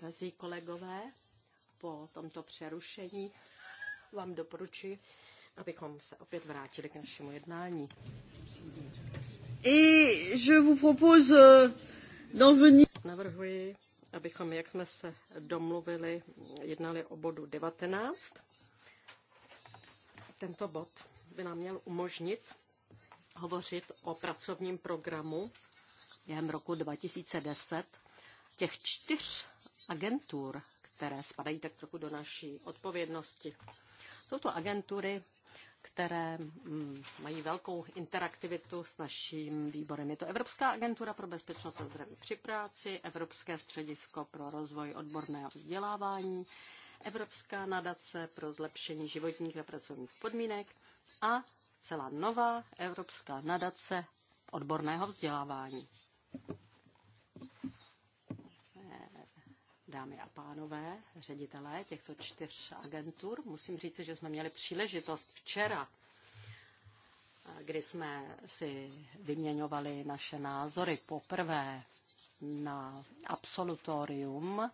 Drazí kolegové, po tomto přerušení vám doporučuji, abychom se opět vrátili k našemu jednání. Et je vous propose euh, d'en venir... Navrhuji, abychom, jak jsme se domluvili, jednali o bodu 19. Tento bod by nám měl umožnit hovořit o pracovním programu během roku 2010 těch čtyř agentur, které spadají tak trochu do naší odpovědnosti. Jsou to agentury, které mm, mají velkou interaktivitu s naším výborem. Je to Evropská agentura pro bezpečnost a zdraví při práci, Evropské středisko pro rozvoj odborného vzdělávání, Evropská nadace pro zlepšení životních a pracovních podmínek a celá nová Evropská nadace odborného vzdělávání dámy a pánové, ředitelé těchto čtyř agentur. Musím říct, že jsme měli příležitost včera, kdy jsme si vyměňovali naše názory poprvé na absolutorium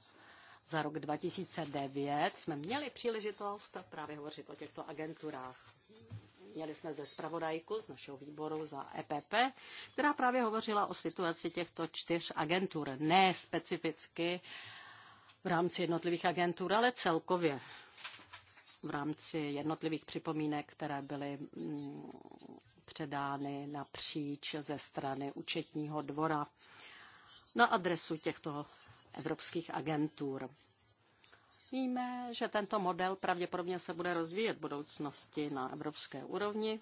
za rok 2009. Jsme měli příležitost právě hovořit o těchto agenturách. Měli jsme zde zpravodajku z našeho výboru za EPP, která právě hovořila o situaci těchto čtyř agentur, ne specificky uh, v rámci jednotlivých agentur, ale celkově v rámci jednotlivých připomínek, které byly mm, předány napříč ze strany účetního dvora na adresu těchto evropských agentur. Víme, že tento model pravděpodobně se bude rozvíjet v budoucnosti na evropské úrovni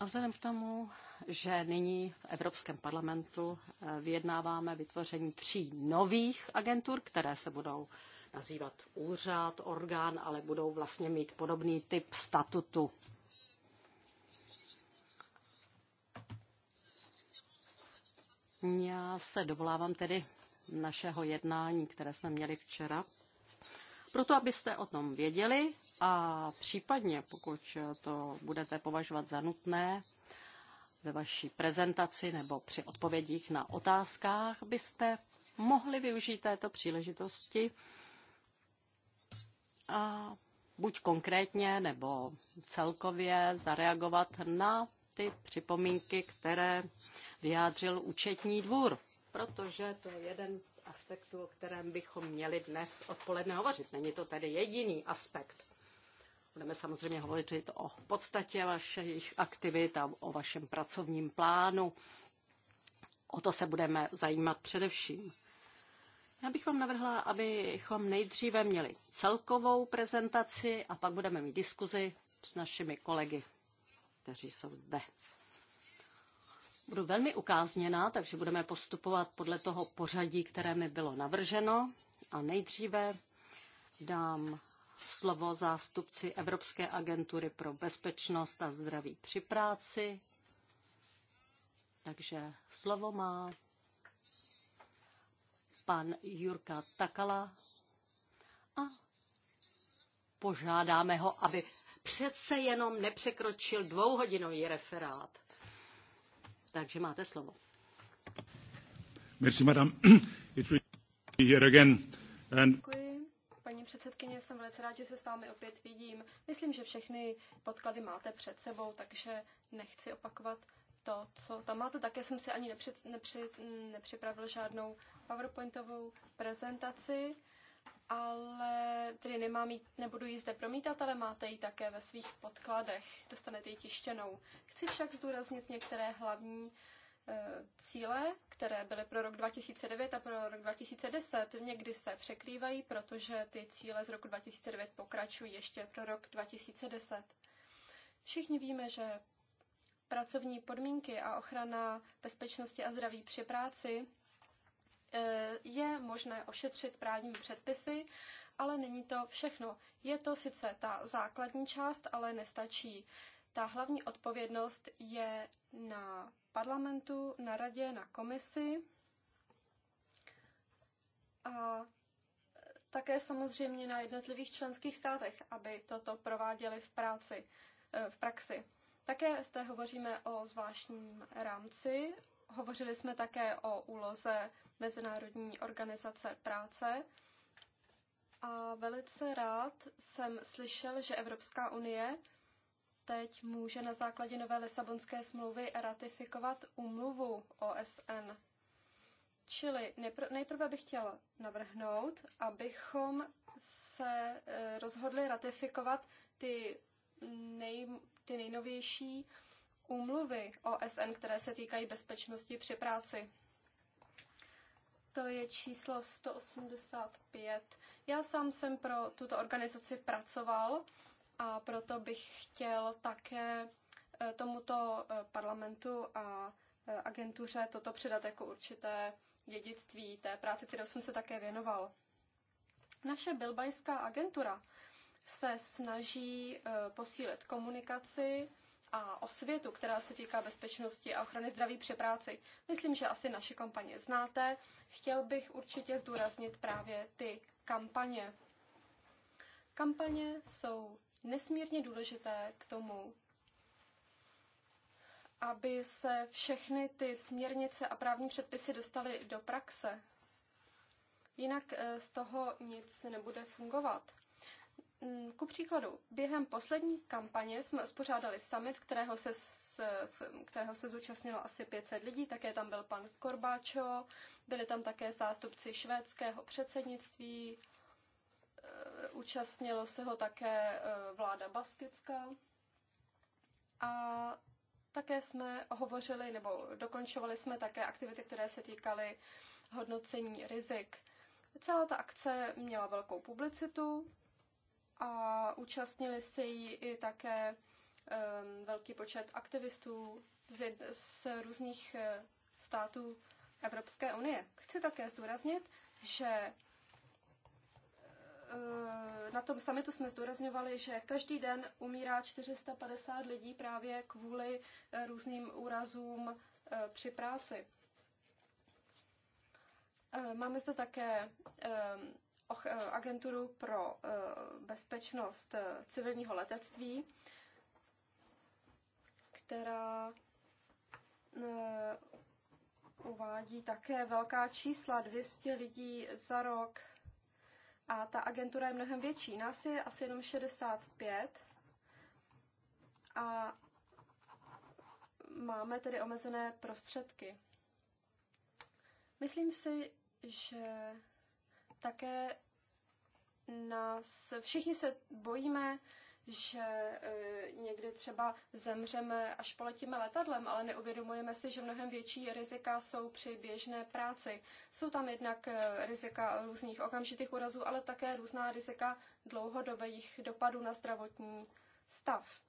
a vzhledem k tomu, že nyní v Evropském parlamentu eh, vyjednáváme vytvoření tří nových agentur, které se budou nazývat úřad, orgán, ale budou vlastně mít podobný typ statutu. Já se dovolávám tedy našeho jednání, které jsme měli včera, proto abyste o tom věděli a případně, pokud to budete považovat za nutné, ve vaší prezentaci nebo při odpovědích na otázkách byste mohli využít této příležitosti a buď konkrétně nebo celkově zareagovat na ty připomínky, které vyjádřil účetní dvůr, protože to je jeden z aspektů, o kterém bychom měli dnes odpoledne hovořit. Není to tedy jediný aspekt. Budeme samozřejmě hovořit o podstatě vašich aktivit a o vašem pracovním plánu. O to se budeme zajímat především. Já bych vám navrhla, abychom nejdříve měli celkovou prezentaci a pak budeme mít diskuzi s našimi kolegy, kteří jsou zde. Budu velmi ukázněná, takže budeme postupovat podle toho pořadí, které mi bylo navrženo. A nejdříve dám slovo zástupci Evropské agentury pro bezpečnost a zdraví při práci. Takže slovo má pan Jurka Takala a požádáme ho, aby přece jenom nepřekročil dvouhodinový referát. Takže máte slovo. Merci, madame. It will be here again. And... Děkuji paní předsedkyně, jsem velice rád, že se s vámi opět vidím. Myslím, že všechny podklady máte před sebou, takže nechci opakovat to, co tam máte. Také jsem si ani nepři, nepři, nepřipravil žádnou PowerPointovou prezentaci, ale tedy nemám jí, nebudu ji zde promítat, ale máte ji také ve svých podkladech. Dostanete ji tištěnou. Chci však zdůraznit některé hlavní cíle, které byly pro rok 2009 a pro rok 2010, někdy se překrývají, protože ty cíle z roku 2009 pokračují ještě pro rok 2010. Všichni víme, že pracovní podmínky a ochrana bezpečnosti a zdraví při práci eh, je možné ošetřit právními předpisy, ale není to všechno. Je to sice ta základní část, ale nestačí. Ta hlavní odpovědnost je na parlamentu, na radě, na komisi. A také samozřejmě na jednotlivých členských státech, aby toto prováděli v práci, eh, v praxi. Také zde hovoříme o zvláštním rámci. Hovořili jsme také o úloze Mezinárodní organizace práce. A velice rád jsem slyšel, že Evropská unie teď může na základě nové Lisabonské smlouvy ratifikovat úmluvu OSN. Čili nejpr- nejprve bych chtěla navrhnout, abychom se e, rozhodli ratifikovat ty, nej, ty nejnovější úmluvy OSN, které se týkají bezpečnosti při práci. To je číslo 185. Já sám jsem pro tuto organizaci pracoval a proto bych chtěl také eh, tomuto eh, parlamentu a eh, agentuře toto předat jako určité dědictví té práce, kterou jsem se také věnoval. Naše bilbajská agentura se snaží posílit komunikaci a osvětu, která se týká bezpečnosti a ochrany zdraví při práci. Myslím, že asi naše kampaně znáte. Chtěl bych určitě zdůraznit právě ty kampaně. Kampaně jsou nesmírně důležité k tomu, aby se všechny ty směrnice a právní předpisy dostaly do praxe. Jinak eh, z toho nic nebude fungovat. Mm, ku příkladu, během poslední kampaně jsme uspořádali summit, kterého se, kterého se zúčastnilo asi 500 lidí, také tam byl pan Korbáčo, byli tam také zástupci švédského předsednictví, účastnilo se ho také e, vláda Baskická a také jsme hovořili nebo dokončovali jsme také aktivity, které se týkaly hodnocení rizik. Celá ta akce měla velkou publicitu a účastnili se jí i také um, velký počet aktivistů z, z různých e, států Evropské unie. Chci také zdůraznit, že Eh, na tom samitu jsme zdůrazňovali, že každý den umírá 450 lidí právě kvůli eh, různým úrazům eh, při práci. Máme zde také agenturu pro bezpečnost civilního letectví, která uvádí také velká čísla 200 lidí za rok a ta agentura je mnohem větší. Nás je asi jenom 65 a máme tedy omezené prostředky. Myslím si, že také nás všichni se bojíme že eh, někdy třeba zemřeme, až poletíme letadlem, ale neuvědomujeme si, že mnohem větší rizika jsou při běžné práci. Jsou tam jednak eh, rizika různých okamžitých úrazů, ale také různá rizika dlouhodobých dopadů na zdravotní stav.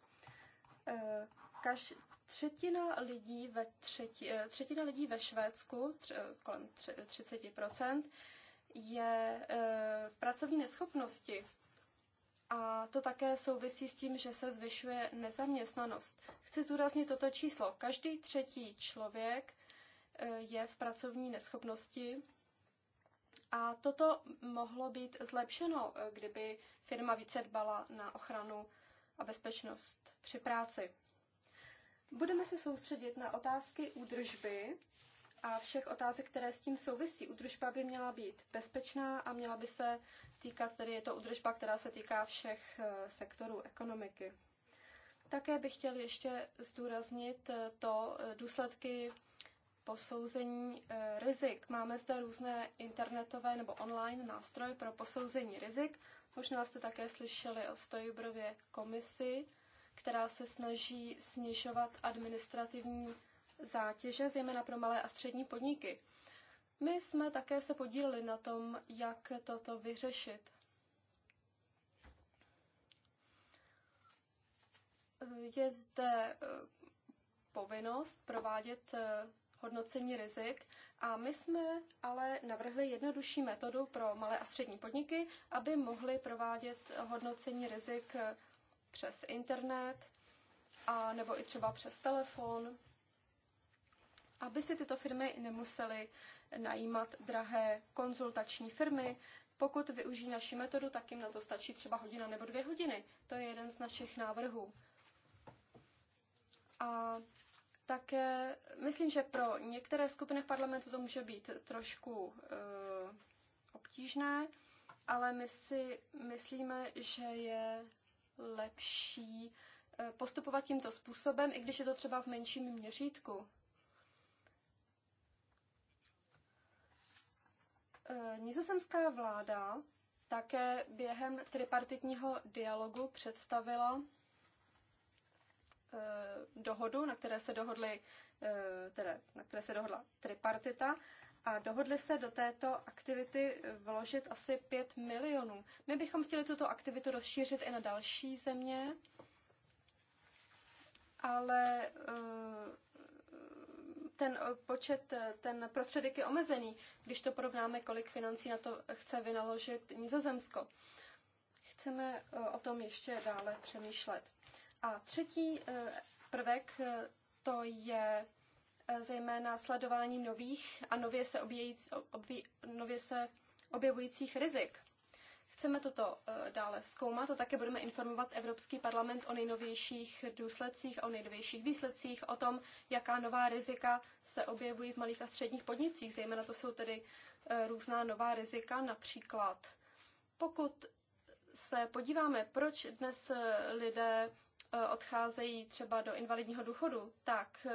Eh, kaž, třetina lidí ve, třetí, třetina lidí ve Švédsku, tři, kolem tři, 30%, je v pracovní neschopnosti a to také souvisí s tím, že se zvyšuje nezaměstnanost. Chci zdůraznit toto číslo. Každý třetí člověk eh, je v pracovní neschopnosti a toto mohlo být zlepšeno, eh, kdyby firma více dbala na ochranu a bezpečnost při práci. Budeme se soustředit na otázky údržby a všech otázek, které s tím souvisí. Udržba by měla být bezpečná a měla by se týkat, tedy je to udržba, která se týká všech eh, sektorů ekonomiky. Také bych chtěl ještě zdůraznit eh, to eh, důsledky posouzení rizik. Máme zde různé internetové nebo online nástroje pro posouzení rizik. Možná jste také slyšeli o Stojbrově komisi, která se snaží snižovat administrativní zátěže, zejména pro malé a střední podniky. My jsme také se podíleli na tom, jak toto vyřešit. Je zde e, povinnost provádět e, hodnocení rizik a my jsme ale navrhli jednodušší metodu pro malé a střední podniky, aby mohli provádět hodnocení rizik e, přes internet a nebo i třeba přes telefon aby si tyto firmy nemusely najímat drahé konzultační firmy. Pokud využijí naši metodu, tak jim na to stačí třeba hodina nebo dvě hodiny. To je jeden z našich návrhů. A také myslím, že pro některé skupiny v parlamentu to může být trošku e, obtížné, ale my si myslíme, že je lepší eh, postupovat tímto způsobem, i když je to třeba v menším měřítku. Eh, nizozemská vláda také během tripartitního dialogu představila eh, dohodu, na které se dohodly, eh, teda, na které se dohodla tripartita a dohodli se do této aktivity vložit asi 5 milionů. My bychom chtěli tuto aktivitu rozšířit i na další země, ale ten eh, počet, eh, ten prostředek je omezený, když to porovnáme, kolik financí na to chce vynaložit Nizozemsko. Chceme eh, o tom ještě dále přemýšlet. A třetí prvek to je zejména sledování nových a nově se, objejíc, obví, nově se objevujících rizik. Chceme toto eh, dále zkoumat a také budeme informovat Evropský parlament o nejnovějších důsledcích, o nejnovějších výsledcích, o tom, jaká nová rizika se objevují v malých a středních podnicích. Zejména to jsou tedy eh, různá nová rizika, například pokud se podíváme, proč dnes eh, lidé odcházejí třeba do invalidního důchodu, tak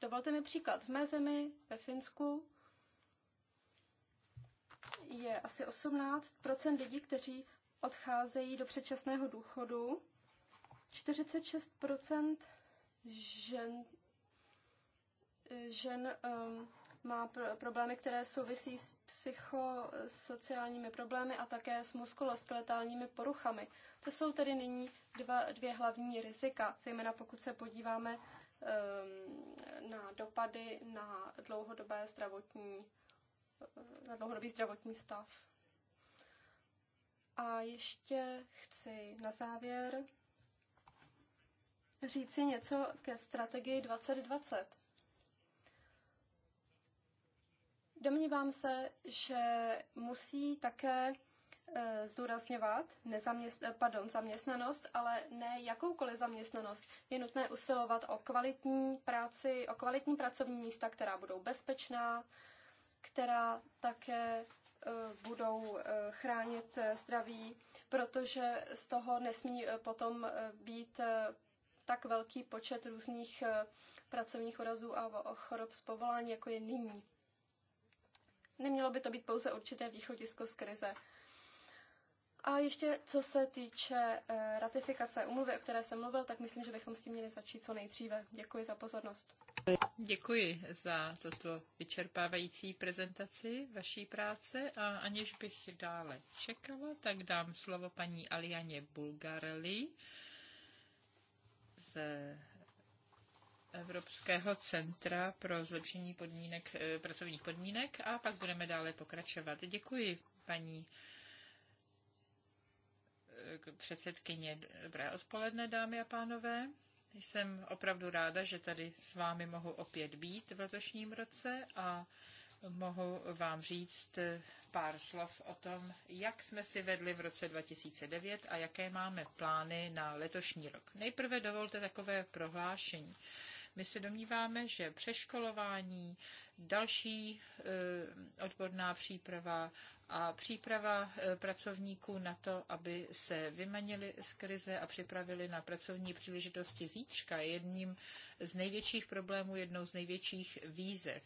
dovolte mi příklad. V mé zemi, ve Finsku, je asi 18 lidí, kteří odcházejí do předčasného důchodu, 46 žen, žen um, má pr- problémy, které souvisí s psychosociálními problémy a také s muskuloskeletálními poruchami. To jsou tedy nyní dva, dvě hlavní rizika, zejména pokud se podíváme um, na dopady na dlouhodobé zdravotní na dlouhodobý zdravotní stav. A ještě chci na závěr říci něco ke strategii 2020. Domnívám se, že musí také eh, zdůrazňovat nezaměst, eh, pardon, zaměstnanost, ale ne jakoukoliv zaměstnanost. Je nutné usilovat o kvalitní práci, o kvalitní pracovní místa, která budou bezpečná, která také e, budou e, chránit e, zdraví, protože z toho nesmí potom být tak velký počet různých pracovních urazů a chorob z povolání, jako je nyní. Nemělo by to být pouze určité východisko z krize. A ještě co se týče ratifikace umluvy, o které jsem mluvil, tak myslím, že bychom s tím měli začít co nejdříve. Děkuji za pozornost. Děkuji za toto vyčerpávající prezentaci vaší práce a aniž bych dále čekala, tak dám slovo paní Alianě Bulgarelli z Evropského centra pro zlepšení podmínek, eh, pracovních podmínek a pak budeme dále pokračovat. Děkuji, paní eh, předsedkyně. Dobré odpoledne, dámy a pánové. Jsem opravdu ráda, že tady s vámi mohu opět být v letošním roce a mohu vám říct pár slov o tom, jak jsme si vedli v roce 2009 a jaké máme plány na letošní rok. Nejprve dovolte takové prohlášení. My se domníváme, že přeškolování, další e, odborná příprava a příprava e, pracovníků na to, aby se vymanili z krize a připravili na pracovní příležitosti zítřka, je jedním z největších problémů, jednou z největších výzev.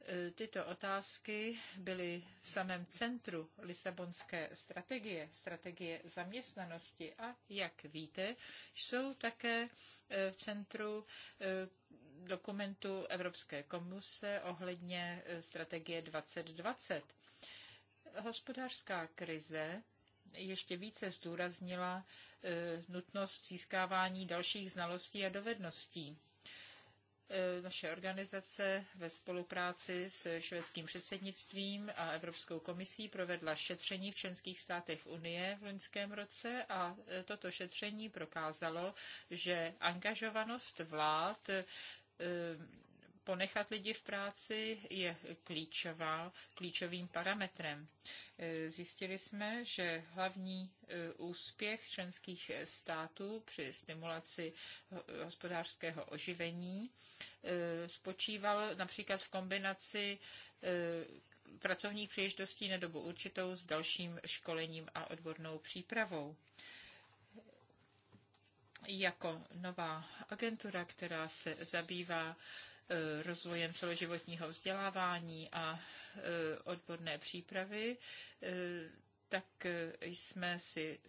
E, tyto otázky byly v samém centru Lisabonské strategie, strategie zaměstnanosti a, jak víte, jsou také e, v centru dokumentu Evropské komise ohledně strategie 2020. Hospodářská krize ještě více zdůraznila eh, nutnost získávání dalších znalostí a dovedností eh, naše organizace ve spolupráci s švédským předsednictvím a Evropskou komisí provedla šetření v členských státech Unie v loňském roce a eh, toto šetření prokázalo, že angažovanost vlád ponechat lidi v práci je klíčová, klíčovým parametrem. E, zjistili jsme, že hlavní e, úspěch členských států při stimulaci hospodářského oživení e, spočíval například v kombinaci pracovních příležitostí na dobu určitou s dalším školením a odbornou přípravou jako nová agentura, která se zabývá Eh, rozvojem celoživotního vzdělávání a eh, odborné přípravy, eh, tak jsme si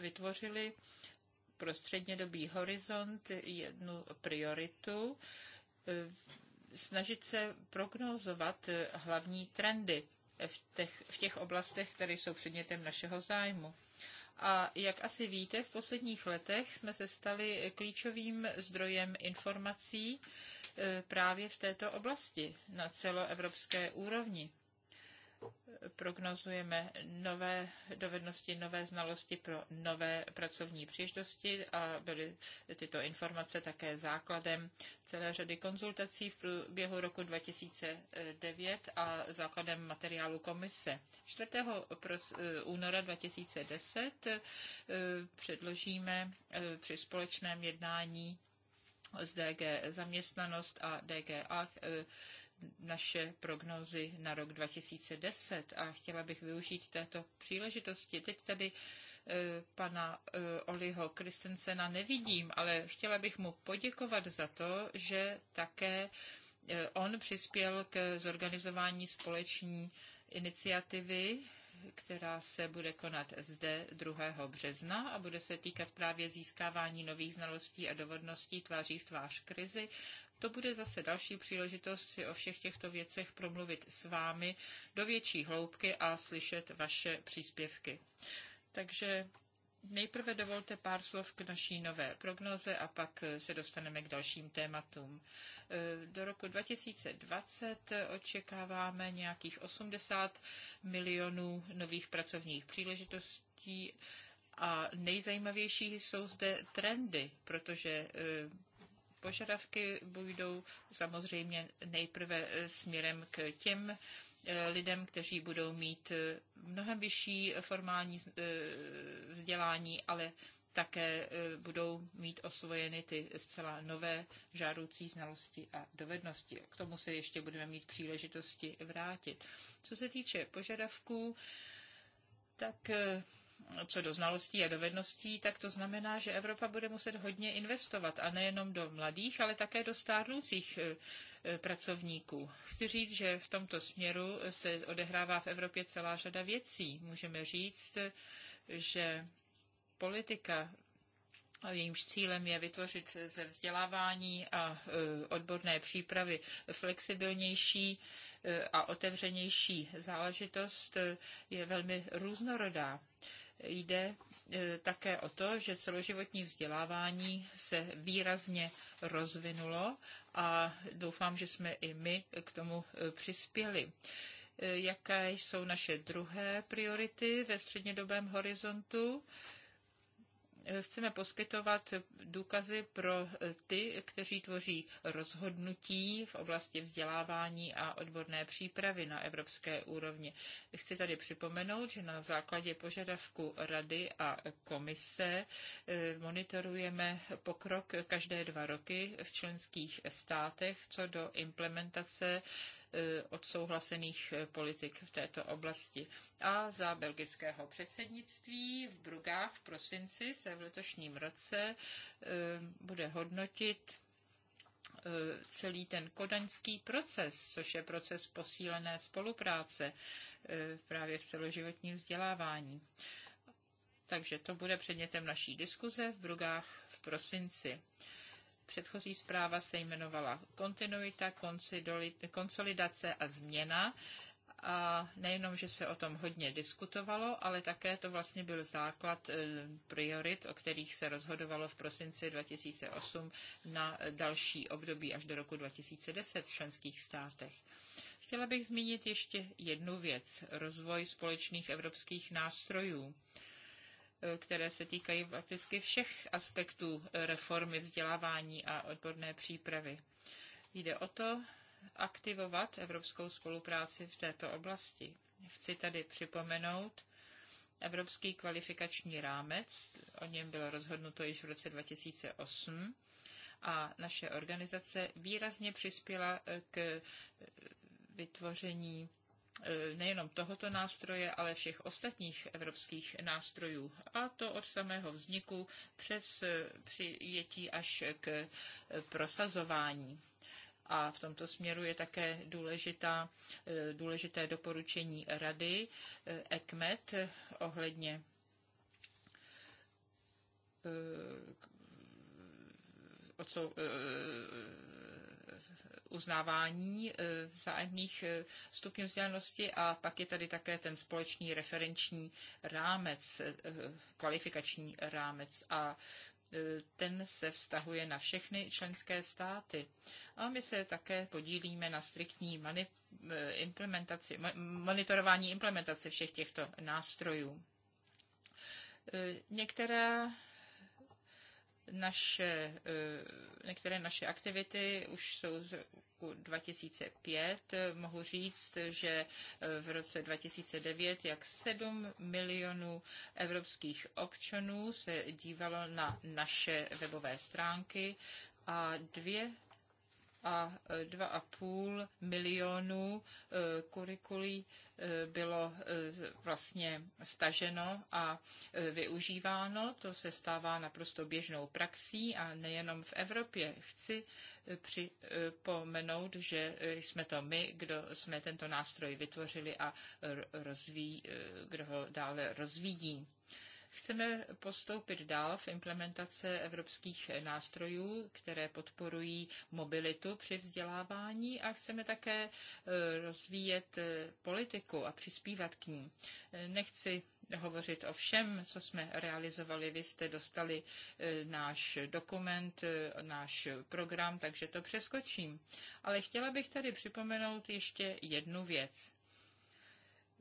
vytvořili pro střednědobý horizont jednu prioritu, snažit se prognózovat hlavní trendy v těch, v těch oblastech, které jsou předmětem našeho zájmu. A jak asi víte, v posledních letech jsme se stali klíčovým zdrojem informací e, právě v této oblasti na celoevropské úrovni prognozujeme nové dovednosti, nové znalosti pro nové pracovní příležitosti a byly tyto informace také základem celé řady konzultací v průběhu roku 2009 a základem materiálu komise. 4. února 2010 eh, předložíme eh, při společném jednání z DG zaměstnanost a DG naše prognózy na rok 2010 a chtěla bych využít této příležitosti. Teď tady eh, pana eh, Oliho Kristensena nevidím, ale chtěla bych mu poděkovat za to, že také eh, on přispěl k zorganizování společní iniciativy, která se bude konat zde 2. března a bude se týkat právě získávání nových znalostí a dovodností tváří v tvář krizi to bude zase další příležitost si o všech těchto věcech promluvit s vámi do větší hloubky a slyšet vaše příspěvky. Takže Nejprve dovolte pár slov k naší nové prognoze a pak se dostaneme k dalším tématům. E, do roku 2020 očekáváme nějakých 80 milionů nových pracovních příležitostí a nejzajímavější jsou zde trendy, protože e, požadavky půjdou samozřejmě nejprve eh, směrem k těm eh, lidem, kteří budou mít eh, mnohem vyšší formální vzdělání, ale také budou mít osvojeny ty zcela nové žádoucí znalosti a dovednosti. K tomu se ještě budeme mít příležitosti vrátit. Co se týče požadavků, tak co do znalostí a dovedností, tak to znamená, že Evropa bude muset hodně investovat a nejenom do mladých, ale také do stárnoucích e, e, pracovníků. Chci říct, že v tomto směru se odehrává v Evropě celá řada věcí. Můžeme říct, že politika jejímž cílem je vytvořit ze vzdělávání a e, odborné přípravy flexibilnější a otevřenější záležitost, je velmi různorodá jde e, také o to, že celoživotní vzdělávání se výrazně rozvinulo a doufám, že jsme i my k tomu e, přispěli. E, jaké jsou naše druhé priority ve střednědobém horizontu? chceme poskytovat důkazy pro ty, kteří tvoří rozhodnutí v oblasti vzdělávání a odborné přípravy na evropské úrovni. Chci tady připomenout, že na základě požadavku Rady a komise eh, monitorujeme pokrok každé dva roky v členských státech co do implementace Eh, odsouhlasených eh, politik v této oblasti. A za belgického předsednictví v Brugách v prosinci se v letošním roce eh, bude hodnotit celý ten kodaňský proces, což je proces posílené spolupráce právě v celoživotním vzdělávání. Takže to bude předmětem naší diskuze v Brugách v prosinci. Předchozí zpráva se jmenovala Kontinuita, konsolidace a změna. A nejenom, že se o tom hodně diskutovalo, ale také to vlastně byl základ eh, priorit, o kterých se rozhodovalo v prosinci 2008 na další období až do roku 2010 v členských státech. Chtěla bych zmínit ještě jednu věc, rozvoj společných evropských nástrojů které se týkají prakticky všech aspektů reformy vzdělávání a odborné přípravy. Jde o to aktivovat evropskou spolupráci v této oblasti. Chci tady připomenout Evropský kvalifikační rámec, o něm bylo rozhodnuto již v roce 2008 a naše organizace výrazně přispěla k vytvoření E, nejenom tohoto nástroje, ale všech ostatních evropských nástrojů. A to od samého vzniku přes e, přijetí až k e, prosazování. A v tomto směru je také důležitá, důležité doporučení Rady ECMET ohledně co, uznávání eh, vzájemných eh, stupňů vzdělanosti a pak je tady také ten společný referenční rámec, eh, kvalifikační rámec a ten se vztahuje na všechny členské státy. A my se také podílíme na striktní implementaci, monitorování implementace všech těchto nástrojů. Některé naše, eh, některé naše aktivity už jsou z roku 2005. Mohu říct, že eh, v roce 2009 jak 7 milionů evropských občanů se dívalo na naše webové stránky a 2 a 2,5 e, milionů e, kurikulí e, bylo vlastně staženo a využíváno. To se stává naprosto běžnou praxí a nejenom v Evropě. Chci připomenout, že jsme to my, kdo jsme tento nástroj vytvořili a rozvíjí, kdo ho dále rozvíjí. Chceme postoupit dál v implementace evropských nástrojů, které podporují mobilitu při vzdělávání a chceme také eh, rozvíjet eh, politiku a přispívat k ní. Eh, nechci hovořit o všem, co jsme realizovali. Vy jste dostali náš dokument, náš program, takže to přeskočím. Ale chtěla bych tady připomenout ještě jednu věc.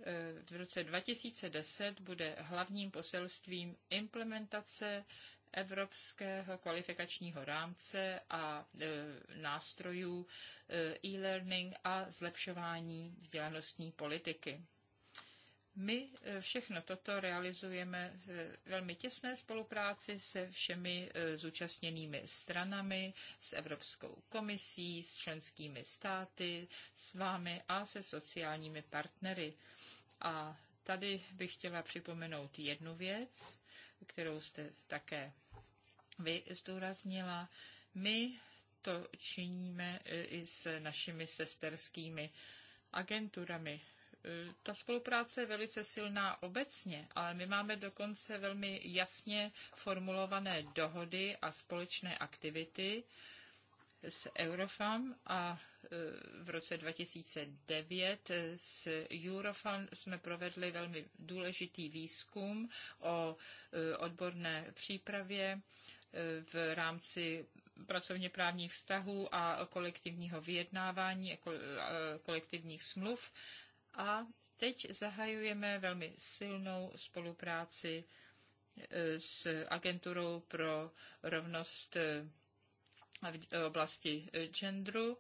Eh, v roce 2010 bude hlavním poselstvím implementace evropského kvalifikačního rámce a e, nástrojů eh, e-learning a zlepšování vzdělanostní politiky. My eh, všechno toto realizujeme v velmi těsné spolupráci se všemi eh, zúčastněnými stranami, s Evropskou komisí, s členskými státy, s vámi a se sociálními partnery. A tady bych chtěla připomenout jednu věc, kterou jste také vy zdůraznila. My to činíme eh, i s našimi sesterskými agenturami Eh, ta spolupráce je velice silná obecně, ale my máme dokonce velmi jasně formulované dohody a společné aktivity s Eurofam a eh, v roce 2009 eh, s Eurofam jsme provedli velmi důležitý výzkum o odborné přípravě v rámci pracovně právních vztahů a kolektivního vyjednávání a kolektivních smluv. A teď zahajujeme velmi silnou spolupráci e, s agenturou pro rovnost e, v oblasti e, genderu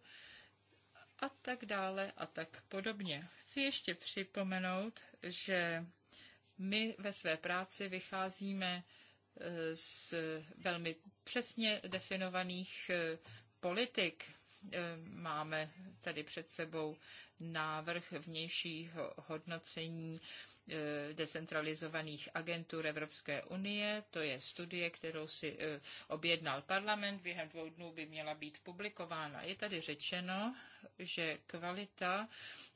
a tak dále a tak podobně. Chci ještě připomenout, že my ve své práci vycházíme z velmi přesně definovaných politik. Máme tady před sebou návrh vnějšího hodnocení eh, decentralizovaných agentur Evropské unie. To je studie, kterou si eh, objednal parlament. Během dvou dnů by měla být publikována. Je tady řečeno, že kvalita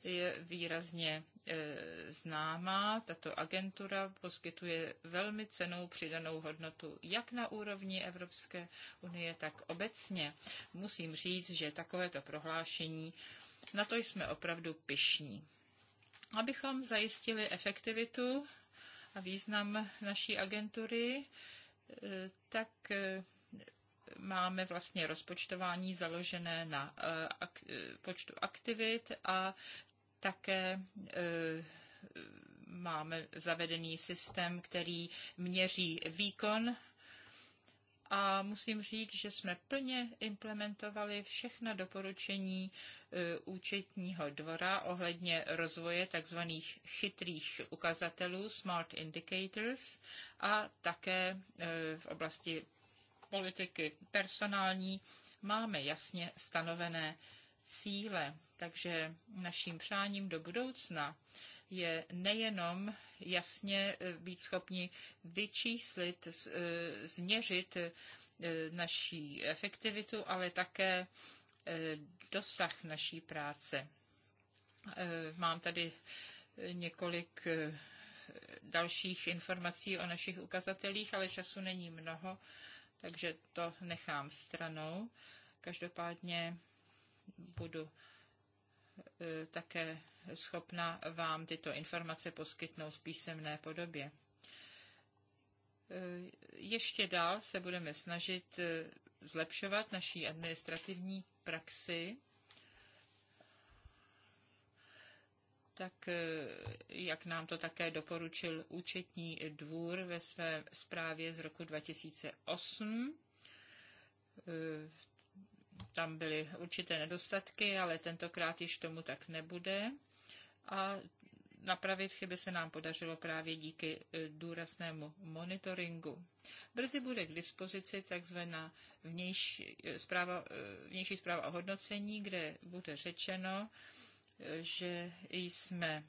je výrazně eh, známá. Tato agentura poskytuje velmi cenou přidanou hodnotu jak na úrovni Evropské unie, tak obecně. Musím říct, že takovéto prohlášení na to jsme opravdu pyšní. Abychom zajistili efektivitu a význam naší agentury, eh, tak eh, máme vlastně rozpočtování založené na eh, počtu aktivit a také máme zavedený systém, který měří výkon a musím říct, že jsme plně implementovali všechna doporučení e, účetního dvora ohledně rozvoje tzv. chytrých ukazatelů, smart indicators, a také e, v oblasti politiky personální máme jasně stanovené cíle. Takže naším přáním do budoucna je nejenom jasně eh, být schopni vyčíslit, eh, změřit eh, naší efektivitu, ale také dosah naší práce. Mám tady několik dalších informací o našich ukazatelích, ale času není mnoho, takže to nechám stranou. Každopádně budu E, také schopna vám tyto informace poskytnout v písemné podobě. E, ještě dál se budeme snažit e, zlepšovat naší administrativní praxi, tak jak nám to také doporučil účetní dvůr ve své zprávě z roku 2008 tam byly určité nedostatky, ale tentokrát již tomu tak nebude. A napravit chyby se nám podařilo právě díky e, důraznému monitoringu. Brzy bude k dispozici takzvaná vnější e, zpráva, e, vnější zpráva o hodnocení, kde bude řečeno, že jsme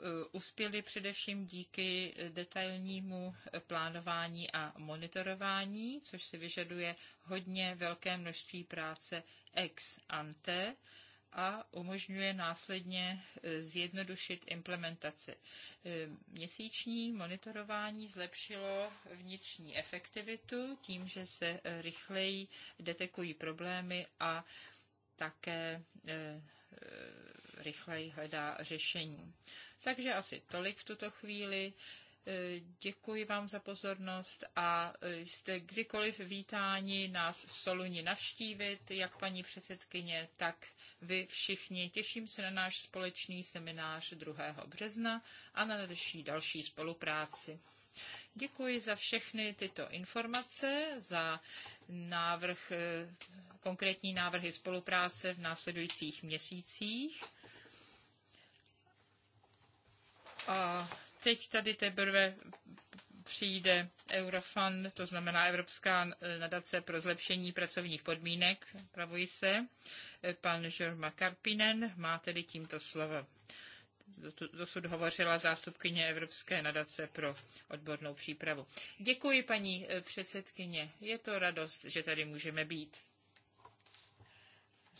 Eh, uspěli především díky detailnímu plánování a monitorování, což si vyžaduje hodně velké množství práce ex ante a umožňuje následně eh, zjednodušit implementaci. Eh, měsíční monitorování zlepšilo vnitřní efektivitu tím, že se rychleji detekují problémy a také rychleji hledá řešení. Takže asi tolik v tuto chvíli. E, děkuji vám za pozornost a e, jste kdykoliv vítáni nás v Soluni navštívit, jak paní předsedkyně, tak vy všichni. Těším se na náš společný seminář 2. března a na další, další spolupráci. Děkuji za všechny tyto informace, za návrh, e, konkrétní návrhy spolupráce v následujících měsících. A teď tady teprve přijde Eurofund, to znamená Evropská eh, nadace pro zlepšení pracovních podmínek, pravuji se, eh, pan Žorma Karpinen má tedy tímto slovo. Dosud hovořila zástupkyně Evropské nadace pro odbornou přípravu. Děkuji, paní eh, předsedkyně. Je to radost, že tady můžeme být.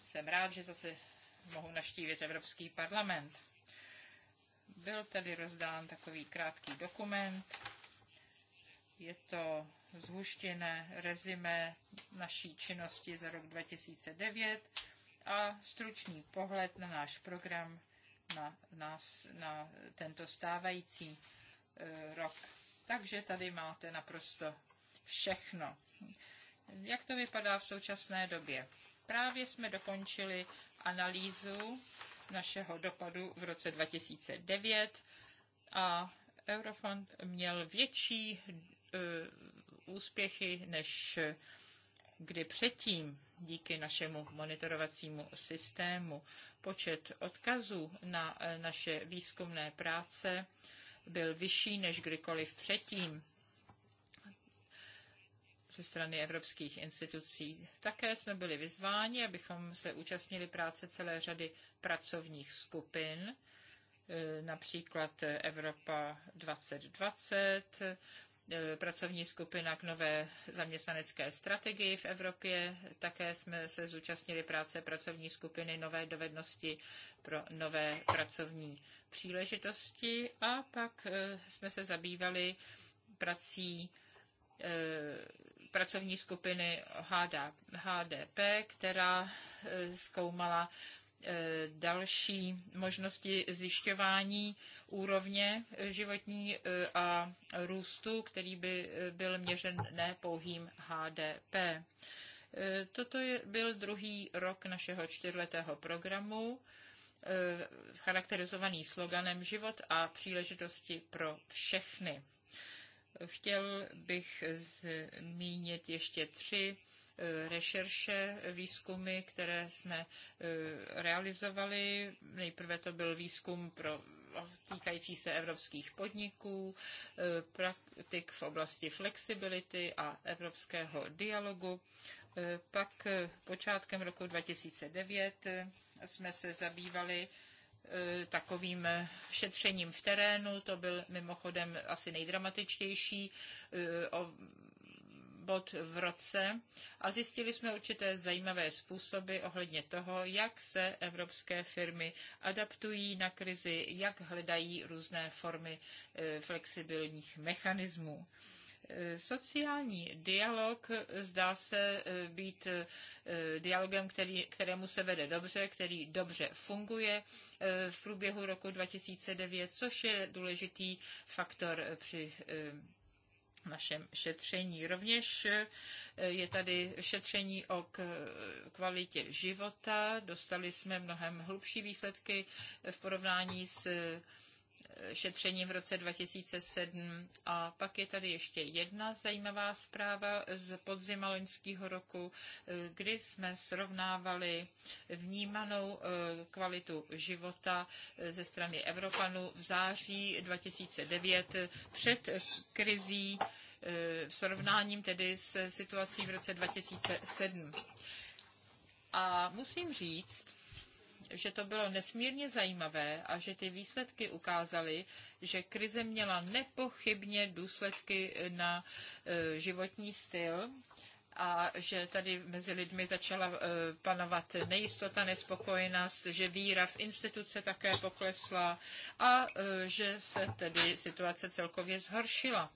Jsem rád, že zase mohu naštívit Evropský parlament. Byl tedy rozdán takový krátký dokument. Je to zhuštěné rezime naší činnosti za rok 2009 a stručný pohled na náš program na, na, na tento stávající e, rok. Takže tady máte naprosto všechno. Jak to vypadá v současné době? Právě jsme dokončili analýzu našeho dopadu v roce 2009 a Eurofond měl větší uh, úspěchy než kdy předtím díky našemu monitorovacímu systému. Počet odkazů na eh, naše výzkumné práce byl vyšší než kdykoliv předtím ze strany evropských institucí. Také jsme byli vyzváni, abychom se účastnili práce celé řady pracovních skupin, e, například Evropa 2020, e, pracovní skupina k nové zaměstnanecké strategii v Evropě. Také jsme se zúčastnili práce pracovní skupiny Nové dovednosti pro nové pracovní příležitosti a pak e, jsme se zabývali prací pracovní skupiny HDP, která eh, zkoumala eh, další možnosti zjišťování úrovně eh, životní a růstu, který by byl měřen ne pouhým HDP. Toto je, byl druhý rok našeho čtyřletého programu, charakterizovaný sloganem Život a příležitosti pro všechny. Chtěl bych zmínit ještě tři eh, rešerše, eh, výzkumy, které jsme eh, realizovali. Nejprve to byl výzkum pro týkající se evropských podniků, praktik v oblasti flexibility a evropského dialogu. Pak počátkem roku 2009 jsme se zabývali Eh, takovým eh, šetřením v terénu. To byl mimochodem asi nejdramatičtější eh, bod v roce a zjistili jsme určité zajímavé způsoby ohledně toho, jak se evropské firmy adaptují na krizi, jak hledají různé formy flexibilních mechanismů. Sociální dialog zdá se eh, být eh, dialogem, který, kterému se vede dobře, který dobře funguje eh, v průběhu roku 2009, což je důležitý faktor při našem šetření. Rovněž je tady šetření o kvalitě života. Dostali jsme mnohem hlubší výsledky v porovnání s šetření v roce 2007. A pak je tady ještě jedna zajímavá zpráva z podzima loňského roku, eh, kdy jsme srovnávali vnímanou eh, kvalitu života eh, ze strany Evropanů v září 2009 před krizí v srovnáním tedy s situací v roce 2007. A musím říct, že to bylo nesmírně zajímavé a že ty výsledky ukázaly, že krize měla nepochybně důsledky na e, životní styl a že tady mezi lidmi začala e, panovat nejistota, nespokojenost, že víra v instituce také poklesla a e, že se tedy situace celkově zhoršila.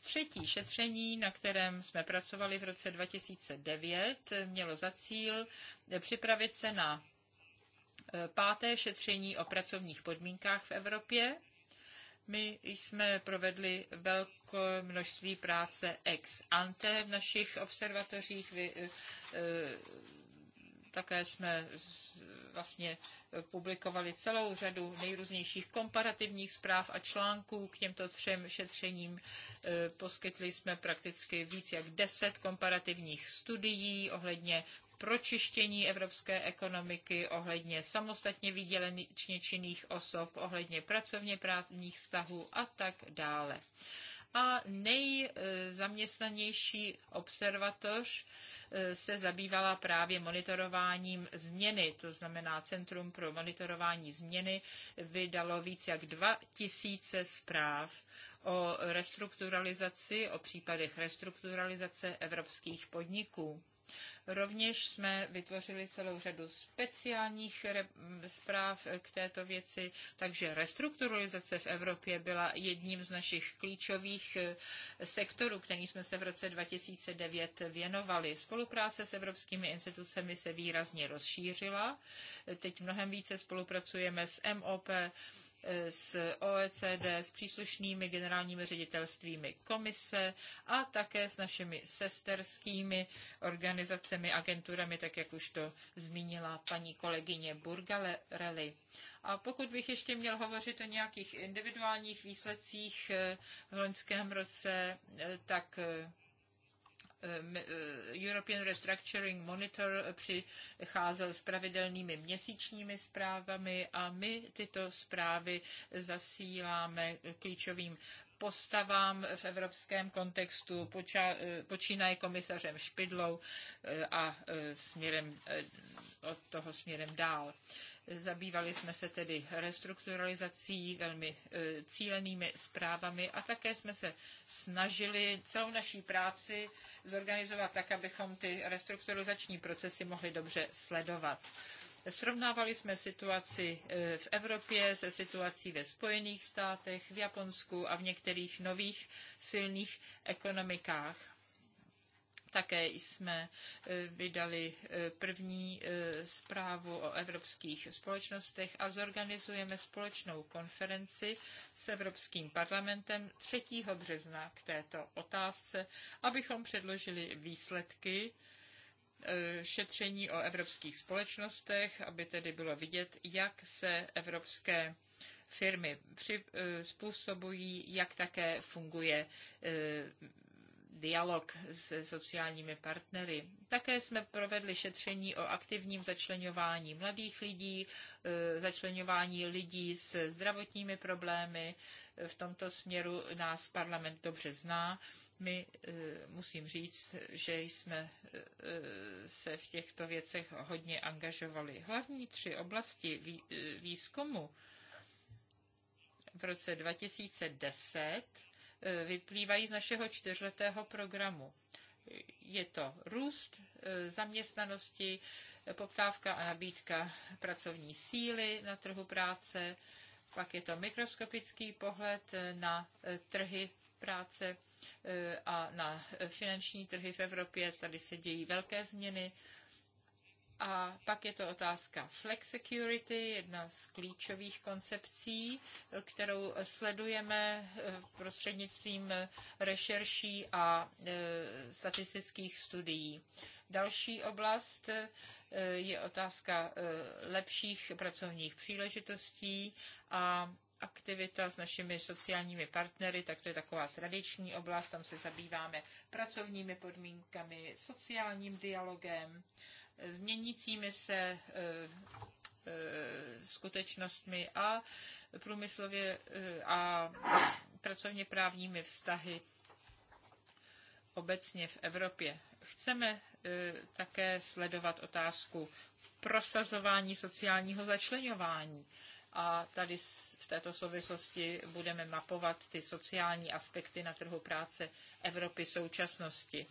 Třetí šetření, na kterém jsme pracovali v roce 2009, mělo za cíl připravit se na páté šetření o pracovních podmínkách v Evropě. My jsme provedli velké množství práce ex ante v našich observatořích. Vy, eh, eh, také jsme vlastně publikovali celou řadu nejrůznějších komparativních zpráv a článků k těmto třem šetřením. Eh, poskytli jsme prakticky víc jak deset komparativních studií ohledně pročištění evropské ekonomiky, ohledně samostatně výdělečně činných osob, ohledně pracovně právních vztahů a tak dále. A nejzaměstnanější observatoř eh, se zabývala právě monitorováním změny, to znamená Centrum pro monitorování změny vydalo více jak 2000 zpráv o restrukturalizaci, o případech restrukturalizace evropských podniků. Rovněž jsme vytvořili celou řadu speciálních zpráv k této věci, takže restrukturalizace v Evropě byla jedním z našich klíčových eh, sektorů, který jsme se v roce 2009 věnovali. Spolupráce s evropskými institucemi se výrazně rozšířila. Teď mnohem více spolupracujeme s MOP, s OECD, s příslušnými generálními ředitelstvími komise a také s našimi sesterskými organizacemi, agenturami, tak jak už to zmínila paní kolegyně Burgarelli. A pokud bych ještě měl hovořit o nějakých individuálních výsledcích eh, v loňském roce, eh, tak eh, Eh, eh, European Restructuring Monitor přicházel s pravidelnými měsíčními zprávami a my tyto zprávy zasíláme klíčovým postavám v evropském kontextu, poča, eh, počínaje komisařem Špidlou a směrem, od toho směrem dál. Zabývali jsme se tedy restrukturalizací, velmi e, cílenými zprávami a také jsme se snažili celou naší práci zorganizovat tak, abychom ty restrukturalizační procesy mohli dobře sledovat. Srovnávali jsme situaci e, v Evropě se situací ve Spojených státech, v Japonsku a v některých nových silných ekonomikách také jsme e, vydali e, první e, zprávu o evropských společnostech a zorganizujeme společnou konferenci s Evropským parlamentem 3. března k této otázce, abychom předložili výsledky šetření o evropských společnostech, aby tedy bylo vidět, jak se evropské firmy způsobují, jak také funguje dialog se sociálními partnery. Také jsme provedli šetření o aktivním začlenování mladých lidí, e, začlenování lidí s zdravotními problémy. V tomto směru nás parlament dobře zná. My e, musím říct, že jsme e, se v těchto věcech hodně angažovali. Hlavní tři oblasti výzkumu v roce 2010 Eh, vyplývají z našeho čtyřletého programu. Je to růst eh, zaměstnanosti, poptávka a nabídka pracovní síly na trhu práce, pak je to mikroskopický pohled eh, na trhy práce a na finanční trhy v Evropě. Tady se dějí velké změny. A pak je to otázka flex security, jedna z klíčových koncepcí, kterou sledujeme eh, prostřednictvím rešerší a eh, statistických studií. Další oblast eh, je otázka lepších pracovních příležitostí a aktivita s našimi sociálními partnery, tak to je taková tradiční oblast, tam se zabýváme pracovními podmínkami, sociálním dialogem změnícími se e, e, skutečnostmi a průmyslově e, a pracovně právními vztahy obecně v Evropě. Chceme také sledovat otázku prosazování sociálního začlenování. A tady v této souvislosti budeme mapovat ty sociální aspekty na trhu práce Evropy současnosti.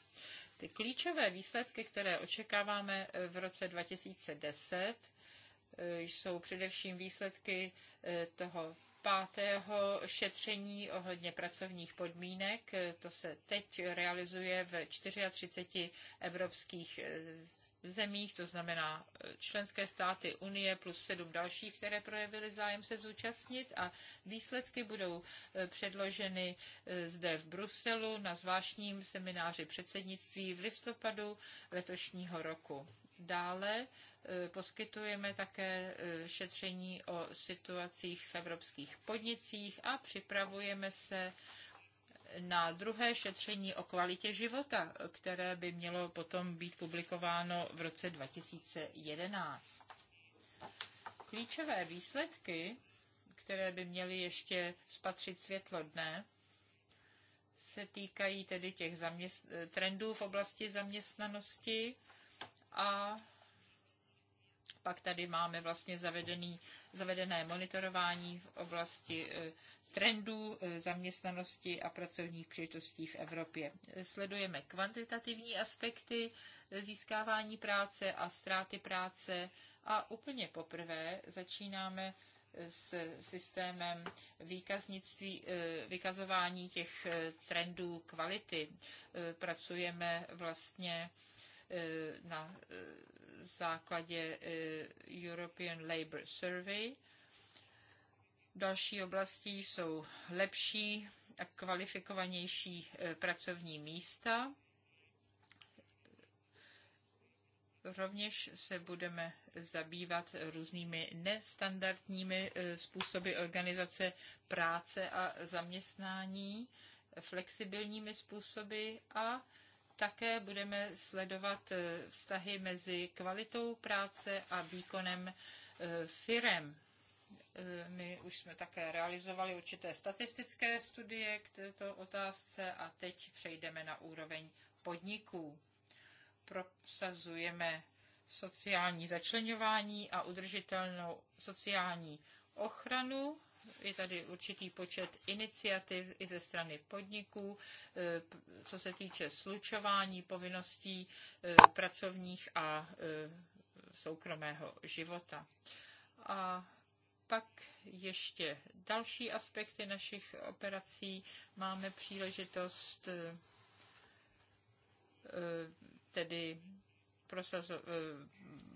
Ty klíčové výsledky, které očekáváme eh, v roce 2010, eh, jsou především výsledky eh, toho pátého šetření ohledně pracovních podmínek. To se teď realizuje v 34 evropských zemích, to znamená eh, členské státy Unie plus sedm dalších, které projevily zájem se zúčastnit a výsledky budou eh, předloženy eh, zde v Bruselu na zvláštním semináři předsednictví v listopadu letošního roku. Dále poskytujeme také šetření o situacích v evropských podnicích a připravujeme se na druhé šetření o kvalitě života, které by mělo potom být publikováno v roce 2011. Klíčové výsledky, které by měly ještě spatřit světlo dne, se týkají tedy těch zaměst- trendů v oblasti zaměstnanosti a pak tady máme vlastně zavedený, zavedené monitorování v oblasti eh, trendů eh, zaměstnanosti a pracovních příležitostí v Evropě. Sledujeme kvantitativní aspekty eh, získávání práce a ztráty práce a úplně poprvé začínáme eh, s systémem výkaznictví, vykazování těch trendů kvality. Pracujeme vlastně na základě European Labour Survey, Další oblastí jsou lepší a kvalifikovanější e, pracovní místa. Rovněž se budeme zabývat různými nestandardními e, způsoby organizace práce a zaměstnání, flexibilními způsoby a také budeme sledovat e, vztahy mezi kvalitou práce a výkonem firem. Eh, my už jsme také realizovali určité statistické studie k této otázce a teď přejdeme na úroveň podniků. Prosazujeme sociální začlenování a udržitelnou sociální ochranu. Je tady určitý počet iniciativ i ze strany podniků, eh, co se týče slučování povinností eh, pracovních a soukromého života. A pak ještě další aspekty našich operací. Máme příležitost eh, tedy prosazo- eh,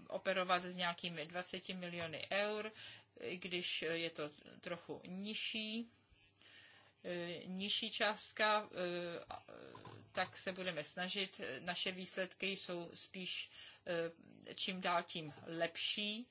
operovat s nějakými 20 miliony eur, když je to trochu nižší, eh, nižší částka, tak se budeme snažit. Naše výsledky jsou spíš čím dál tím lepší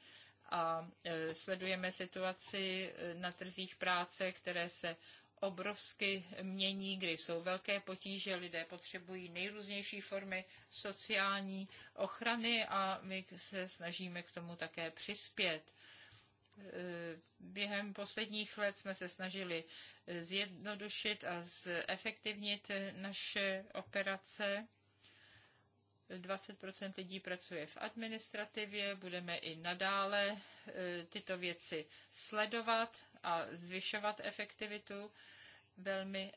a e, sledujeme situaci e, na trzích práce, které se obrovsky mění, kdy jsou velké potíže, lidé potřebují nejrůznější formy sociální ochrany a my se snažíme k tomu také přispět. E, během posledních let jsme se snažili zjednodušit a zefektivnit naše operace 20 lidí pracuje v administrativě, budeme i nadále eh, tyto věci sledovat a zvyšovat efektivitu. Velmi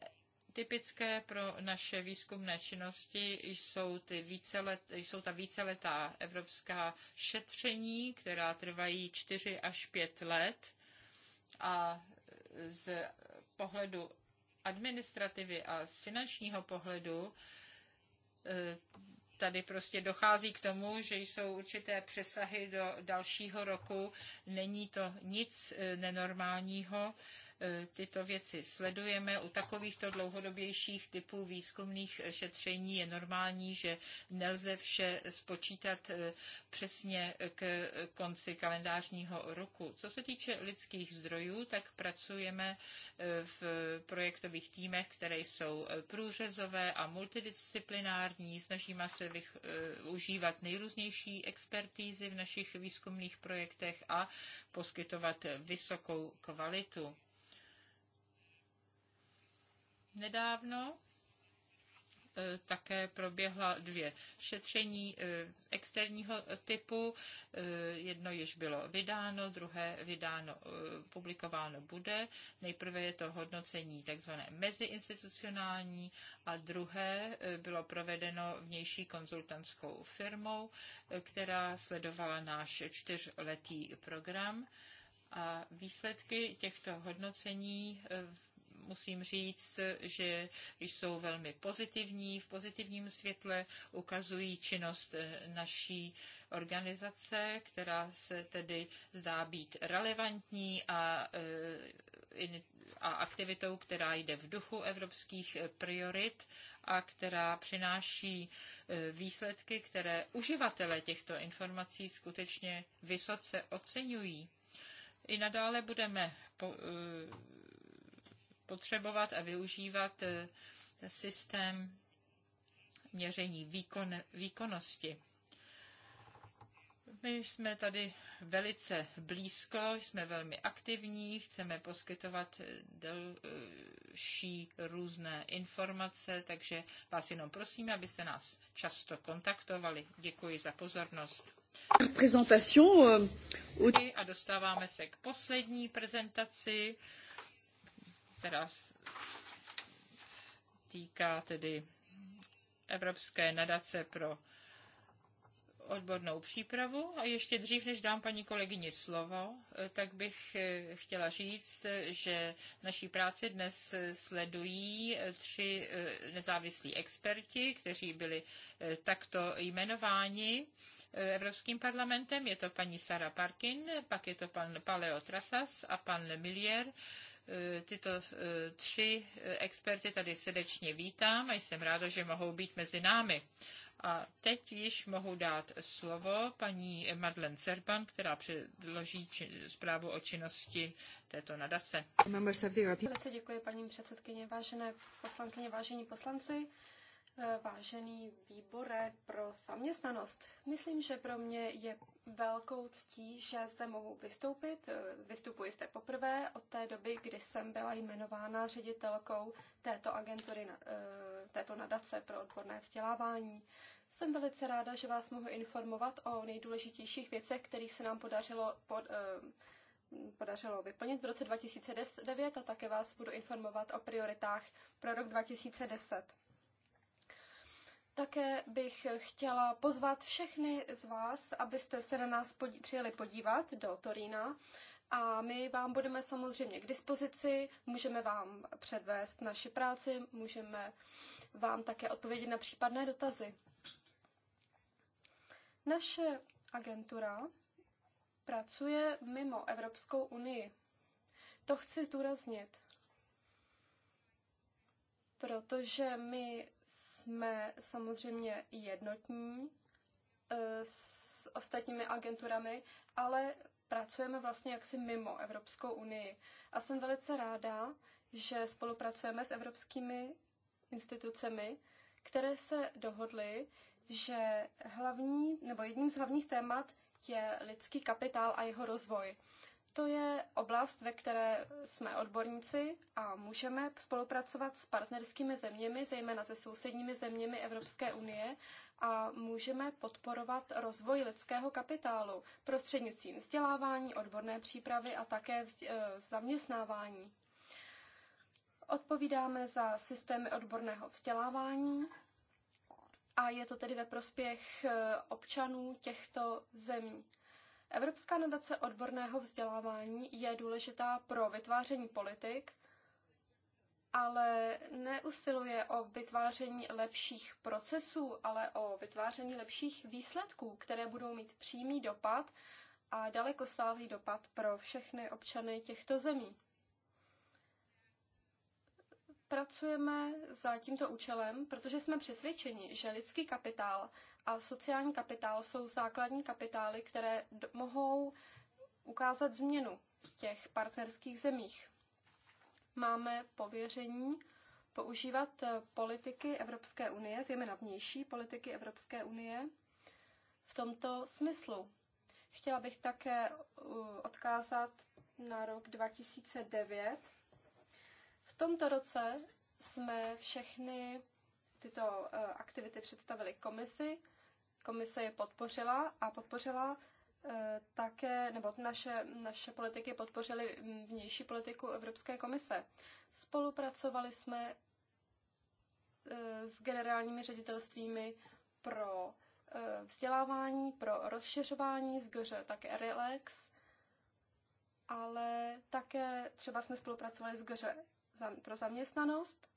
typické pro naše výzkumné činnosti jsou, ty vícelet, jsou ta víceletá evropská šetření, která trvají 4 až 5 let. A eh, z pohledu administrativy a z finančního pohledu eh, tady prostě dochází k tomu, že jsou určité přesahy do dalšího roku. Není to nic eh, nenormálního E, tyto věci sledujeme. U takovýchto dlouhodobějších typů výzkumných šetření je normální, že nelze vše spočítat e, přesně k konci kalendářního roku. Co se týče lidských zdrojů, tak pracujeme e, v projektových týmech, které jsou průřezové a multidisciplinární. Snažíme se užívat nejrůznější expertízy v našich výzkumných projektech a poskytovat vysokou kvalitu. Nedávno e, také proběhla dvě šetření e, externího typu. E, jedno již bylo vydáno, druhé vydáno, publikováno bude. Nejprve je to hodnocení takzvané meziinstitucionální a druhé bylo provedeno vnější konzultantskou firmou, která sledovala náš čtyřletý program. A výsledky těchto hodnocení musím říct, že jsou velmi pozitivní, v pozitivním světle ukazují činnost eh, naší organizace, která se tedy zdá být relevantní a, eh, a aktivitou, která jde v duchu evropských eh, priorit a která přináší výsledky, které uživatele těchto informací skutečně vysoce oceňují. I nadále budeme potřebovat a využívat eh, systém měření výkon, výkonnosti. My jsme tady velice blízko, jsme velmi aktivní, chceme poskytovat eh, další různé informace, takže vás jenom prosím, abyste nás často kontaktovali. Děkuji za pozornost. Euh, a dostáváme se k poslední prezentaci která týká tedy Evropské nadace pro odbornou přípravu. A ještě dřív, než dám paní kolegyni slovo, eh, tak bych eh, chtěla říct, eh, že naší práci dnes sledují tři nezávislí experti, kteří byli takto jmenováni Evropským parlamentem. Je to paní Sara Parkin, pak je to pan Paleo Trasas a pan Millier. Eh, tyto eh, tři eh, experty tady srdečně vítám a jsem ráda, že mohou být mezi námi. A teď již mohu dát slovo paní Madlen Serban, která předloží či, zprávu o činnosti této nadace. Velice děkuji, paní předsedkyně, vážené poslankyně, vážení poslanci. Vážený výbore pro zaměstnanost, myslím, že pro mě je velkou ctí, že zde mohu vystoupit. Vystupuji zde poprvé od té doby, kdy jsem byla jmenována ředitelkou této agentury, eh, této nadace pro odborné vzdělávání. Jsem velice ráda, že vás mohu informovat o nejdůležitějších věcech, kterých se nám podařilo pod, eh, podařilo vyplnit v roce 2009 a také vás budu informovat o prioritách pro rok 2010. Také bych chtěla pozvat všechny z vás, abyste se na nás podí- přijeli podívat do Torína a my vám budeme samozřejmě k dispozici, můžeme vám předvést naši práci, můžeme vám také odpovědět na případné dotazy. Naše agentura pracuje mimo Evropskou unii. To chci zdůraznit, protože my jsme samozřejmě jednotní eh, s ostatními agenturami, ale pracujeme vlastně jaksi mimo Evropskou unii. A jsem velice ráda, že spolupracujeme s evropskými institucemi, které se dohodly, že hlavní, nebo jedním z hlavních témat je lidský kapitál a jeho rozvoj. To je oblast, ve které jsme odborníci a můžeme spolupracovat s partnerskými zeměmi, zejména se sousedními zeměmi Evropské unie a můžeme podporovat rozvoj lidského kapitálu prostřednictvím vzdělávání, odborné přípravy a také e, zaměstnávání. Odpovídáme za systémy odborného vzdělávání a je to tedy ve prospěch e, občanů těchto zemí. Evropská nadace odborného vzdělávání je důležitá pro vytváření politik, ale neusiluje o vytváření lepších procesů, ale o vytváření lepších výsledků, které budou mít přímý dopad a dalekosáhlý dopad pro všechny občany těchto zemí. Pracujeme za tímto účelem, protože jsme přesvědčeni, že lidský kapitál a sociální kapitál jsou základní kapitály, které mohou ukázat změnu v těch partnerských zemích. Máme pověření používat eh, politiky Evropské unie, zejména vnější politiky Evropské unie, v tomto smyslu. Chtěla bych také eh, odkázat na rok 2009. V tomto roce jsme všechny tyto eh, aktivity představili komisi Komise je podpořila a podpořila eh, také, nebo naše, naše politiky podpořily vnější politiku Evropské komise. Spolupracovali jsme eh, s generálními ředitelstvími pro eh, vzdělávání, pro rozšiřování, z GŘ také Relax, ale také třeba jsme spolupracovali s pro zaměstnanost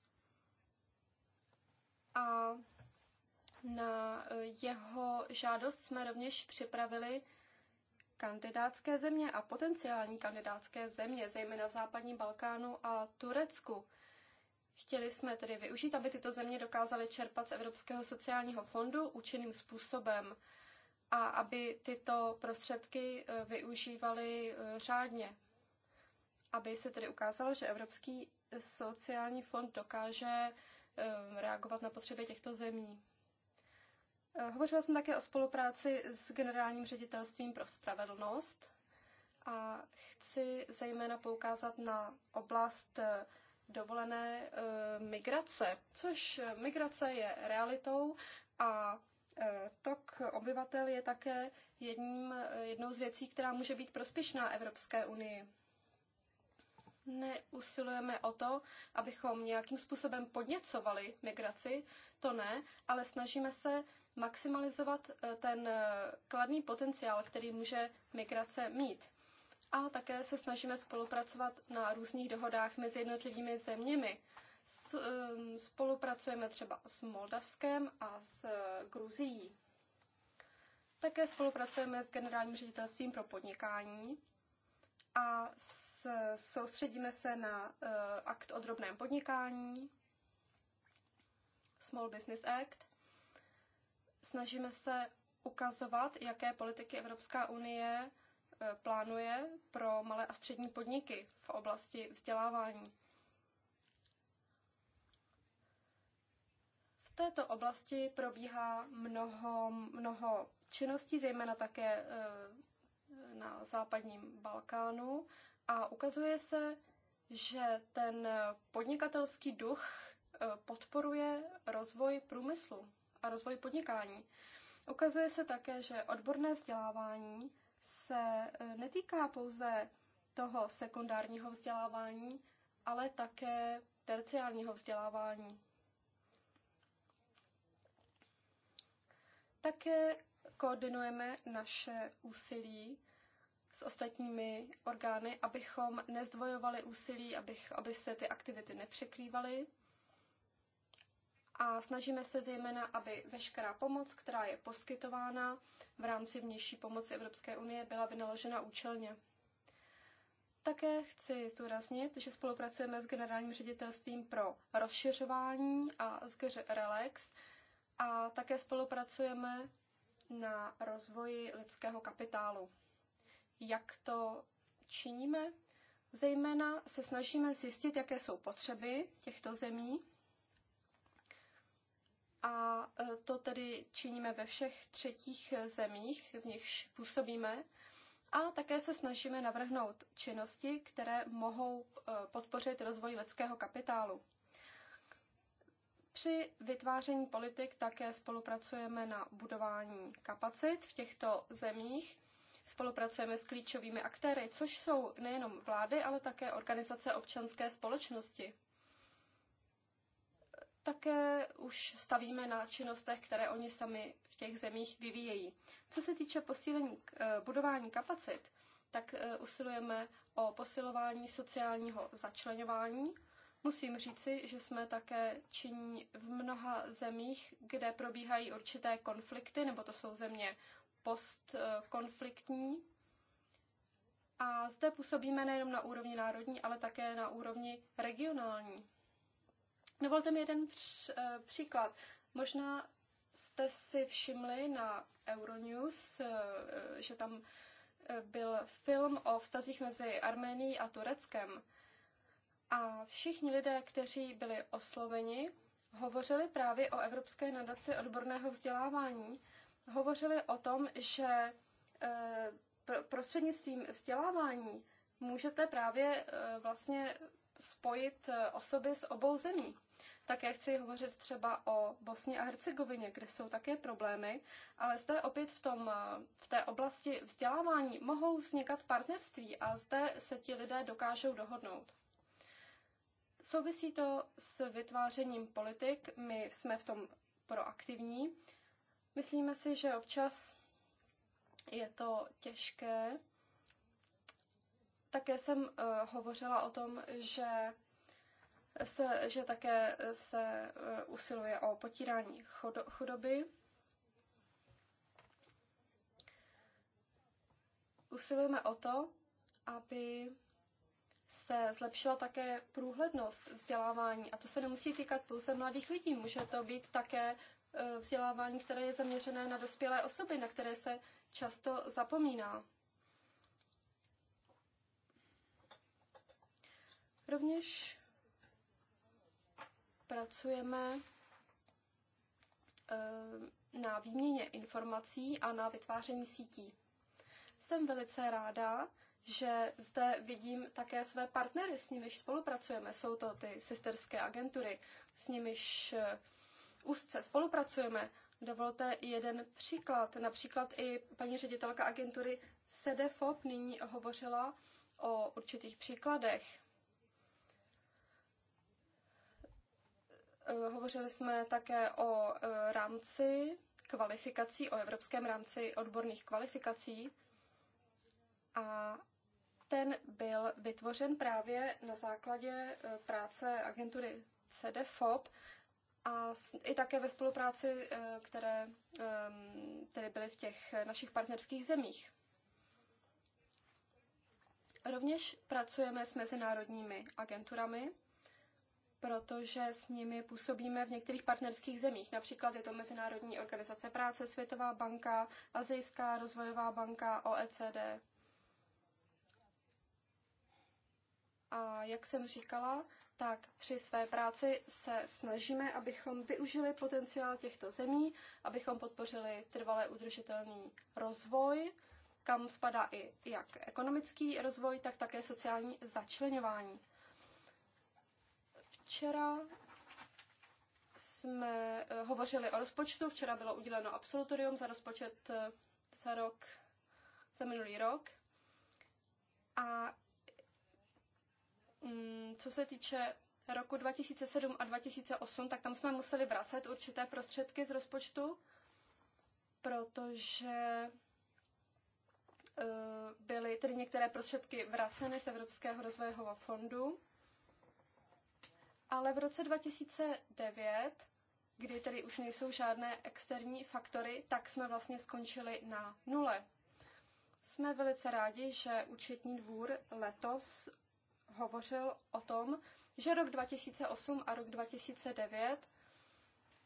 a na eh, jeho žádost jsme rovněž připravili kandidátské země a potenciální kandidátské země, zejména v západním Balkánu a Turecku. Chtěli jsme tedy využít, aby tyto země dokázaly čerpat z Evropského sociálního fondu účinným způsobem a aby tyto prostředky eh, využívaly eh, řádně. Aby se tedy ukázalo, že Evropský sociální fond dokáže reagovat na potřeby těchto zemí. Eh, hovořila jsem také o spolupráci s Generálním ředitelstvím pro spravedlnost a chci zejména poukázat na oblast eh, dovolené eh, migrace, což migrace je realitou a tok obyvatel je také jedním, jednou z věcí, která může být prospěšná Evropské unii. Neusilujeme o to, abychom nějakým způsobem podněcovali migraci, to ne, ale snažíme se maximalizovat eh, ten eh, kladný potenciál, který může migrace mít. A také se snažíme spolupracovat na různých dohodách mezi jednotlivými zeměmi. Ehm, spolupracujeme třeba s Moldavskem a s eh, Gruzií. Také spolupracujeme s Generálním ředitelstvím pro podnikání a s, soustředíme se na uh, akt o drobném podnikání, Small Business Act, Snažíme se ukazovat, jaké politiky Evropská unie e, plánuje pro malé a střední podniky v oblasti vzdělávání. V této oblasti probíhá mnoho, mnoho činností, zejména také e, na západním Balkánu a ukazuje se, že ten podnikatelský duch e, podporuje rozvoj průmyslu a rozvoj podnikání. Ukazuje se také, že odborné vzdělávání se e, netýká pouze toho sekundárního vzdělávání, ale také terciálního vzdělávání. Také koordinujeme naše úsilí s ostatními orgány, abychom nezdvojovali úsilí, abych, aby se ty aktivity nepřekrývaly a snažíme se zejména, aby veškerá pomoc, která je poskytována v rámci vnější pomoci Evropské unie, byla vynaložena účelně. Také chci zdůraznit, že spolupracujeme s Generálním ředitelstvím pro rozšiřování a s GŘ Relax a také spolupracujeme na rozvoji lidského kapitálu. Jak to činíme? Zejména se snažíme zjistit, jaké jsou potřeby těchto zemí a e, to tedy činíme ve všech třetích e, zemích, v nichž působíme. A také se snažíme navrhnout činnosti, které mohou e, podpořit rozvoj lidského kapitálu. Při vytváření politik také spolupracujeme na budování kapacit v těchto zemích. Spolupracujeme s klíčovými aktéry, což jsou nejenom vlády, ale také organizace občanské společnosti také už stavíme na činnostech, které oni sami v těch zemích vyvíjejí. Co se týče posílení eh, budování kapacit, tak eh, usilujeme o posilování sociálního začlenování. Musím říci, že jsme také činní v mnoha zemích, kde probíhají určité konflikty, nebo to jsou země postkonfliktní. A zde působíme nejenom na úrovni národní, ale také na úrovni regionální. Dovolte mi jeden eh, příklad. Možná jste si všimli na Euronews, eh, eh, že tam byl film o vztazích mezi Arménií a Tureckem. A všichni lidé, kteří byli osloveni, hovořili právě o Evropské nadaci odborného vzdělávání. Hovořili o tom, že prostřednictvím vzdělávání můžete právě vlastně spojit osoby z obou zemí. Také chci hovořit třeba o Bosně a Hercegovině, kde jsou také problémy, ale zde opět v, tom, v té oblasti vzdělávání mohou vznikat partnerství a zde se ti lidé dokážou dohodnout. Souvisí to s vytvářením politik, my jsme v tom proaktivní. Myslíme si, že občas je to těžké. Také jsem uh, hovořila o tom, že se, že také se eh, usiluje o potírání chudoby. Usilujeme o to, aby se zlepšila také průhlednost vzdělávání. A to se nemusí týkat pouze mladých lidí. Může to být také eh, vzdělávání, které je zaměřené na dospělé osoby, na které se často zapomíná. Rovněž pracujeme eh, na výměně informací a na vytváření sítí. Jsem velice ráda, že zde vidím také své partnery, s nimiž spolupracujeme. Jsou to ty sisterské agentury, s nimiž eh, úzce spolupracujeme. Dovolte jeden příklad. Například i paní ředitelka agentury SEDEFOP nyní hovořila o určitých příkladech. Eh, hovořili jsme také o eh, rámci kvalifikací, o evropském rámci odborných kvalifikací a ten byl vytvořen právě na základě eh, práce agentury CDFOP a i také ve spolupráci, které ehm, tedy byly v těch našich partnerských zemích. Rovněž pracujeme s mezinárodními agenturami, protože s nimi působíme v některých partnerských zemích. Například je to Mezinárodní organizace práce, Světová banka, Azijská rozvojová banka, OECD. A jak jsem říkala, tak při své práci se snažíme, abychom využili potenciál těchto zemí, abychom podpořili trvalé udržitelný rozvoj, kam spadá i jak ekonomický rozvoj, tak také sociální začlenování. Včera jsme eh, hovořili o rozpočtu, včera bylo uděleno absolutorium za rozpočet eh, za rok, za minulý rok. A mm, co se týče roku 2007 a 2008, tak tam jsme museli vracet určité prostředky z rozpočtu, protože eh, byly tedy některé prostředky vraceny z Evropského rozvojového fondu. Ale v roce 2009, kdy tedy už nejsou žádné externí faktory, tak jsme vlastně skončili na nule. Jsme velice rádi, že účetní dvůr letos hovořil o tom, že rok 2008 a rok 2009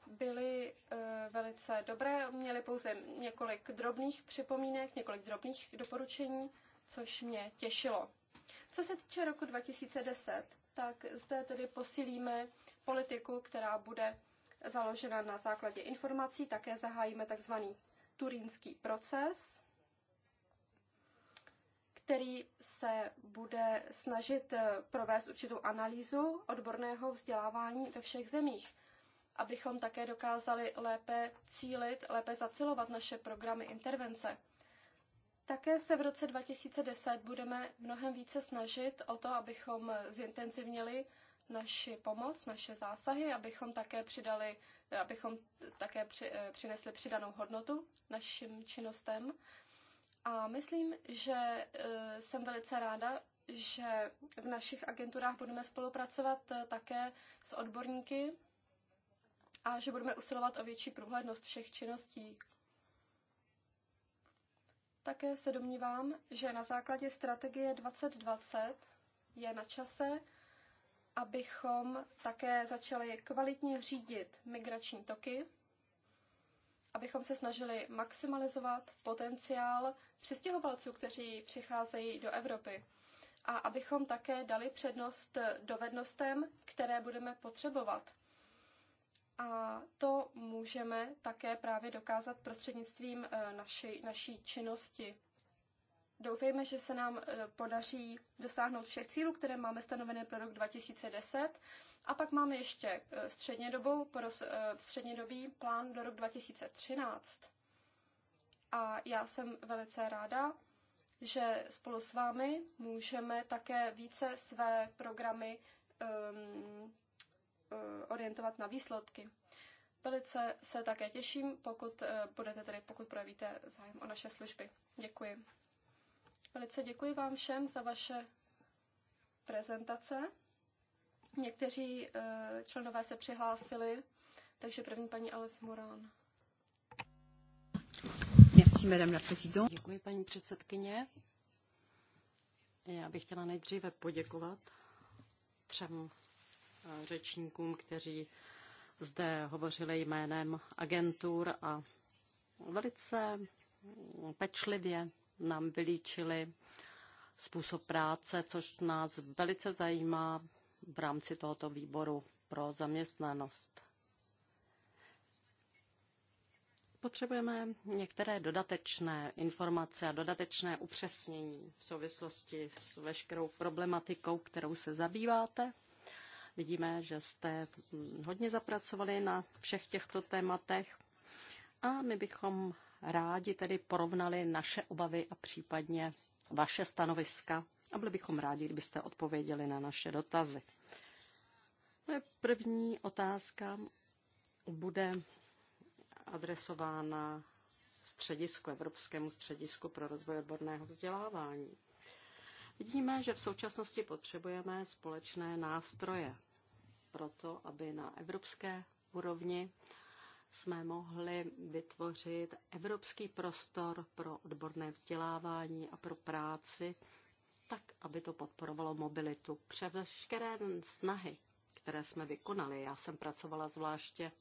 byly e, velice dobré, měly pouze několik drobných připomínek, několik drobných doporučení, což mě těšilo. Co se týče roku 2010, tak zde tedy posílíme politiku, která bude založena na základě informací. Také zahájíme tzv. turínský proces, který se bude snažit eh, provést určitou analýzu odborného vzdělávání ve všech zemích, abychom také dokázali lépe cílit, lépe zacilovat naše programy intervence. Také se v roce 2010 budeme mnohem více snažit o to, abychom zintenzivnili naši pomoc, naše zásahy, abychom také přidali, abychom také při, eh, přinesli přidanou hodnotu našim činnostem. A myslím, že eh, jsem velice ráda, že v našich agenturách budeme spolupracovat eh, také s odborníky a že budeme usilovat o větší průhlednost všech činností také se domnívám, že na základě strategie 2020 je na čase, abychom také začali kvalitně řídit migrační toky, abychom se snažili maximalizovat potenciál přistěhovalců, kteří přicházejí do Evropy a abychom také dali přednost dovednostem, které budeme potřebovat. A to můžeme také právě dokázat prostřednictvím e, naší, naší činnosti. Doufejme, že se nám e, podaří dosáhnout všech cílů, které máme stanovené pro rok 2010. A pak máme ještě e, střednědobou, střednědobý plán do roku 2013. A já jsem velice ráda, že spolu s vámi můžeme také více své programy ehm, Eh, orientovat na výsledky. Velice se také těším, pokud eh, budete tady, pokud projevíte zájem o naše služby. Děkuji. Velice děkuji vám všem za vaše prezentace. Někteří eh, členové se přihlásili, takže první paní Alice Morán. Děkuji, paní předsedkyně. Já bych chtěla nejdříve poděkovat třem řečníkům, kteří zde hovořili jménem agentur a velice pečlivě nám vylíčili způsob práce, což nás velice zajímá v rámci tohoto výboru pro zaměstnanost. Potřebujeme některé dodatečné informace a dodatečné upřesnění v souvislosti s veškerou problematikou, kterou se zabýváte. Vidíme, že jste hodně zapracovali na všech těchto tématech a my bychom rádi tedy porovnali naše obavy a případně vaše stanoviska a byli bychom rádi, kdybyste odpověděli na naše dotazy. Moje první otázka bude adresována středisku, Evropskému středisku pro rozvoj odborného vzdělávání. Vidíme, že v současnosti potřebujeme společné nástroje pro to, aby na evropské úrovni jsme mohli vytvořit evropský prostor pro odborné vzdělávání a pro práci, tak, aby to podporovalo mobilitu. Přes veškeré snahy, které jsme vykonali, já jsem pracovala zvláště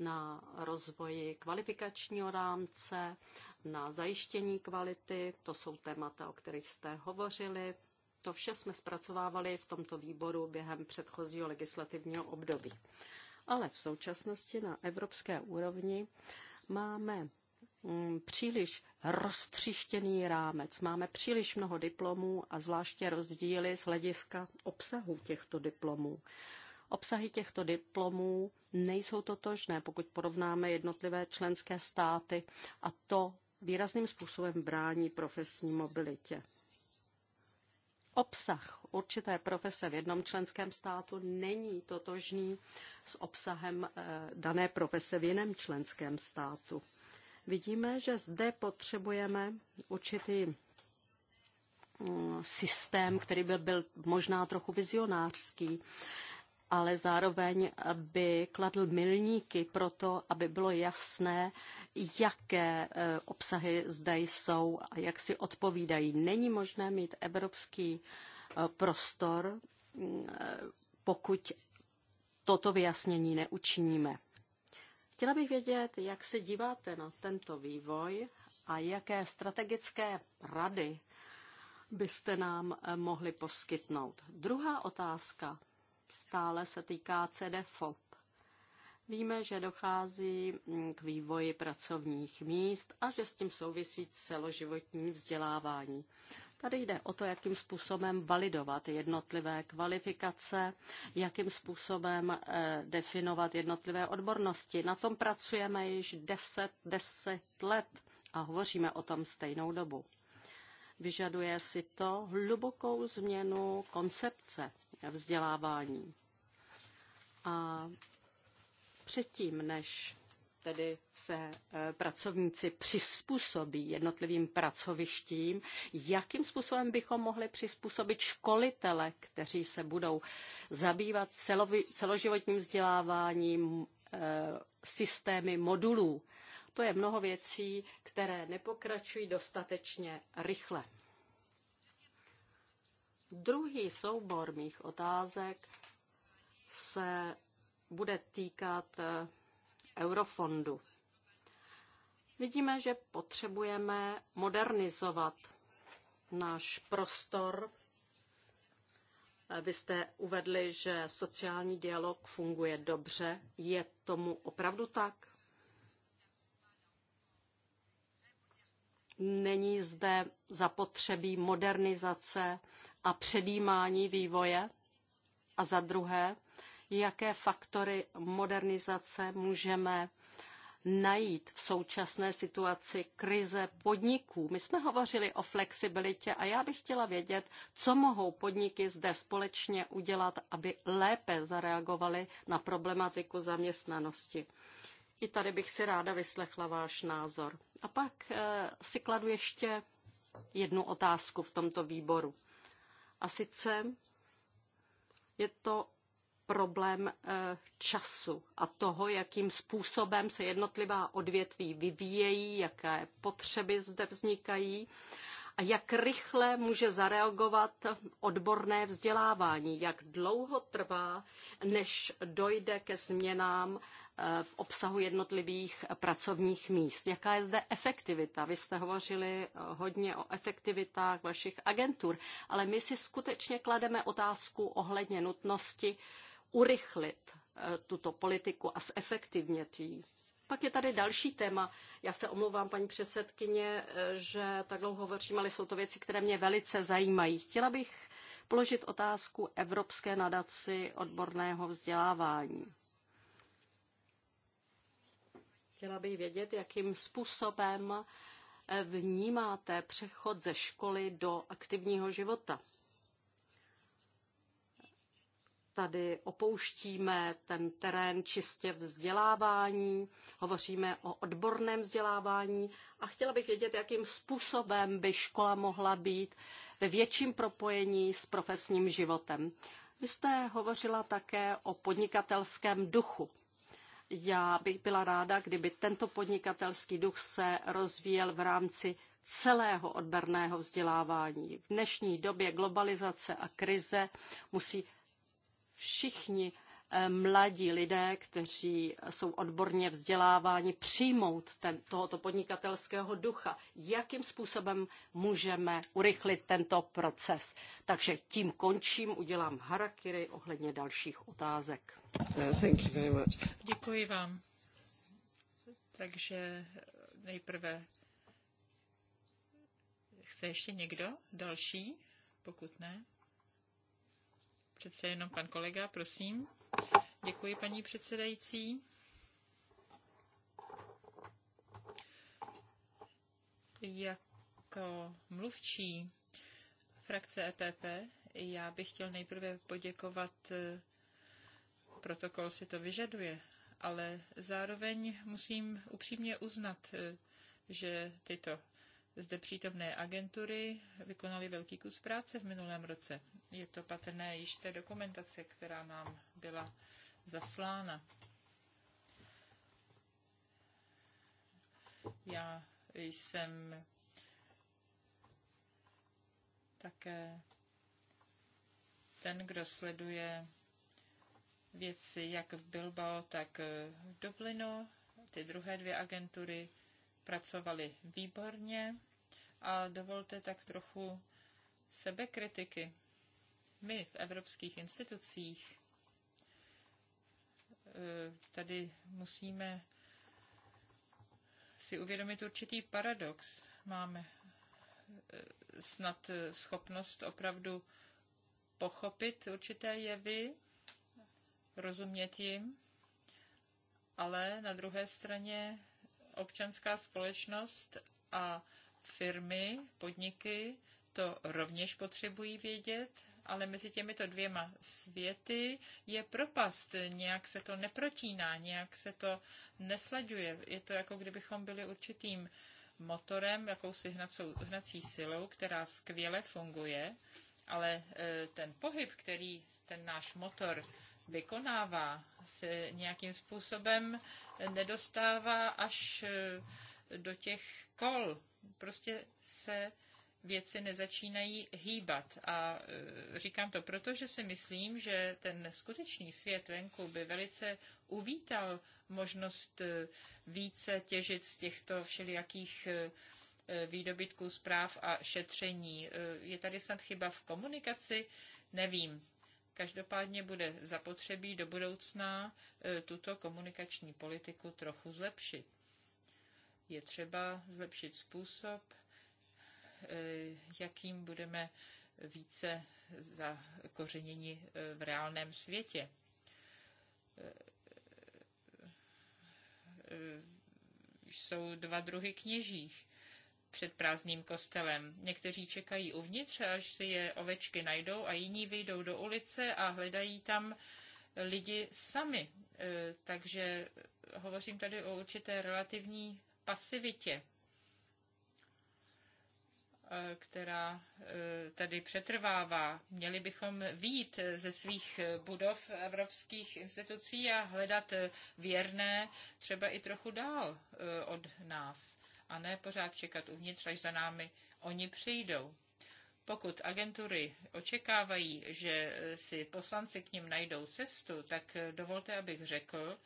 na rozvoji kvalifikačního rámce, na zajištění kvality. To jsou témata, o kterých jste hovořili. To vše jsme zpracovávali v tomto výboru během předchozího legislativního období. Ale v současnosti na evropské úrovni máme mm, příliš roztřištěný rámec. Máme příliš mnoho diplomů a zvláště rozdíly z hlediska obsahu těchto diplomů. Obsahy těchto diplomů nejsou totožné, pokud porovnáme jednotlivé členské státy a to výrazným způsobem brání profesní mobilitě. Obsah určité profese v jednom členském státu není totožný s obsahem eh, dané profese v jiném členském státu. Vidíme, že zde potřebujeme určitý mm, systém, který by byl možná trochu vizionářský, ale zároveň by kladl milníky pro to, aby bylo jasné, jaké e, obsahy zde jsou a jak si odpovídají. Není možné mít evropský e, prostor, e, pokud toto vyjasnění neučiníme. Chtěla bych vědět, jak se díváte na tento vývoj a jaké strategické rady byste nám mohli poskytnout. Druhá otázka stále se týká CDFOP. Víme, že dochází mm, k vývoji pracovních míst a že s tím souvisí celoživotní vzdělávání. Tady jde o to, jakým způsobem validovat jednotlivé kvalifikace, jakým způsobem eh, definovat jednotlivé odbornosti. Na tom pracujeme již 10, 10 let a hovoříme o tom stejnou dobu. Vyžaduje si to hlubokou změnu koncepce vzdělávání. A předtím, než tedy se e, pracovníci přizpůsobí jednotlivým pracovištím, jakým způsobem bychom mohli přizpůsobit školitele, kteří se budou zabývat celoživotním vzděláváním, e, systémy modulů je mnoho věcí, které nepokračují dostatečně rychle. Druhý soubor mých otázek se bude týkat eh, eurofondu. Vidíme, že potřebujeme modernizovat náš prostor. Vy jste uvedli, že sociální dialog funguje dobře. Je tomu opravdu tak? Není zde zapotřebí modernizace a předjímání vývoje? A za druhé, jaké faktory modernizace můžeme najít v současné situaci krize podniků. My jsme hovořili o flexibilitě a já bych chtěla vědět, co mohou podniky zde společně udělat, aby lépe zareagovaly na problematiku zaměstnanosti. I tady bych si ráda vyslechla váš názor. A pak eh, si kladu ještě jednu otázku v tomto výboru. A sice je to problém eh, času a toho, jakým způsobem se jednotlivá odvětví vyvíjejí, jaké potřeby zde vznikají a jak rychle může zareagovat odborné vzdělávání, jak dlouho trvá, než dojde ke změnám Eh, v obsahu jednotlivých pracovních míst. Jaká je zde efektivita? Vy jste hovořili eh, hodně o efektivitách vašich agentur, ale my si skutečně klademe otázku ohledně nutnosti urychlit eh, tuto politiku a zefektivnit ji. Pak je tady další téma. Já se omlouvám, paní předsedkyně, že tak dlouho hovořím, ale jsou to věci, které mě velice zajímají. Chtěla bych položit otázku Evropské nadaci odborného vzdělávání. Chtěla bych vědět, jakým způsobem eh, vnímáte přechod ze školy do aktivního života. Tady opouštíme ten terén čistě vzdělávání, hovoříme o odborném vzdělávání a chtěla bych vědět, jakým způsobem by škola mohla být ve větším propojení s profesním životem. Vy jste hovořila také o podnikatelském duchu já bych byla ráda, kdyby tento podnikatelský duch se rozvíjel v rámci celého odberného vzdělávání. V dnešní době globalizace a krize musí všichni mladí lidé, kteří jsou odborně vzděláváni, přijmout ten, tohoto podnikatelského ducha. Jakým způsobem můžeme urychlit tento proces? Takže tím končím, udělám harakiri ohledně dalších otázek. Uh, thank you very much. Děkuji vám. Takže nejprve chce ještě někdo další? Pokud ne, přece jenom pan kolega, prosím. Děkuji, paní předsedající. Jako mluvčí frakce EPP já bych chtěl nejprve poděkovat, eh, protokol si to vyžaduje, ale zároveň musím upřímně uznat, eh, že tyto zde přítomné agentury vykonaly velký kus práce v minulém roce. Je to patrné již té dokumentace, která nám byla zaslána. Já jsem také ten, kdo sleduje věci jak v Bilbao, tak v Dublinu. Ty druhé dvě agentury pracovaly výborně a dovolte tak trochu sebekritiky. My v evropských institucích Eh, tady musíme si uvědomit určitý paradox. Máme eh, snad eh, schopnost opravdu pochopit určité jevy, rozumět jim, ale na druhé straně občanská společnost a firmy, podniky to rovněž potřebují vědět ale mezi těmito dvěma světy je propast. Nějak se to neprotíná, nějak se to neslaďuje. Je to jako kdybychom byli určitým motorem, jakousi hnacou, hnací silou, která skvěle funguje, ale e, ten pohyb, který ten náš motor vykonává, se nějakým způsobem nedostává až e, do těch kol. Prostě se věci nezačínají hýbat. A e, říkám to proto, že si myslím, že ten skutečný svět venku by velice uvítal možnost e, více těžit z těchto všelijakých e, výdobytků zpráv a šetření. Je tady snad chyba v komunikaci? Nevím. Každopádně bude zapotřebí do budoucna tuto komunikační politiku trochu zlepšit. Je třeba zlepšit způsob, Eh, jakým budeme více zakořeněni eh, v reálném světě eh, jsou dva druhy kněžích před prázdným kostelem. Někteří čekají uvnitř, až si je ovečky najdou a jiní vyjdou do ulice a hledají tam lidi sami. Takže hovořím tady o určité relativní pasivitě. Eh, která eh, tady přetrvává. Měli bychom výjít ze svých eh, budov evropských institucí a hledat věrné třeba i trochu dál od nás a ne pořád čekat uvnitř, až za námi oni přijdou. Pokud agentury očekávají, že si poslanci k ním najdou cestu, tak dovolte, abych řekl,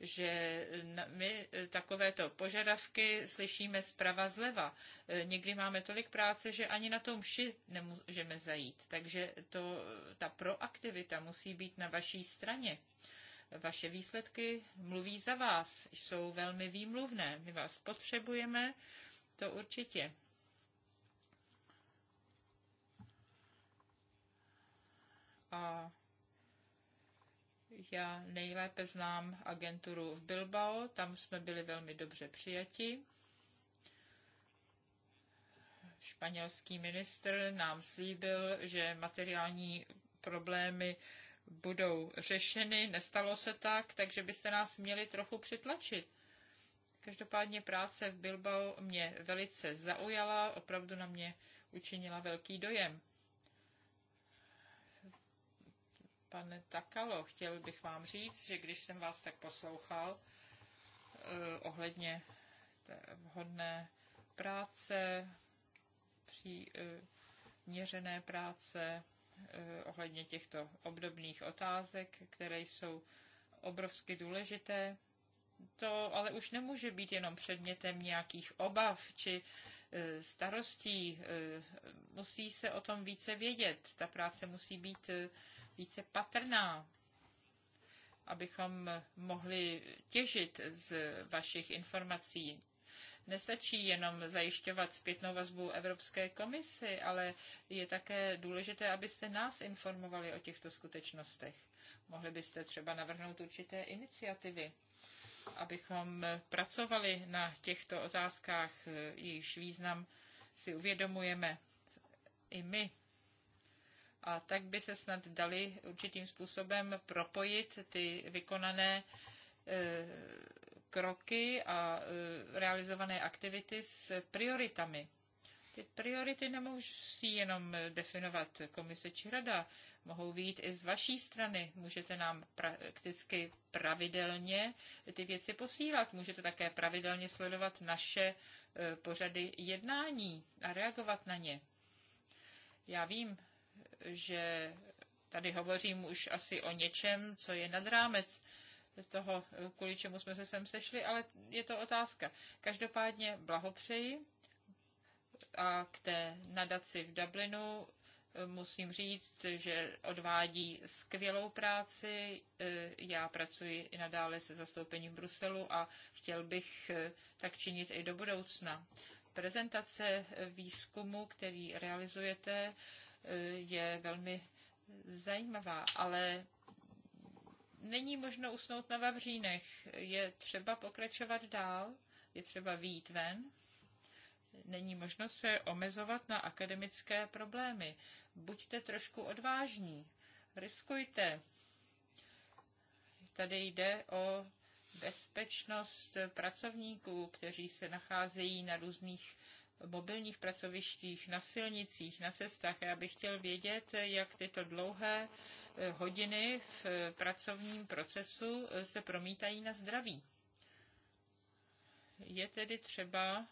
že my takovéto požadavky slyšíme zprava zleva. E, někdy máme tolik práce, že ani na tom mši nemůžeme zajít. Takže to, ta proaktivita musí být na vaší straně. Vaše výsledky mluví za vás, jsou velmi výmluvné. My vás potřebujeme, to určitě. A já nejlépe znám agenturu v Bilbao, tam jsme byli velmi dobře přijati. Španělský ministr nám slíbil, že materiální problémy budou řešeny. Nestalo se tak, takže byste nás měli trochu přitlačit. Každopádně práce v Bilbao mě velice zaujala, opravdu na mě učinila velký dojem. Pane Takalo, chtěl bych vám říct, že když jsem vás tak poslouchal eh, ohledně té vhodné práce, při eh, měřené práce, eh, ohledně těchto obdobných otázek, které jsou obrovsky důležité, to ale už nemůže být jenom předmětem nějakých obav či eh, starostí. Eh, musí se o tom více vědět. Ta práce musí být eh, více patrná, abychom mohli těžit z vašich informací. Nestačí jenom zajišťovat zpětnou vazbu Evropské komisi, ale je také důležité, abyste nás informovali o těchto skutečnostech. Mohli byste třeba navrhnout určité iniciativy abychom pracovali na těchto otázkách, jejichž význam si uvědomujeme i my a tak by se snad dali určitým způsobem propojit ty vykonané e, kroky a e, realizované aktivity s prioritami. Ty priority nemusí jenom definovat komise či rada, mohou výjít i z vaší strany. Můžete nám prakticky pravidelně ty věci posílat. Můžete také pravidelně sledovat naše e, pořady jednání a reagovat na ně. Já vím, že tady hovořím už asi o něčem, co je nad rámec toho, kvůli čemu jsme se sem sešli, ale je to otázka. Každopádně blahopřeji a k té nadaci v Dublinu musím říct, že odvádí skvělou práci. Já pracuji i nadále se zastoupením Bruselu a chtěl bych tak činit i do budoucna. Prezentace výzkumu, který realizujete, je velmi zajímavá, ale není možno usnout na vavřínech. Je třeba pokračovat dál, je třeba výjít ven. Není možno se omezovat na akademické problémy. Buďte trošku odvážní, riskujte. Tady jde o bezpečnost pracovníků, kteří se nacházejí na různých mobilních pracovištích, na silnicích, na cestách. Já bych chtěl vědět, jak tyto dlouhé eh, hodiny v eh, pracovním procesu eh, se promítají na zdraví. Je tedy třeba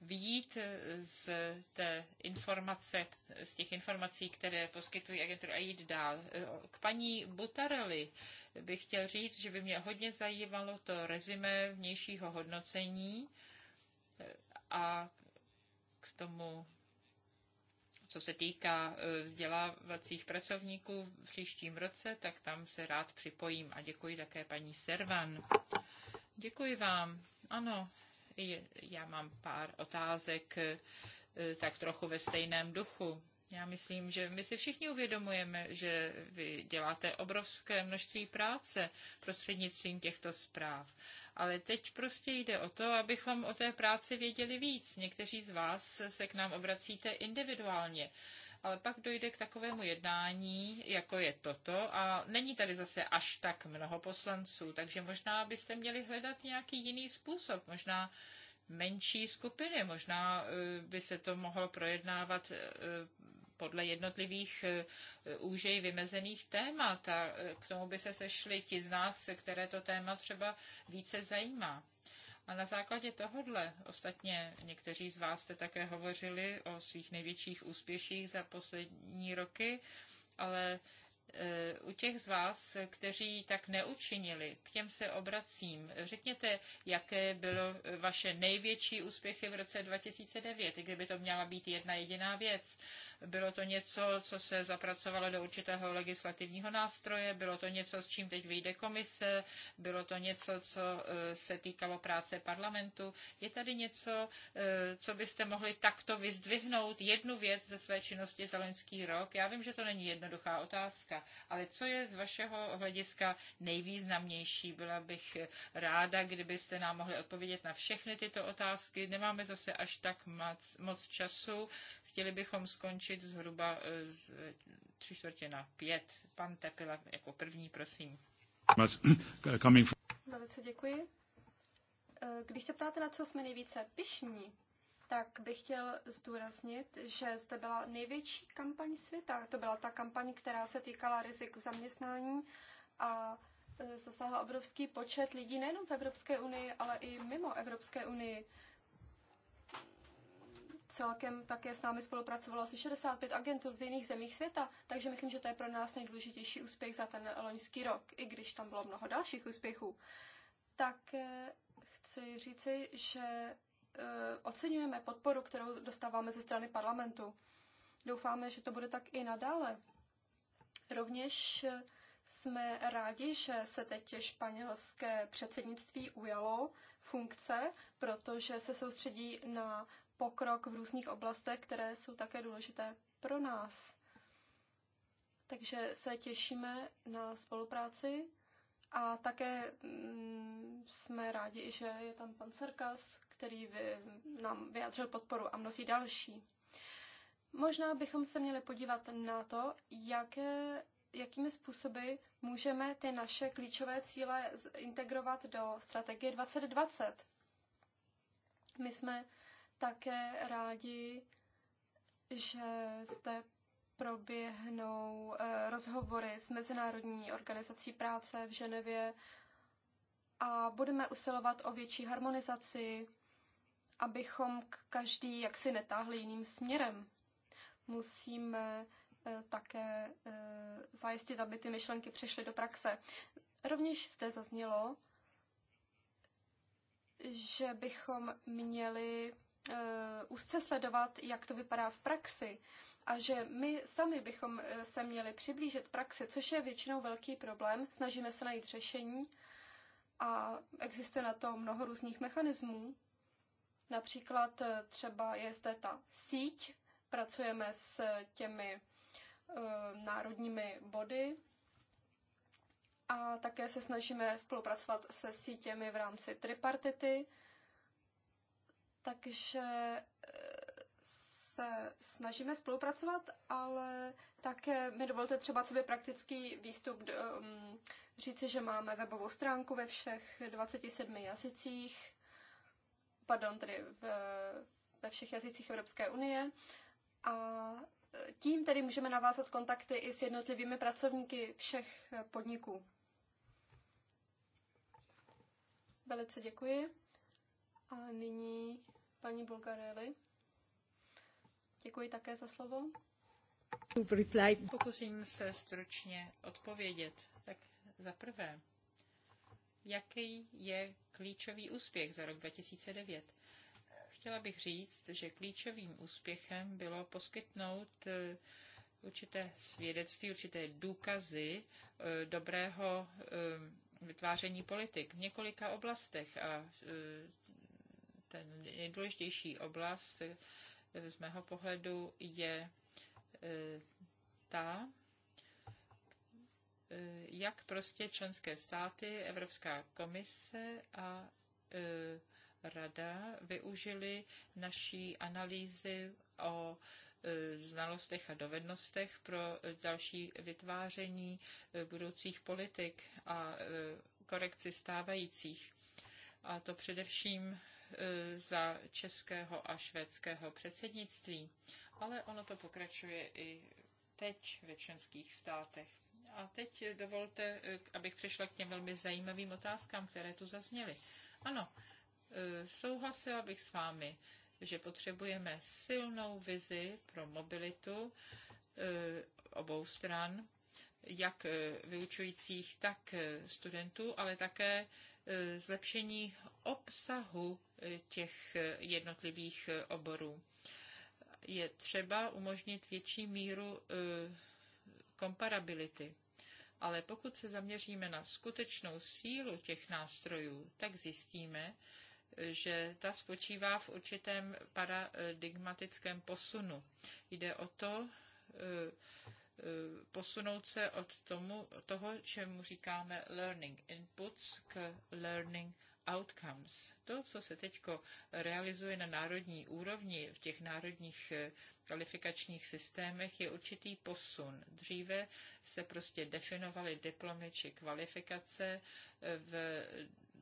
vyjít z, té informace, z těch informací, které poskytují agentury a jít dál. K paní Butarelli bych chtěl říct, že by mě hodně zajímalo to rezime vnějšího hodnocení a k tomu, co se týká e, vzdělávacích pracovníků v příštím roce, tak tam se rád připojím a děkuji také paní Servan. Děkuji vám. Ano, já mám pár otázek e, tak trochu ve stejném duchu. Já myslím, že my si všichni uvědomujeme, že vy děláte obrovské množství práce prostřednictvím těchto zpráv. Ale teď prostě jde o to, abychom o té práci věděli víc. Někteří z vás se k nám obracíte individuálně ale pak dojde k takovému jednání, jako je toto, a není tady zase až tak mnoho poslanců, takže možná byste měli hledat nějaký jiný způsob, možná menší skupiny, možná eh, by se to mohlo projednávat eh, podle jednotlivých úžej eh, vymezených témat a eh, k tomu by se sešli ti z nás, které to téma třeba více zajímá. A na základě tohodle, ostatně někteří z vás jste také hovořili o svých největších úspěších za poslední roky, ale u těch z vás, kteří tak neučinili, k těm se obracím. Řekněte, jaké bylo vaše největší úspěchy v roce 2009, kdyby to měla být jedna jediná věc. Bylo to něco, co se zapracovalo do určitého legislativního nástroje, bylo to něco, s čím teď vyjde komise, bylo to něco, co eh, se týkalo práce parlamentu. Je tady něco, eh, co byste mohli takto vyzdvihnout, jednu věc ze své činnosti za loňský rok? Já vím, že to není jednoduchá otázka, ale co je z vašeho hlediska nejvýznamnější? Byla bych ráda, kdybyste nám mohli odpovědět na všechny tyto otázky. Nemáme zase až tak moc, moc času. Chtěli bychom skončit zhruba eh, z tři čtvrtě na pět. Pan Tepila jako první, prosím. Eh, Velice děkuji. Eh, když se ptáte, na co jsme nejvíce pišní, tak bych chtěl zdůraznit, že zde byla největší kampaň světa. To byla ta kampaň, která se týkala rizik v zaměstnání a e, zasáhla obrovský počet lidí nejenom v Evropské unii, ale i mimo Evropské unii. Celkem také s námi spolupracovalo asi 65 agentů v jiných zemích světa, takže myslím, že to je pro nás nejdůležitější úspěch za ten loňský rok, i když tam bylo mnoho dalších úspěchů. Tak e, chci říci, že Eh, oceňujeme podporu, kterou dostáváme ze strany parlamentu. Doufáme, že to bude tak i nadále. Rovněž eh, jsme rádi, že se teď španělské předsednictví ujalo funkce, protože se soustředí na pokrok v různých oblastech, které jsou také důležité pro nás. Takže se těšíme na spolupráci a také mm, jsme rádi, že je tam pan Sarkas který vy, nám vyjádřil podporu a mnozí další. Možná bychom se měli podívat na to, jaké, jakými způsoby můžeme ty naše klíčové cíle integrovat do strategie 2020. My jsme také rádi, že zde proběhnou eh, rozhovory s Mezinárodní organizací práce v Ženevě a budeme usilovat o větší harmonizaci abychom každý jaksi netáhli jiným směrem. Musíme eh, také eh, zajistit, aby ty myšlenky přišly do praxe. Rovněž zde zaznělo, že bychom měli eh, úzce sledovat, jak to vypadá v praxi a že my sami bychom se měli přiblížit praxi, což je většinou velký problém. Snažíme se najít řešení a existuje na to mnoho různých mechanismů. Například eh, třeba je zde ta síť, pracujeme s těmi eh, národními body a také se snažíme spolupracovat se sítěmi v rámci tripartity, takže eh, se snažíme spolupracovat, ale také mi dovolte třeba sobě praktický výstup mm, říci, že máme webovou stránku ve všech 27 jazycích, pardon, tedy v, ve všech jazycích Evropské unie. A tím tedy můžeme navázat kontakty i s jednotlivými pracovníky všech eh, podniků. Velice děkuji. A nyní paní Bulgarelli. Děkuji také za slovo. Pokusím se stručně odpovědět. Tak za prvé, jaký je klíčový úspěch za rok 2009. Chtěla bych říct, že klíčovým úspěchem bylo poskytnout eh, určité svědectví, určité důkazy eh, dobrého eh, vytváření politik v několika oblastech. A ten nejdůležitější oblast z mého pohledu je ta, E, jak prostě členské státy, Evropská komise a e, rada využili naší analýzy o e, znalostech a dovednostech pro další vytváření budoucích politik a korekci stávajících. A to především za českého a švédského předsednictví. Ale ono to pokračuje i teď ve členských státech. A teď dovolte, eh, abych přešla k těm velmi zajímavým otázkám, které tu zazněly. Ano, eh, souhlasila bych s vámi, že potřebujeme silnou vizi pro mobilitu eh, obou stran, jak vyučujících, tak studentů, ale také zlepšení obsahu těch jednotlivých oborů. Je třeba umožnit větší míru komparability ale pokud se zaměříme na skutečnou sílu těch nástrojů, tak zjistíme, že ta spočívá v určitém paradigmatickém posunu. Jde o to e, e, posunout se od tomu, toho, čemu říkáme learning inputs k learning outcomes. To, co se teď realizuje na národní úrovni v těch národních eh, kvalifikačních systémech, je určitý posun. Dříve se prostě definovaly diplomy či kvalifikace eh, v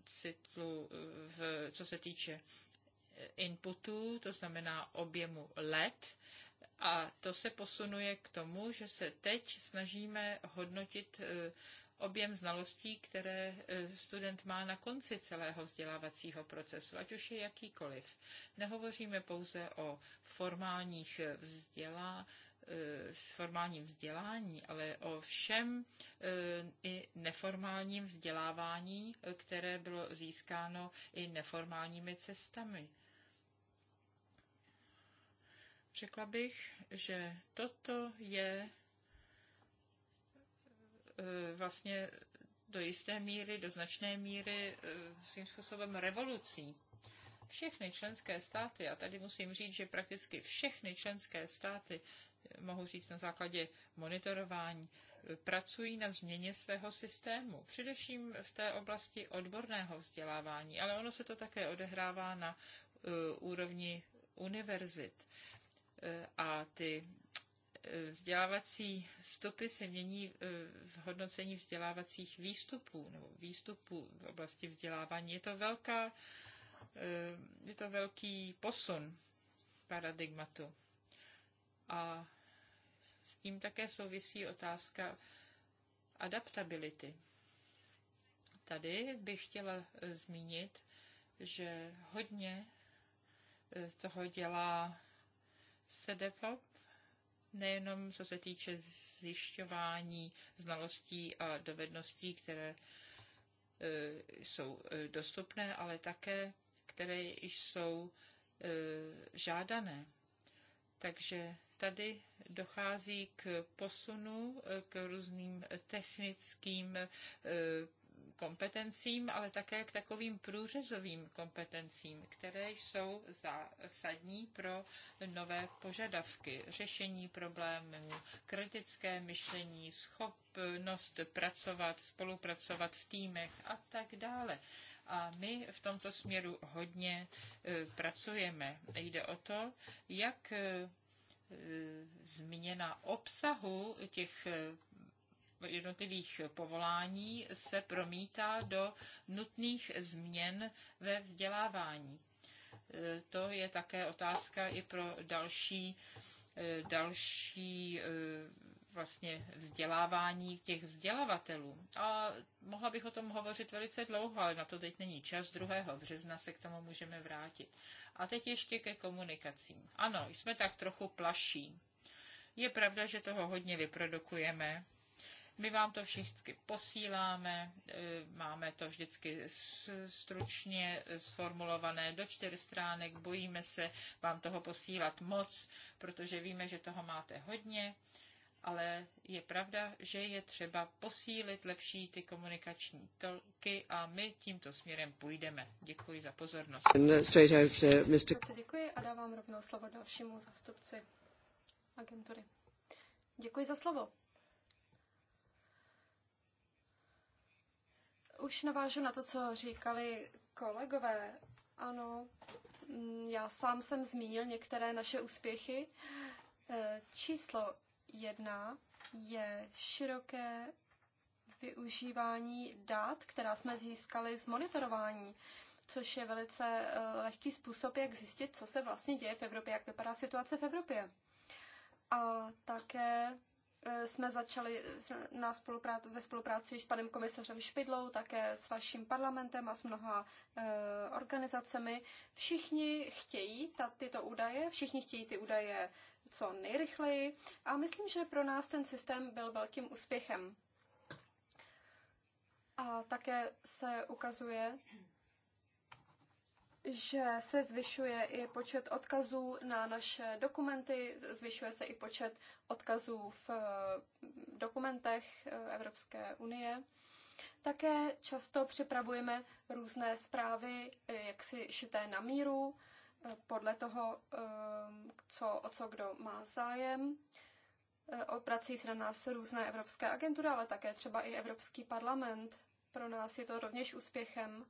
citlu, eh, v, co se týče inputů, to znamená objemu let, a to se posunuje k tomu, že se teď snažíme hodnotit objem znalostí, které e, student má na konci celého vzdělávacího procesu, ať už je jakýkoliv. Nehovoříme pouze o formálních e, vzdělá, e, s formálním vzdělání, ale o všem i neformálním vzdělávání, které bylo získáno i neformálními cestami. Řekla bych, že toto je Eh, vlastně do jisté míry, do značné míry eh, svým způsobem revolucí. Všechny členské státy, a tady musím říct, že prakticky všechny členské státy, eh, mohu říct na základě monitorování, pracují na změně svého systému, především v té oblasti odborného vzdělávání, ale ono se to také odehrává na uh, úrovni univerzit. Uh, a ty vzdělávací stopy se mění e, v hodnocení vzdělávacích výstupů nebo výstupů v oblasti vzdělávání. Je to, velká, e, je to velký posun paradigmatu. A s tím také souvisí otázka adaptability. Tady bych chtěla e, zmínit, že hodně toho dělá SEDEFOP, nejenom co se týče zjišťování znalostí a dovedností, které e, jsou e, dostupné, ale také, které jsou e, žádané. Takže tady dochází k posunu, k různým technickým kompetencím, ale také k takovým průřezovým kompetencím, které jsou zásadní pro nové požadavky, řešení problémů, kritické myšlení, schopnost pracovat, spolupracovat v týmech a tak dále. A my v tomto směru hodně e, pracujeme. Jde o to, jak e, změna obsahu těch e, jednotlivých povolání se promítá do nutných změn ve vzdělávání. E, to je také otázka i pro další, e, další e, vlastně vzdělávání těch vzdělavatelů. A mohla bych o tom hovořit velice dlouho, ale na to teď není čas. 2. března se k tomu můžeme vrátit. A teď ještě ke komunikacím. Ano, jsme tak trochu plaší. Je pravda, že toho hodně vyprodukujeme my vám to všichni posíláme, e, máme to vždycky stručně sformulované do čtyř stránek, bojíme se vám toho posílat moc, protože víme, že toho máte hodně ale je pravda, že je třeba posílit lepší ty komunikační tolky a my tímto směrem půjdeme. Děkuji za pozornost. Uh, děkuji a dávám rovnou slovo dalšímu zástupci agentury. Děkuji za slovo. Už navážu na to, co říkali kolegové. Ano, mm, já sám jsem zmínil některé naše úspěchy. E, číslo jedna je široké využívání dat, která jsme získali z monitorování, což je velice e, lehký způsob, jak zjistit, co se vlastně děje v Evropě, jak vypadá situace v Evropě. A také Eh, jsme začali eh, na spolupráci, ve spolupráci s panem komisařem Špidlou, také s vaším parlamentem a s mnoha eh, organizacemi. Všichni chtějí ta, tyto údaje, všichni chtějí ty údaje co nejrychleji a myslím, že pro nás ten systém byl velkým úspěchem. A také se ukazuje, že se zvyšuje i počet odkazů na naše dokumenty, zvyšuje se i počet odkazů v eh, dokumentech eh, Evropské unie. Také často připravujeme různé zprávy, eh, jaksi šité na míru, podle toho, co, o co kdo má zájem. Obrací se na nás různé evropské agentury, ale také třeba i Evropský parlament. Pro nás je to rovněž úspěchem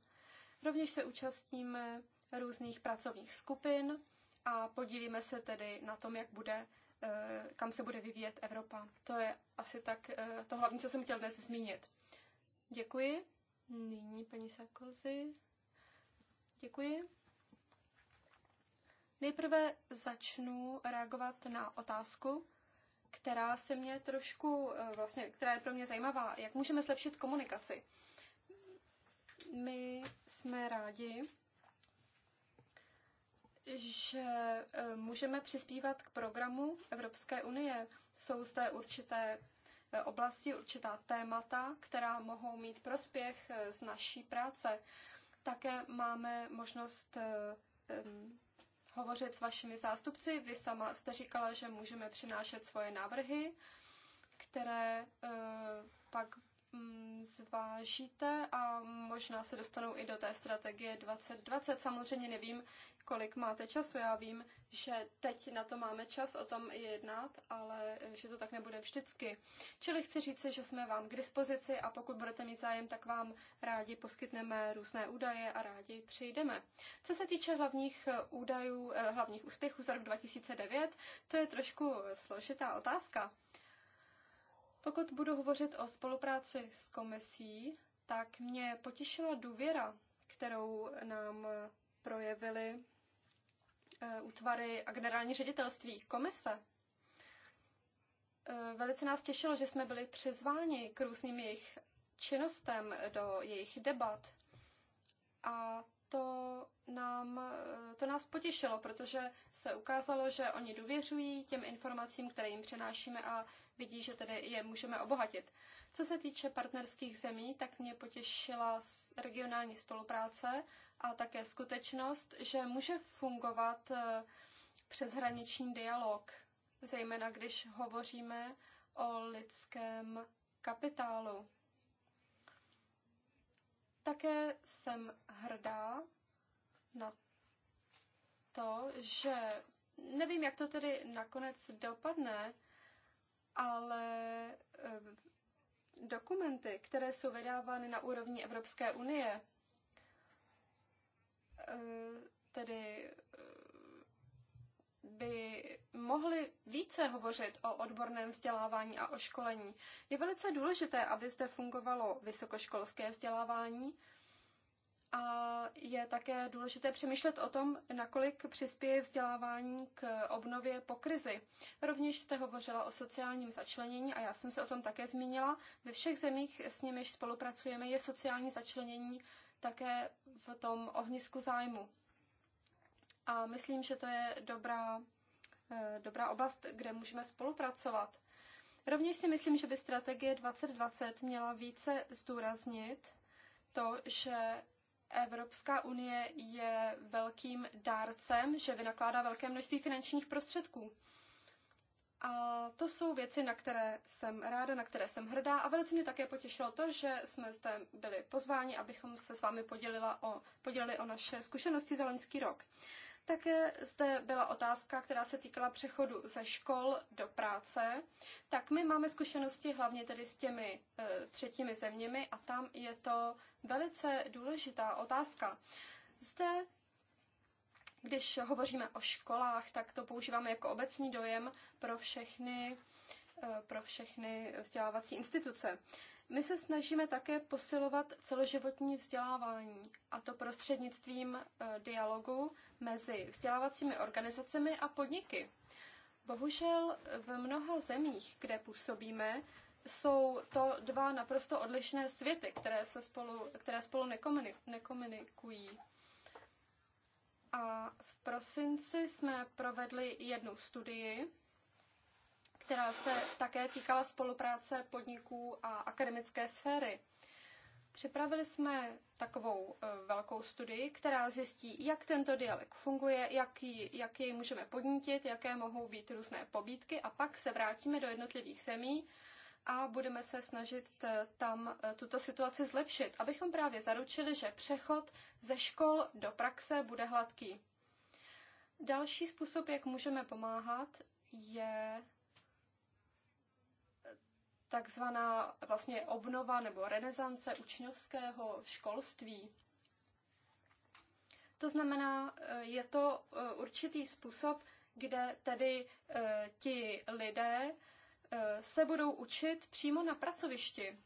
Rovněž se účastníme různých pracovních skupin a podílíme se tedy na tom, jak bude, eh, kam se bude vyvíjet Evropa. To je asi tak eh, to hlavní, co jsem chtěl dnes zmínit. Děkuji. Nyní paní Sarkozy. Děkuji. Nejprve začnu reagovat na otázku, která se mě trošku, eh, vlastně, která je pro mě zajímavá. Jak můžeme zlepšit komunikaci? My jsme rádi, že e, můžeme přispívat k programu Evropské unie. Jsou zde určité e, oblasti, určitá témata, která mohou mít prospěch e, z naší práce. Také máme možnost hovořit s vašimi zástupci. Vy sama jste říkala, že můžeme přinášet svoje návrhy, které pak Mm, zvážíte a možná se dostanou i do té strategie 2020. Samozřejmě nevím, kolik máte času. Já vím, že teď na to máme čas o tom i jednat, ale eh, že to tak nebude vždycky. Čili chci říct, že jsme vám k dispozici a pokud budete mít zájem, tak vám rádi poskytneme různé údaje a rádi přijdeme. Co se týče hlavních eh, údajů, eh, hlavních úspěchů za rok 2009, to je trošku složitá otázka. Pokud budu hovořit o spolupráci s komisí, tak mě potěšila důvěra, kterou nám projevily eh, útvary a generální ředitelství komise. Eh, velice nás těšilo, že jsme byli přizváni k různým jejich činnostem do jejich debat. A to, nám, eh, to nás potěšilo, protože se ukázalo, že oni důvěřují těm informacím, které jim přenášíme a vidí, že tedy je můžeme obohatit. Co se týče partnerských zemí, tak mě potěšila regionální spolupráce a také skutečnost, že může fungovat eh, přeshraniční dialog, zejména když hovoříme o lidském kapitálu. Také jsem hrdá na to, že nevím, jak to tedy nakonec dopadne, ale dokumenty, které jsou vydávány na úrovni Evropské unie, e, tedy e, by mohli více hovořit o odborném vzdělávání a o školení. Je velice důležité, aby zde fungovalo vysokoškolské vzdělávání, a je také důležité přemýšlet o tom, nakolik přispěje vzdělávání k obnově po krizi. Rovněž jste hovořila o sociálním začlenění a já jsem se o tom také zmínila. Ve všech zemích, s nimiž spolupracujeme, je sociální začlenění také v tom ohnisku zájmu. A myslím, že to je dobrá, eh, dobrá oblast, kde můžeme spolupracovat. Rovněž si myslím, že by strategie 2020 měla více zdůraznit to, že Evropská unie je velkým dárcem, že vynakládá velké množství finančních prostředků. A to jsou věci, na které jsem ráda, na které jsem hrdá a velice mě také potěšilo to, že jsme zde byli pozváni, abychom se s vámi podělila o, podělili o naše zkušenosti za loňský rok. Také zde byla otázka, která se týkala přechodu ze škol do práce. Tak my máme zkušenosti hlavně tedy s těmi eh, třetími zeměmi a tam je to velice důležitá otázka. Zde když hovoříme o školách, tak to používáme jako obecný dojem pro všechny, eh, pro všechny vzdělávací instituce. My se snažíme také posilovat celoživotní vzdělávání, a to prostřednictvím e, dialogu mezi vzdělávacími organizacemi a podniky. Bohužel v mnoha zemích, kde působíme, jsou to dva naprosto odlišné světy, které, se spolu, které spolu nekomunikují. A v prosinci jsme provedli jednu studii, která se také týkala spolupráce podniků a akademické sféry. Připravili jsme takovou eh, velkou studii, která zjistí, jak tento dialog funguje, jak, ji, jak jej můžeme podnítit, jaké mohou být různé pobídky a pak se vrátíme do jednotlivých zemí a budeme se snažit eh, tam eh, tuto situaci zlepšit, abychom právě zaručili, že přechod ze škol do praxe bude hladký. Další způsob, jak můžeme pomáhat, je takzvaná vlastně obnova nebo renesance učňovského školství. To znamená, eh, je to eh, určitý způsob, kde tedy eh, ti lidé se budou učit přímo na pracovišti.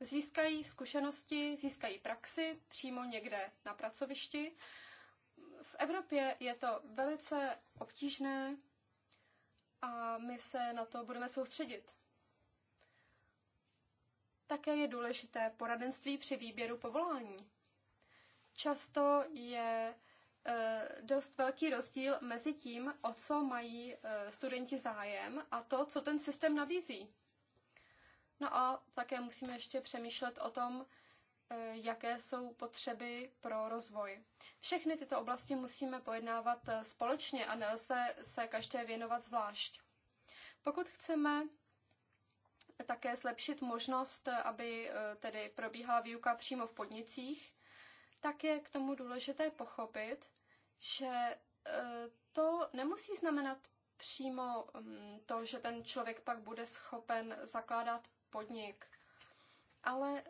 Získají zkušenosti, získají praxi přímo někde na pracovišti. V Evropě je to velice obtížné a my se na to budeme soustředit. Také je důležité poradenství při výběru povolání. Často je e, dost velký rozdíl mezi tím, o co mají e, studenti zájem a to, co ten systém nabízí. No a také musíme ještě přemýšlet o tom, e, jaké jsou potřeby pro rozvoj. Všechny tyto oblasti musíme pojednávat společně a nelze se každé věnovat zvlášť. Pokud chceme také zlepšit možnost, eh, aby eh, tedy probíhala výuka přímo v podnicích, tak je k tomu důležité pochopit, že eh, to nemusí znamenat přímo mm, to, že ten člověk pak bude schopen zakládat podnik, ale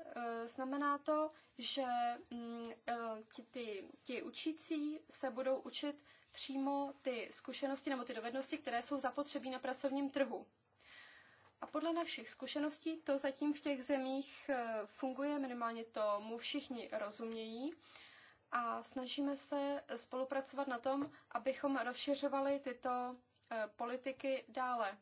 znamená to, že mm, ti, ti, ti učící se budou učit přímo ty zkušenosti nebo ty dovednosti, které jsou zapotřebí na pracovním trhu. A podle našich zkušeností to zatím v těch zemích eh, funguje, minimálně mu všichni rozumějí. A snažíme se spolupracovat na tom, abychom rozšiřovali tyto eh, politiky dále.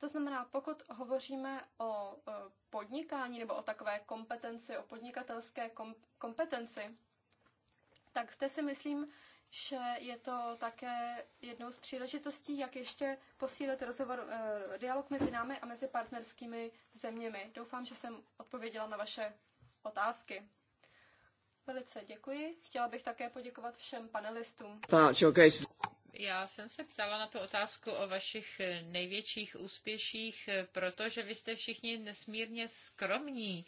To znamená, pokud hovoříme o eh, podnikání nebo o takové kompetenci, o podnikatelské kompetenci, tak zde si myslím, že je to také jednou z příležitostí, jak ještě posílit rozhovor, eh, dialog mezi námi a mezi partnerskými zeměmi. Doufám, že jsem odpověděla na vaše otázky. Velice děkuji. Chtěla bych také poděkovat všem panelistům. Já jsem se ptala na tu otázku o vašich eh, největších úspěších, eh, protože vy jste všichni nesmírně skromní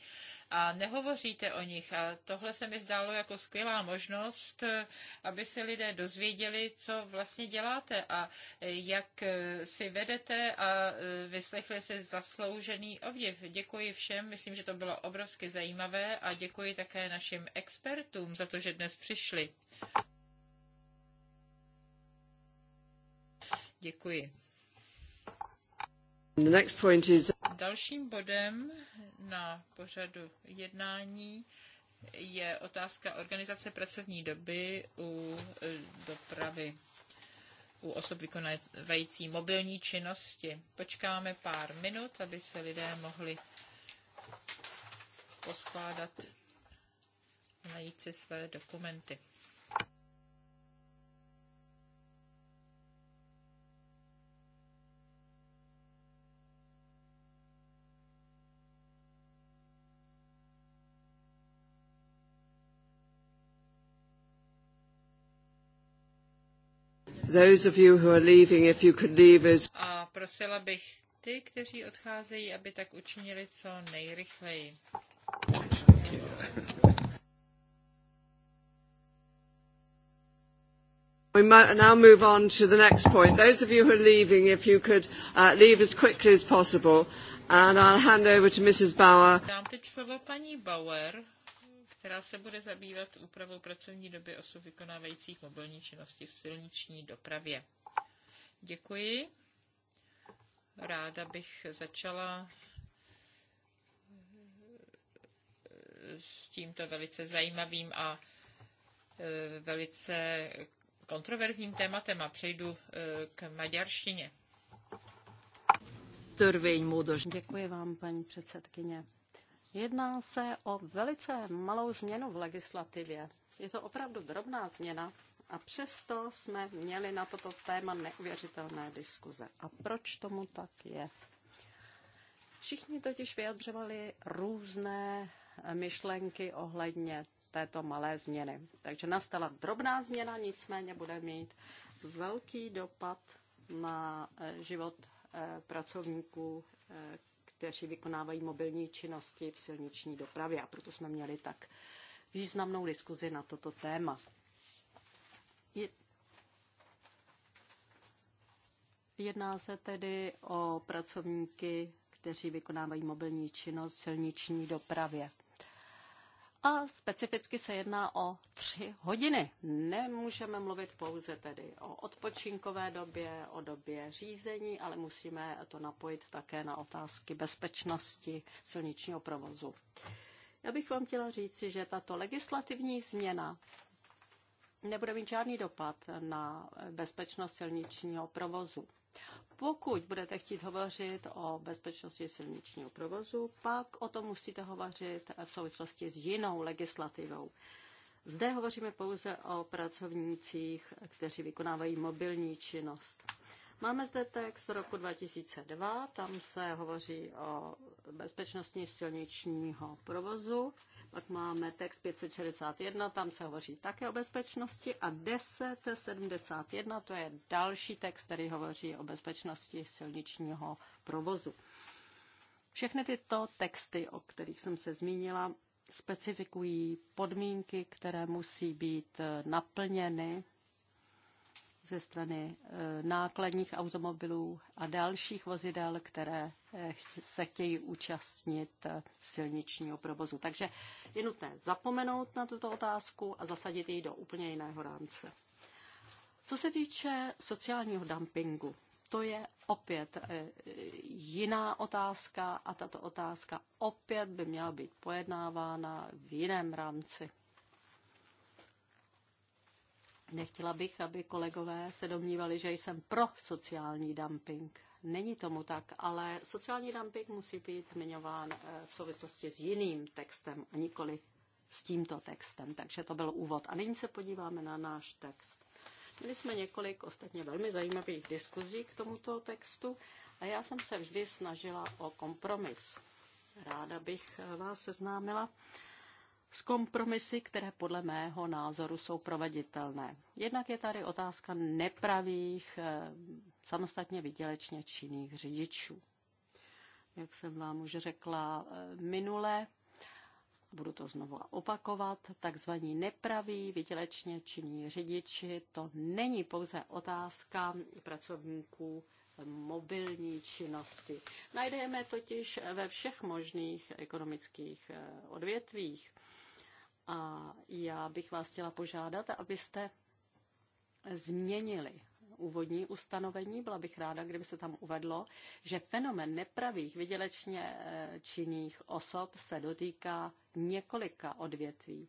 a nehovoříte o nich. A tohle se mi zdálo jako skvělá možnost, eh, aby se lidé dozvěděli, co vlastně děláte a eh, jak eh, si vedete a vyslechli si zasloužený obdiv. Děkuji všem, myslím, že to bylo obrovsky zajímavé a děkuji také našim expertům za to, že dnes přišli. Děkuji. Dalším bodem na pořadu jednání je otázka organizace pracovní doby u eh, dopravy u osob vykonávající mobilní činnosti. Počkáme pár minut, aby se lidé mohli poskládat najít si své dokumenty. Those of you who are leaving, if you could leave us. A prosila bych ty, kteří odcházejí, aby tak učinili co nejrychleji. We might now move on to the next point. Those of you who are leaving, if you could uh, leave as quickly as possible, and I'll hand over to Mrs. Bauer. Dám teď slovo paní Bauer která se bude zabývat úpravou pracovní doby osob vykonávajících mobilní činnosti v silniční dopravě. Děkuji. Ráda bych začala eh, s tímto velice zajímavým a eh, velice kontroverzním tématem a přejdu eh, k maďarštině. Děkuji vám, paní předsedkyně. Jedná se o velice malou změnu v legislativě. Je to opravdu drobná změna a přesto jsme měli na toto téma neuvěřitelné diskuze. A proč tomu tak je? Všichni totiž vyjadřovali různé myšlenky ohledně této malé změny. Takže nastala drobná změna, nicméně bude mít velký dopad na život eh, pracovníků, eh, kteří vykonávají mobilní činnosti v silniční dopravě. A proto jsme měli tak významnou diskuzi na toto téma. Je... Jedná se tedy o pracovníky, kteří vykonávají mobilní činnost v silniční dopravě a specificky se jedná o tři hodiny. Nemůžeme mluvit pouze tedy o odpočinkové době, o době řízení, ale musíme to napojit také na otázky bezpečnosti silničního provozu. Já bych vám chtěla říci, že tato legislativní změna nebude mít žádný dopad na bezpečnost silničního provozu pokud budete chtít hovořit o bezpečnosti silničního provozu, pak o tom musíte hovořit v souvislosti s jinou legislativou. Zde hovoříme pouze o pracovnících, kteří vykonávají mobilní činnost. Máme zde text z roku 2002, tam se hovoří o bezpečnosti silničního provozu pak máme text 561, tam se hovoří také o bezpečnosti. A 1071, to je další text, který hovoří o bezpečnosti silničního provozu. Všechny tyto texty, o kterých jsem se zmínila, specifikují podmínky, které musí být naplněny ze strany eh, nákladních automobilů a dalších vozidel, které eh, se chtějí účastnit eh, silničního provozu. Takže je nutné zapomenout na tuto otázku a zasadit ji do úplně jiného rámce. Co se týče sociálního dumpingu, to je opět jiná otázka a tato otázka opět by měla být pojednávána v jiném rámci. Nechtěla bych, aby kolegové se domnívali, že jsem pro sociální dumping. Není tomu tak, ale sociální dumping musí být zmiňován eh, v souvislosti s jiným textem a nikoli s tímto textem. Takže to byl úvod. A nyní se podíváme na náš text. Měli jsme několik ostatně velmi zajímavých diskuzí k tomuto textu a já jsem se vždy snažila o kompromis. Ráda bych eh, vás seznámila s kompromisy, které podle mého názoru jsou proveditelné. Jednak je tady otázka nepravých, eh, samostatně výdělečně činných řidičů. Jak jsem vám už řekla eh, minule, budu to znovu opakovat, takzvaní nepraví vydělečně činní řidiči, to není pouze otázka pracovníků mobilní činnosti. Najdeme totiž ve všech možných ekonomických eh, odvětvích. A já bych vás chtěla požádat, abyste změnili úvodní ustanovení. Byla bych ráda, kdyby se tam uvedlo, že fenomen nepravých vydělečně eh, činných osob se dotýká několika odvětví.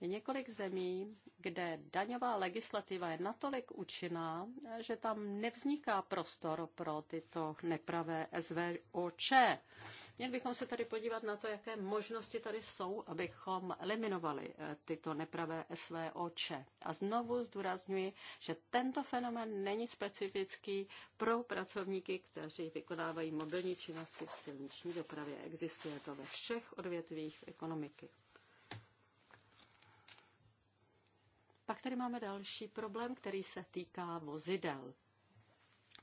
Je několik zemí, kde daňová legislativa je natolik účinná, že tam nevzniká prostor pro tyto nepravé SVOČ. Měli bychom se tady podívat na to, jaké možnosti tady jsou, abychom eliminovali eh, tyto nepravé SVOČ. A znovu zdůrazňuji, že tento fenomén není specifický pro pracovníky, kteří vykonávají mobilní činnosti v silniční dopravě. Existuje to ve všech odvětvích ekonomiky. Pak tady máme další problém, který se týká vozidel.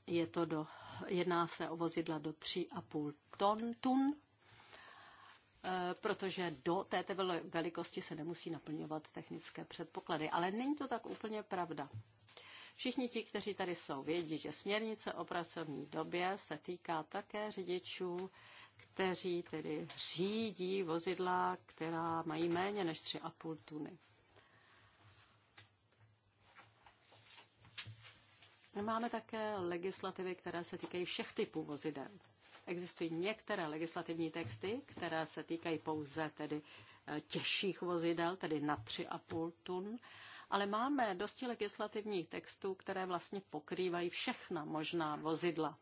Je to do, jedná se o vozidla do 3,5 ton, tun, eh, protože do této velikosti se nemusí naplňovat technické předpoklady. Ale není to tak úplně pravda. Všichni ti, kteří tady jsou, vědí, že směrnice o pracovní době se týká také řidičů, kteří tedy řídí vozidla, která mají méně než 3,5 tuny. Máme také legislativy, které se týkají všech typů vozidel. Existují některé legislativní texty, které se týkají pouze tedy eh, těžších vozidel, tedy na 3,5 tun, ale máme dosti legislativních textů, které vlastně pokrývají všechna možná vozidla.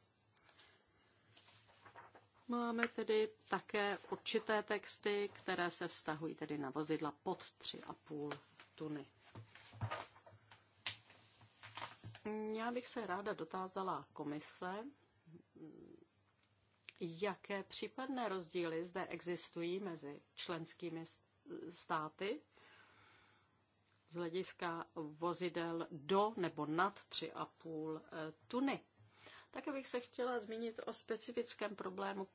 Máme tedy také určité texty, které se vztahují tedy na vozidla pod 3,5 tuny. Já bych se ráda dotázala komise, jaké případné rozdíly zde existují mezi členskými státy z hlediska vozidel do nebo nad 3,5 eh, tuny. Také bych se chtěla zmínit o specifickém problému,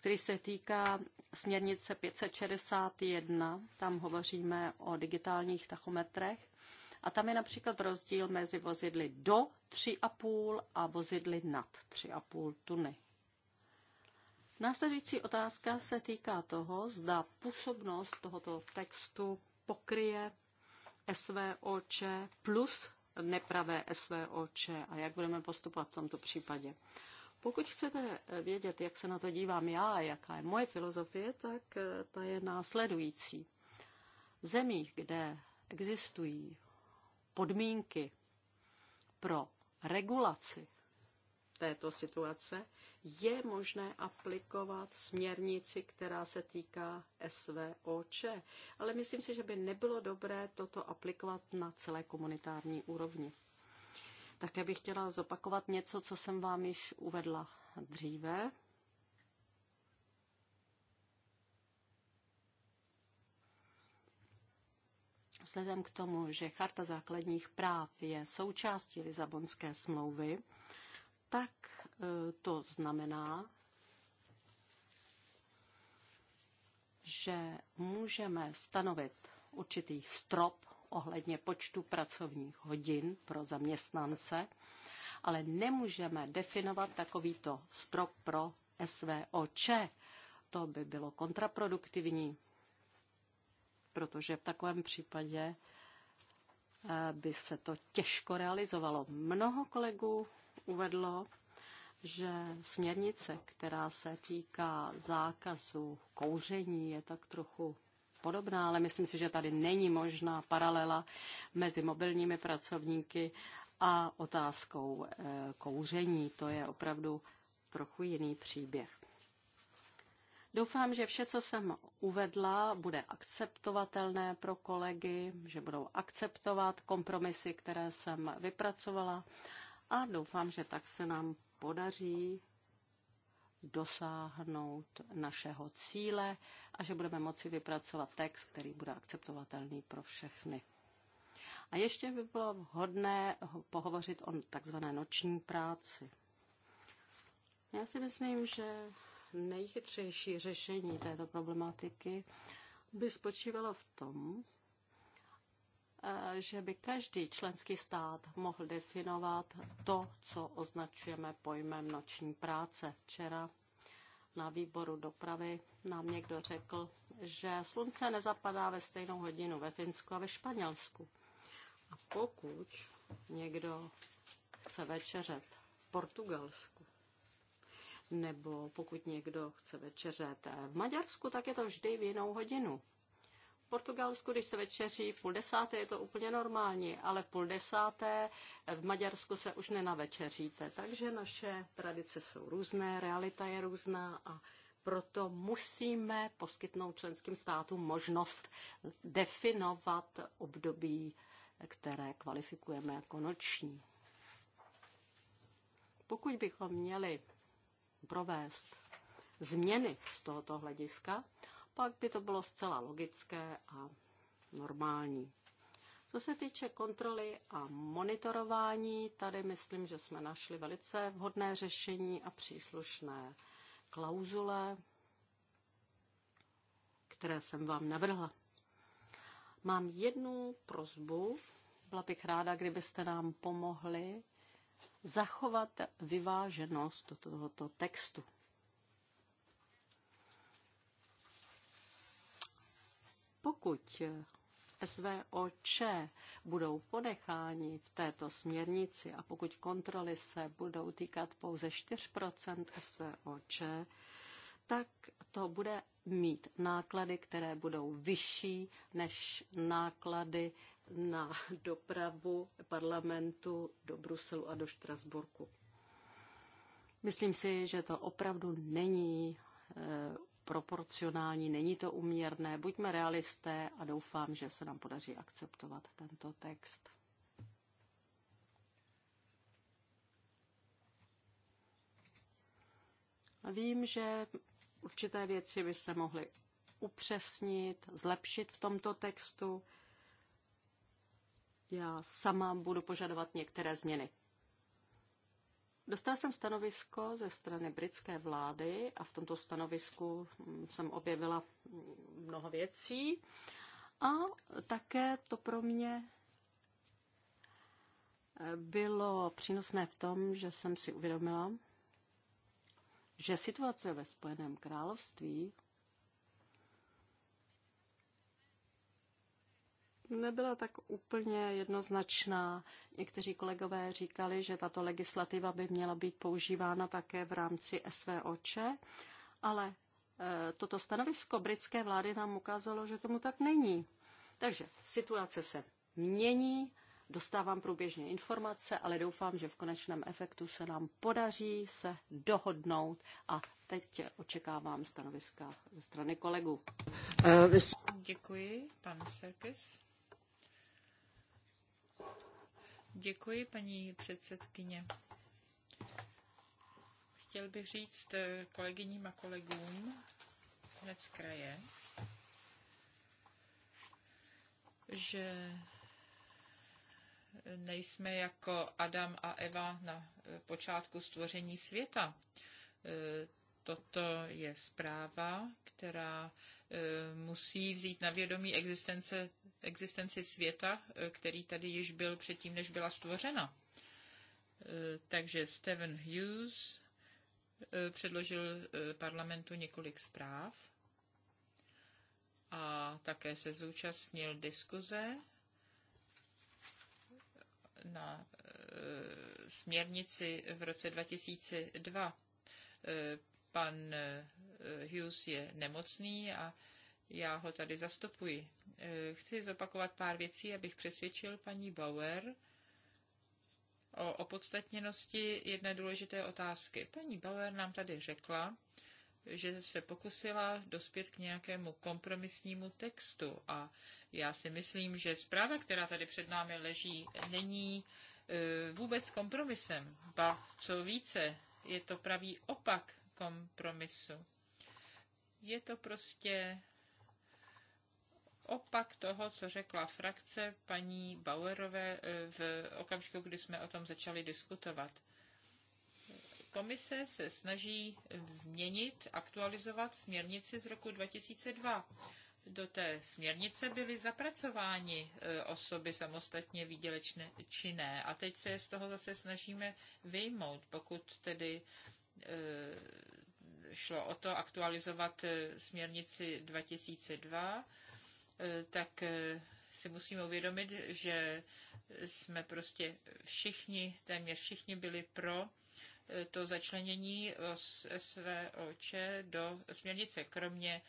který se týká směrnice 561. Tam hovoříme o digitálních tachometrech. A tam je například rozdíl mezi vozidly do 3,5 a vozidly nad 3,5 tuny. Následující otázka se týká toho, zda působnost tohoto textu pokryje SVOČ plus nepravé SVOČ a jak budeme postupovat v tomto případě. Pokud chcete vědět, jak se na to dívám já a jaká je moje filozofie, tak ta je následující. V zemích, kde existují podmínky pro regulaci této situace je možné aplikovat směrnici, která se týká SVOČ. Ale myslím si, že by nebylo dobré toto aplikovat na celé komunitární úrovni. Také bych chtěla zopakovat něco, co jsem vám již uvedla dříve. Vzhledem k tomu, že Charta základních práv je součástí Lisabonské smlouvy, tak e, to znamená, že můžeme stanovit určitý strop ohledně počtu pracovních hodin pro zaměstnance, ale nemůžeme definovat takovýto strop pro SVOČ. To by bylo kontraproduktivní protože v takovém případě eh, by se to těžko realizovalo. Mnoho kolegů uvedlo, že směrnice, která se týká zákazu kouření, je tak trochu podobná, ale myslím si, že tady není možná paralela mezi mobilními pracovníky a otázkou eh, kouření. To je opravdu trochu jiný příběh. Doufám, že vše, co jsem uvedla, bude akceptovatelné pro kolegy, že budou akceptovat kompromisy, které jsem vypracovala a doufám, že tak se nám podaří dosáhnout našeho cíle a že budeme moci vypracovat text, který bude akceptovatelný pro všechny. A ještě by bylo vhodné pohovořit o takzvané noční práci. Já si myslím, že nejchytřejší řešení této problematiky by spočívalo v tom, eh, že by každý členský stát mohl definovat to, co označujeme pojmem noční práce. Včera na výboru dopravy nám někdo řekl, že slunce nezapadá ve stejnou hodinu ve Finsku a ve Španělsku. A pokud někdo chce večeřet v Portugalsku, nebo pokud někdo chce večeřet v Maďarsku, tak je to vždy v jinou hodinu. V Portugalsku, když se večeří v půl desáté, je to úplně normální, ale v půl desáté v Maďarsku se už nenavečeříte. Takže naše tradice jsou různé, realita je různá a proto musíme poskytnout členským státům možnost definovat období, které kvalifikujeme jako noční. Pokud bychom měli provést změny z tohoto hlediska, pak by to bylo zcela logické a normální. Co se týče kontroly a monitorování, tady myslím, že jsme našli velice vhodné řešení a příslušné klauzule, které jsem vám navrhla. Mám jednu prozbu. Byla bych ráda, kdybyste nám pomohli zachovat vyváženost tohoto textu. Pokud SVOČ budou ponecháni v této směrnici a pokud kontroly se budou týkat pouze 4 SVOČ, tak to bude mít náklady, které budou vyšší než náklady, na dopravu parlamentu do Bruselu a do Štrasburku. Myslím si, že to opravdu není eh, proporcionální, není to uměrné. Buďme realisté a doufám, že se nám podaří akceptovat tento text. Vím, že určité věci by se mohly upřesnit, zlepšit v tomto textu já sama budu požadovat některé změny. Dostala jsem stanovisko ze strany britské vlády a v tomto stanovisku hm, jsem objevila hm, mnoho věcí a také to pro mě eh, bylo přínosné v tom, že jsem si uvědomila, že situace ve Spojeném království nebyla tak úplně jednoznačná. Někteří kolegové říkali, že tato legislativa by měla být používána také v rámci SVOČ, ale e, toto stanovisko britské vlády nám ukázalo, že tomu tak není. Takže situace se mění, dostávám průběžně informace, ale doufám, že v konečném efektu se nám podaří se dohodnout a teď očekávám stanoviska ze strany kolegů. Eh, Děkuji, pan Serkis. Děkuji, paní předsedkyně. Chtěl bych říct eh, kolegyním a kolegům hned z kraje, že nejsme jako Adam a Eva na eh, počátku stvoření světa. Eh, toto je zpráva, která musí vzít na vědomí existence existenci světa, eh, který tady již byl předtím, než byla stvořena. Eh, takže Stephen Hughes eh, předložil parlamentu několik zpráv a také se zúčastnil diskuze na směrnici v roce 2002. Pan Hughes je nemocný a já ho tady zastupuji. Eh, chci zopakovat pár věcí, abych přesvědčil paní Bauer o opodstatněnosti jedné důležité otázky. Paní Bauer nám tady řekla, že se pokusila dospět k nějakému kompromisnímu textu a já si myslím, že zpráva, která tady před námi leží, není eh, vůbec kompromisem. Ba co více, je to pravý opak kompromisu. Je to prostě opak toho, co řekla frakce paní Bauerové eh, v okamžiku, kdy jsme o tom začali diskutovat. Komise se snaží změnit, aktualizovat směrnici z roku 2002. Do té směrnice byly zapracováni eh, osoby samostatně výdělečné činné a teď se z toho zase snažíme vyjmout, pokud tedy eh, šlo o to aktualizovat směrnici 2002 Eh, tak eh, si musíme uvědomit, že jsme prostě všichni, téměř všichni byli pro eh, to začlenění SVOČ do směrnice, kromě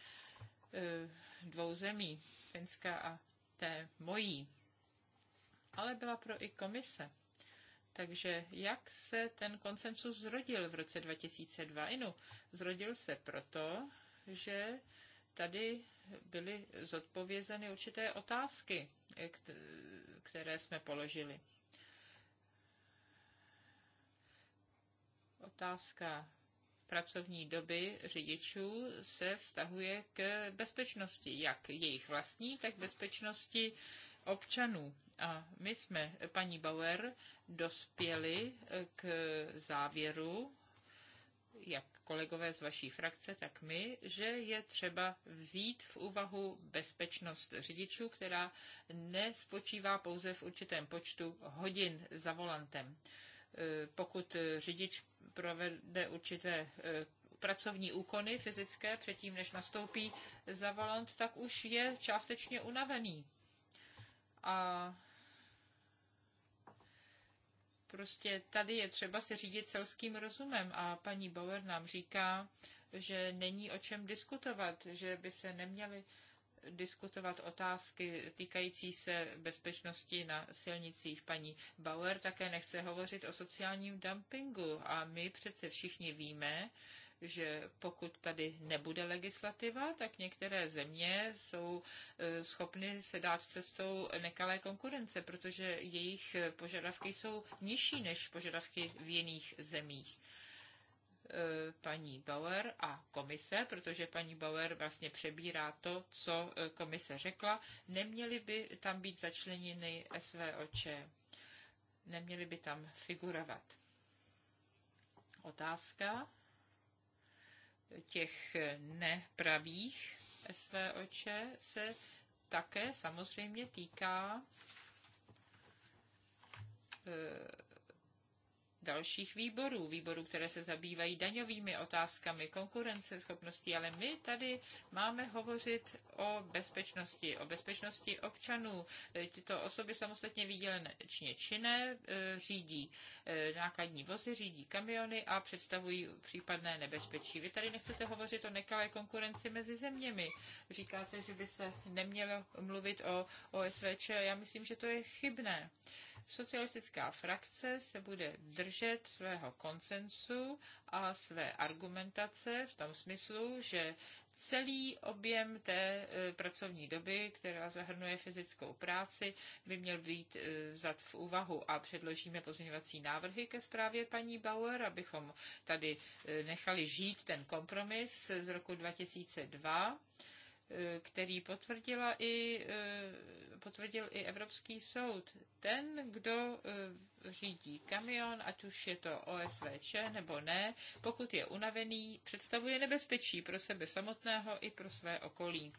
dvou zemí, Finska a té mojí. Ale byla pro i komise. Takže jak se ten koncensus zrodil v roce 2002? Inu, zrodil se proto, že tady byly zodpovězeny určité otázky, které jsme položili. Otázka pracovní doby řidičů se vztahuje k bezpečnosti, jak jejich vlastní, tak bezpečnosti občanů. A my jsme, paní Bauer, dospěli k závěru, jak kolegové z vaší frakce, tak my, že je třeba vzít v úvahu bezpečnost řidičů, která nespočívá pouze v určitém počtu hodin za volantem. E, pokud řidič provede určité e, pracovní úkony fyzické předtím, než nastoupí za volant, tak už je částečně unavený. A Prostě tady je třeba se řídit selským rozumem a paní Bauer nám říká, že není o čem diskutovat, že by se neměly diskutovat otázky týkající se bezpečnosti na silnicích. Paní Bauer také nechce hovořit o sociálním dumpingu a my přece všichni víme, že pokud tady nebude legislativa, tak některé země jsou e, schopny se dát cestou nekalé konkurence, protože jejich požadavky jsou nižší než požadavky v jiných zemích e, paní Bauer a komise, protože paní Bauer vlastně přebírá to, co e, komise řekla, neměly by tam být začleněny SVOČ, neměly by tam figurovat. Otázka těch nepravých SVOče se také samozřejmě týká eh, dalších výborů, výborů, které se zabývají daňovými otázkami, konkurenceschopností, ale my tady máme hovořit o bezpečnosti, o bezpečnosti občanů. E, tyto osoby samostatně výdělečně činné e, řídí e, nákladní vozy, řídí kamiony a představují případné nebezpečí. Vy tady nechcete hovořit o nekalé konkurenci mezi zeměmi. Říkáte, že by se nemělo mluvit o OSVČ. Já myslím, že to je chybné. Socialistická frakce se bude držet svého konsensu a své argumentace v tom smyslu, že celý objem té e, pracovní doby, která zahrnuje fyzickou práci, by měl být e, vzat v úvahu a předložíme pozměňovací návrhy ke zprávě paní Bauer, abychom tady e, nechali žít ten kompromis z roku 2002 který potvrdila i, eh, potvrdil i Evropský soud. Ten, kdo eh, řídí kamion, ať už je to OSVČ nebo ne, pokud je unavený, představuje nebezpečí pro sebe samotného i pro své okolí.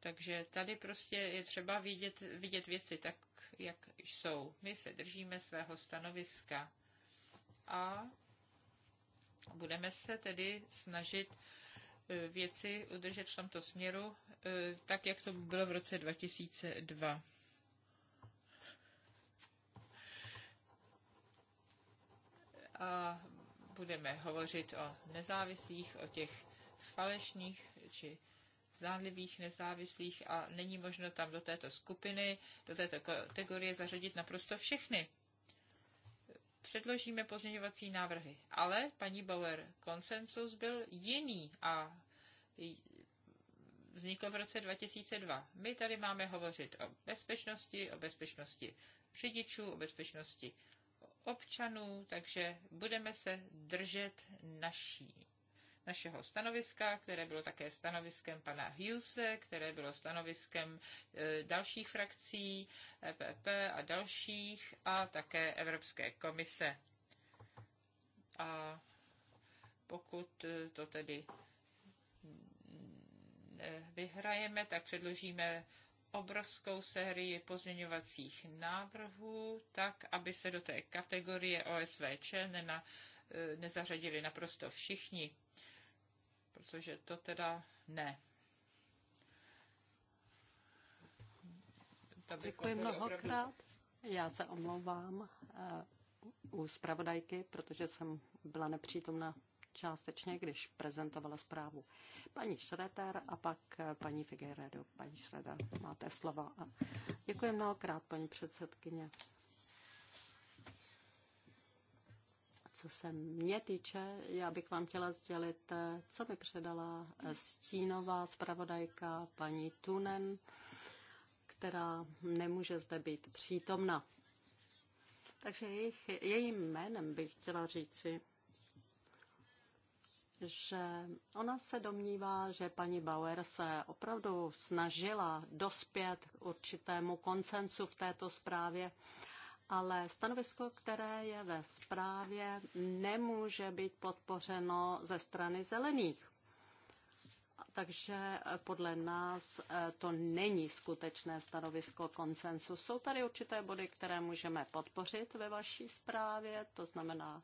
Takže tady prostě je třeba vidět, vidět věci tak, jak jsou. My se držíme svého stanoviska a Budeme se tedy snažit eh, věci udržet v tomto směru, eh, tak jak to bylo v roce 2002. A budeme hovořit o nezávislých, o těch falešných či zdánlivých nezávislých a není možno tam do této skupiny, do této kategorie zařadit naprosto všechny předložíme pozměňovací návrhy. Ale, paní Bauer, konsensus byl jiný a vznikl v roce 2002. My tady máme hovořit o bezpečnosti, o bezpečnosti řidičů, o bezpečnosti občanů, takže budeme se držet naší našeho stanoviska, které bylo také stanoviskem pana Hughese, které bylo stanoviskem e, dalších frakcí, EPP a dalších a také Evropské komise. A pokud e, to tedy vyhrajeme, tak předložíme obrovskou sérii pozměňovacích návrhů, tak, aby se do té kategorie OSVČ nena, e, nezařadili naprosto všichni protože to teda ne. Děkuji mnohokrát. Já se omlouvám eh, u zpravodajky, protože jsem byla nepřítomna částečně, když prezentovala zprávu paní Šreter a pak eh, paní Figueredo. Paní Šreda, máte slova. Děkuji mnohokrát, paní předsedkyně. Co se mě týče, já bych vám chtěla sdělit, co mi předala stínová zpravodajka paní Tunen, která nemůže zde být přítomna. Takže jejich, jejím jménem bych chtěla říci, že ona se domnívá, že paní Bauer se opravdu snažila dospět k určitému koncensu v této zprávě ale stanovisko, které je ve zprávě, nemůže být podpořeno ze strany zelených. Takže eh, podle nás eh, to není skutečné stanovisko konsensu. Jsou tady určité body, které můžeme podpořit ve vaší zprávě, to znamená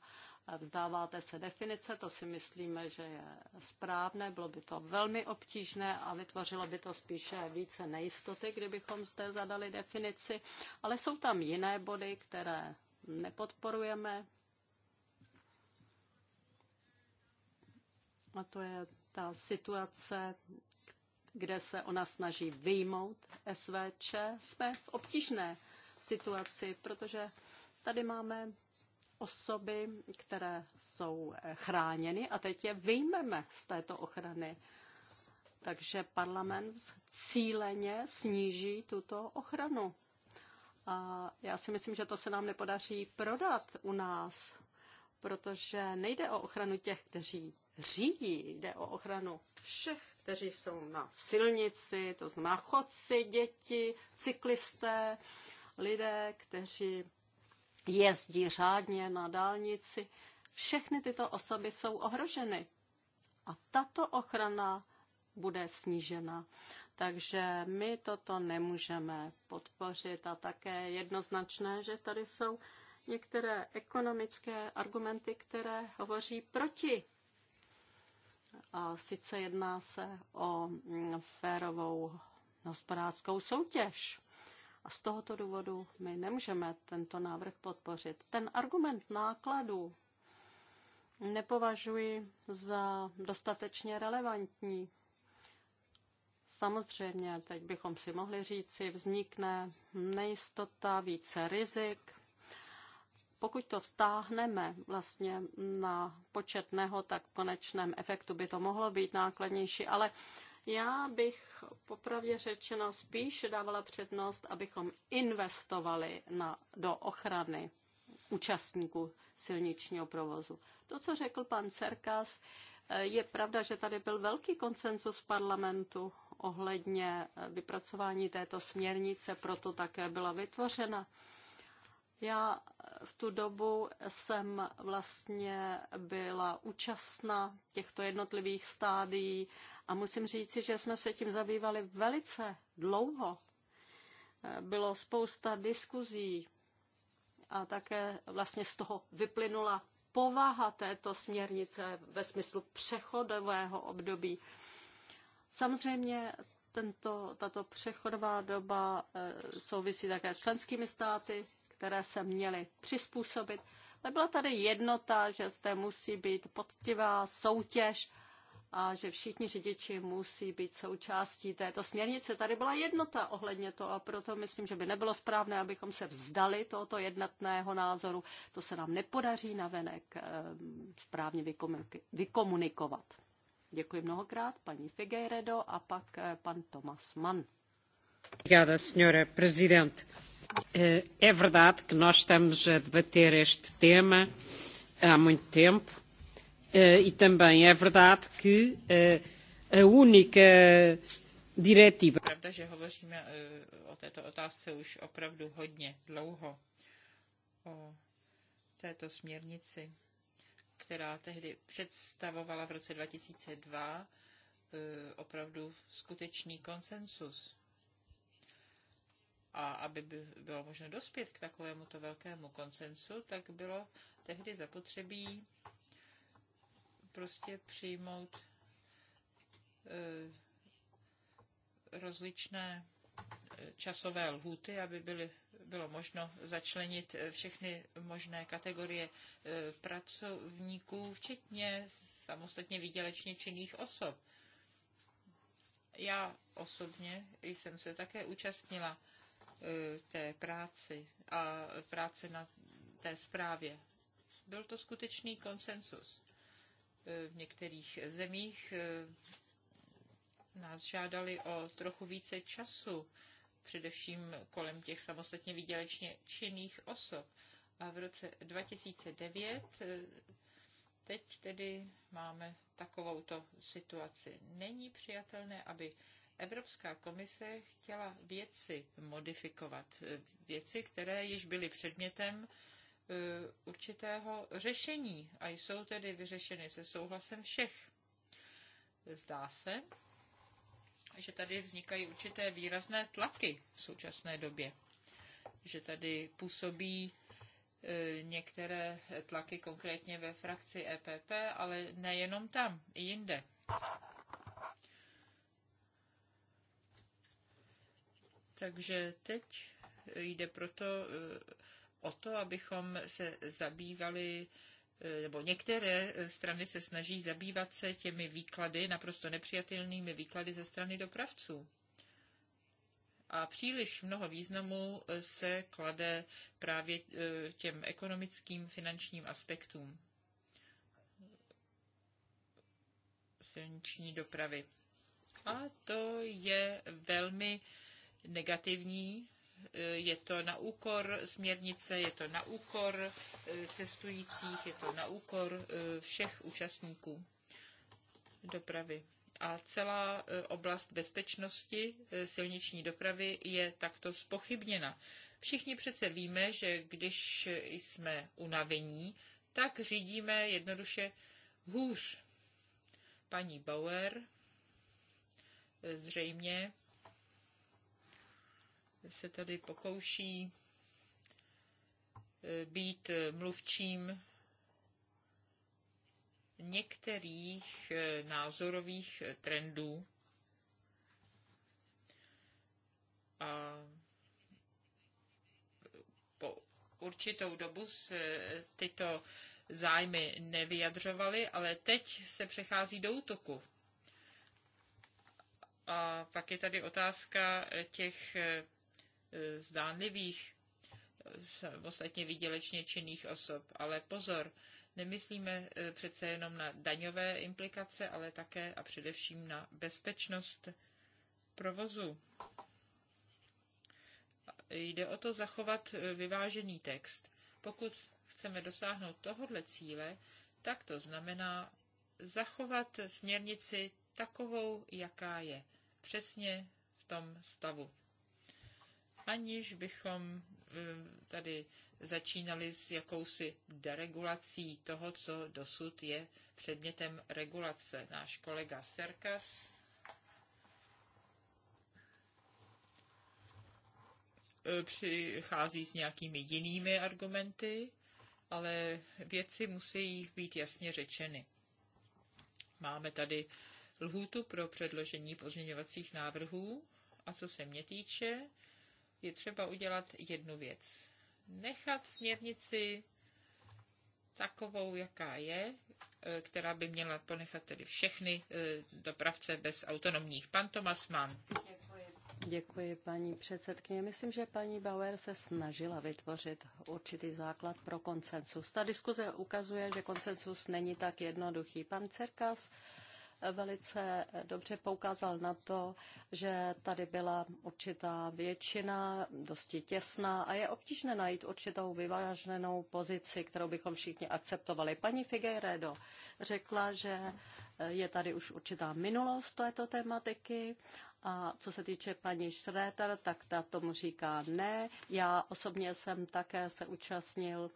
vzdáváte se definice, to si myslíme, že je správné, bylo by to velmi obtížné a vytvořilo by to spíše více nejistoty, kdybychom zde zadali definici, ale jsou tam jiné body, které nepodporujeme. A to je ta situace, kde se ona snaží vyjmout SVČ. Jsme v obtížné situaci, protože tady máme osoby, které jsou eh, chráněny a teď je vyjmeme z této ochrany. Takže parlament cíleně sníží tuto ochranu. A já si myslím, že to se nám nepodaří prodat u nás, protože nejde o ochranu těch, kteří řídí, jde o ochranu všech, kteří jsou na silnici, to znamená chodci, děti, cyklisté, lidé, kteří jezdí řádně na dálnici. Všechny tyto osoby jsou ohroženy. A tato ochrana bude snížena. Takže my toto nemůžeme podpořit a také jednoznačné, že tady jsou některé ekonomické argumenty, které hovoří proti. A sice jedná se o mm, férovou hospodářskou soutěž. A z tohoto důvodu my nemůžeme tento návrh podpořit. Ten argument nákladů nepovažuji za dostatečně relevantní. Samozřejmě, teď bychom si mohli říci, vznikne nejistota, více rizik. Pokud to vztáhneme vlastně na počet tak v konečném efektu by to mohlo být nákladnější, ale já bych popravdě řečeno spíš dávala přednost, abychom investovali na, do ochrany účastníků silničního provozu. To, co řekl pan Serkas, eh, je pravda, že tady byl velký konsenzus parlamentu ohledně eh, vypracování této směrnice, proto také byla vytvořena. Já eh, v tu dobu jsem vlastně byla účastna těchto jednotlivých stádií a musím říci, že jsme se tím zabývali velice dlouho. Bylo spousta diskuzí a také vlastně z toho vyplynula povaha této směrnice ve smyslu přechodového období. Samozřejmě tento, tato přechodová doba eh, souvisí také s členskými státy, které se měly přizpůsobit. ale byla tady jednota, že zde musí být poctivá soutěž a že všichni řidiči musí být součástí této směrnice. Tady byla jednota ohledně toho a proto myslím, že by nebylo správné, abychom se vzdali tohoto jednotného názoru. To se nám nepodaří navenek eh, správně vykomunikovat. Děkuji mnohokrát paní Figueiredo a pak eh, pan Tomas Mann. Obrigada, senhora Presidente. Eh, é verdade que nós estamos a debater este tema há muito tempo Eh, e também é verdade que eh, a única eh, diretiva. Pravda, že hovoříme o této otázce už opravdu hodně dlouho, o této směrnici, která tehdy představovala v roce 2002 opravdu skutečný konsensus. A aby by bylo možné dospět k takovému to velkému konsensu, tak bylo tehdy zapotřebí prostě přijmout eh, rozličné eh, časové lhuty, aby byly, bylo možno začlenit eh, všechny možné kategorie pracovníků, včetně samostatně výdělečně činných osob. Já osobně jsem se také účastnila té práci a práce na té zprávě. Byl to skutečný konsensus v některých zemích eh, nás žádali o trochu více času, především kolem těch samostatně výdělečně činných osob. A v roce 2009 eh, teď tedy máme takovouto situaci. Není přijatelné, aby Evropská komise chtěla věci modifikovat, eh, věci, které již byly předmětem E, určitého řešení a jsou tedy vyřešeny se souhlasem všech. Zdá se, že tady vznikají určité výrazné tlaky v současné době, že tady působí e, některé tlaky konkrétně ve frakci EPP, ale nejenom tam, i jinde. Takže teď jde proto e, o to, abychom se zabývali eh, nebo některé strany se snaží zabývat se těmi výklady, naprosto nepřijatelnými výklady ze strany dopravců. A příliš mnoho významu se klade právě eh, těm ekonomickým, finančním aspektům silniční dopravy. A to je velmi negativní Eh, je to na úkor směrnice, je to na úkor eh, cestujících, je to na úkor eh, všech účastníků dopravy. A celá oblast bezpečnosti silniční dopravy je takto spochybněna. Všichni přece víme, že když jsme unavení, tak řídíme jednoduše hůř. Paní Bauer zřejmě se tady pokouší eh, být eh, mluvčím některých eh, názorových trendů. A po určitou dobu se tyto zájmy nevyjadřovaly, ale teď se přechází do útoku. A pak je tady otázka těch zdánlivých ostatně výdělečně činných osob. Ale pozor, nemyslíme eh, přece jenom na daňové implikace, ale také a především na bezpečnost provozu. Jde o to zachovat eh, vyvážený text. Pokud chceme dosáhnout tohoto cíle, tak to znamená zachovat směrnici takovou, jaká je, přesně v tom stavu aniž bychom eh, tady začínali s jakousi deregulací toho, co dosud je předmětem regulace. Náš kolega Serkas eh, přichází s nějakými jinými argumenty, ale věci musí být jasně řečeny. Máme tady lhůtu pro předložení pozměňovacích návrhů a co se mě týče, je třeba udělat jednu věc. Nechat směrnici takovou, jaká je, e, která by měla ponechat tedy všechny e, dopravce bez autonomních. Pan Tomas Mann. Děkuji, paní předsedkyně. Myslím, že paní Bauer se snažila vytvořit určitý základ pro konsensus. Ta diskuze ukazuje, že konsensus není tak jednoduchý. Pan Cerkas velice dobře poukázal na to, že tady byla určitá většina, dosti těsná a je obtížné najít určitou vyváženou pozici, kterou bychom všichni akceptovali. Paní Figueiredo řekla, že je tady už určitá minulost této tematiky a co se týče paní Schroeder, tak ta tomu říká ne. Já osobně jsem také se účastnil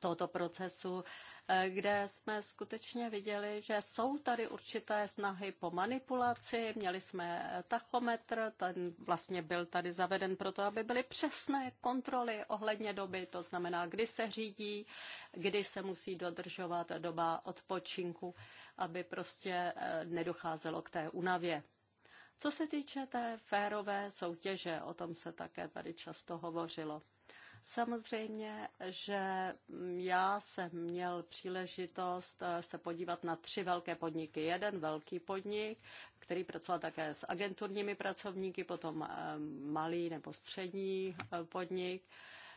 tohoto procesu Eh, kde jsme skutečně viděli, že jsou tady určité snahy po manipulaci. Měli jsme eh, tachometr, ten vlastně byl tady zaveden proto, aby byly přesné kontroly ohledně doby, to znamená, kdy se řídí, kdy se musí dodržovat doba odpočinku, aby prostě eh, nedocházelo k té unavě. Co se týče té férové soutěže, o tom se také tady často hovořilo. Samozřejmě, že já jsem měl příležitost eh, se podívat na tři velké podniky. Jeden velký podnik, který pracoval také s agenturními pracovníky, potom eh, malý nebo střední eh, podnik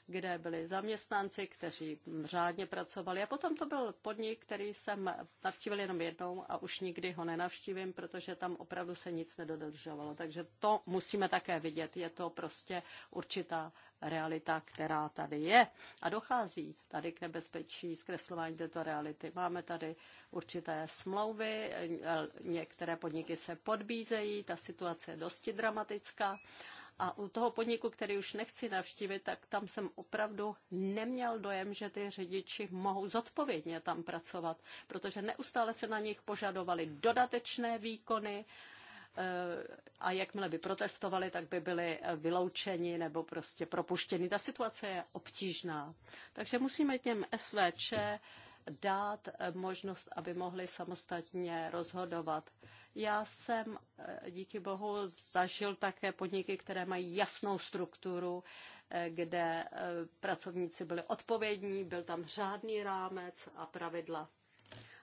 kde byli zaměstnanci, kteří řádně pracovali. A potom to byl podnik, který jsem navštívil jenom jednou a už nikdy ho nenavštívím, protože tam opravdu se nic nedodržovalo. Takže to musíme také vidět. Je to prostě určitá realita, která tady je. A dochází tady k nebezpečí zkreslování této reality. Máme tady určité smlouvy, některé podniky se podbízejí, ta situace je dosti dramatická. A u toho podniku, který už nechci navštívit, tak tam jsem opravdu neměl dojem, že ty řidiči mohou zodpovědně tam pracovat, protože neustále se na nich požadovali dodatečné výkony eh, a jakmile by protestovali, tak by byli eh, vyloučeni nebo prostě propuštěni. Ta situace je obtížná. Takže musíme těm SVČ dát eh, možnost, aby mohli samostatně rozhodovat. Já jsem eh, díky bohu zažil také podniky, které mají jasnou strukturu, eh, kde eh, pracovníci byli odpovědní, byl tam řádný rámec a pravidla.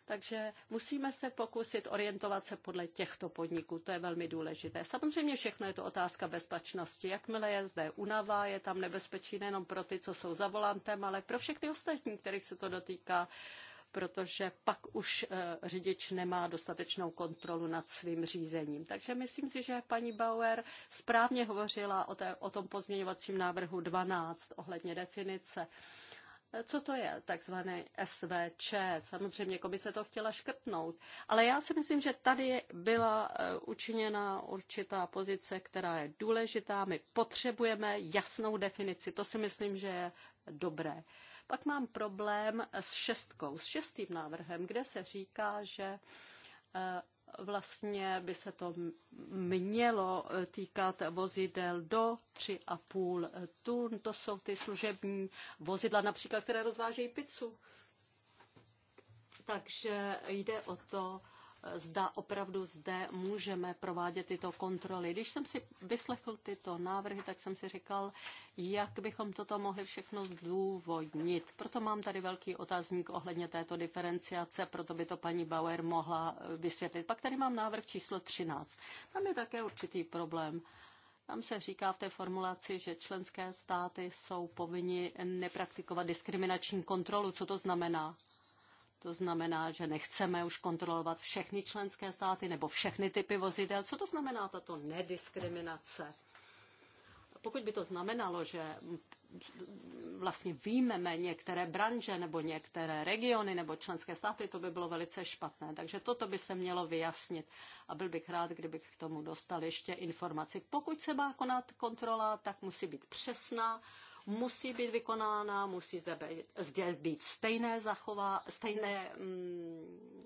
Takže musíme se pokusit orientovat se podle těchto podniků, to je velmi důležité. Samozřejmě všechno je to otázka bezpečnosti. Jakmile je zde unava, je tam nebezpečí nejenom pro ty, co jsou za volantem, ale pro všechny ostatní, kterých se to dotýká. Uh, protože pak už eh, řidič nemá dostatečnou kontrolu nad svým řízením. Takže myslím si, že paní Bauer správně hovořila o, té, o tom pozměňovacím návrhu 12 ohledně definice. Eh, co to je takzvané SVČ? Samozřejmě komise jako to chtěla škrtnout, ale já si myslím, že tady byla eh, učiněna určitá pozice, která je důležitá. My potřebujeme jasnou definici. To si myslím, že je dobré. Pak mám problém s šestkou, s šestým návrhem, kde se říká, že eh, vlastně by se to mělo eh, týkat vozidel do 3,5 tun. To jsou ty služební vozidla například, které rozvážejí pizzu. Takže jde o to, zda opravdu zde můžeme provádět tyto kontroly. Když jsem si vyslechl tyto návrhy, tak jsem si říkal, jak bychom toto mohli všechno zdůvodnit. Proto mám tady velký otázník ohledně této diferenciace, proto by to paní Bauer mohla eh, vysvětlit. Pak tady mám návrh číslo 13. Tam je také určitý problém. Tam se říká v té formulaci, že členské státy jsou povinni nepraktikovat diskriminační kontrolu. Co to znamená? To znamená, že nechceme už kontrolovat všechny členské státy nebo všechny typy vozidel. Co to znamená tato nediskriminace? Pokud by to znamenalo, že vlastně výjmeme některé branže nebo některé regiony nebo členské státy, to by bylo velice špatné. Takže toto by se mělo vyjasnit a byl bych rád, kdybych k tomu dostal ještě informaci. Pokud se má konat kontrola, tak musí být přesná musí být vykonána, musí zde být, zde být stejné zachová, stejné, mm,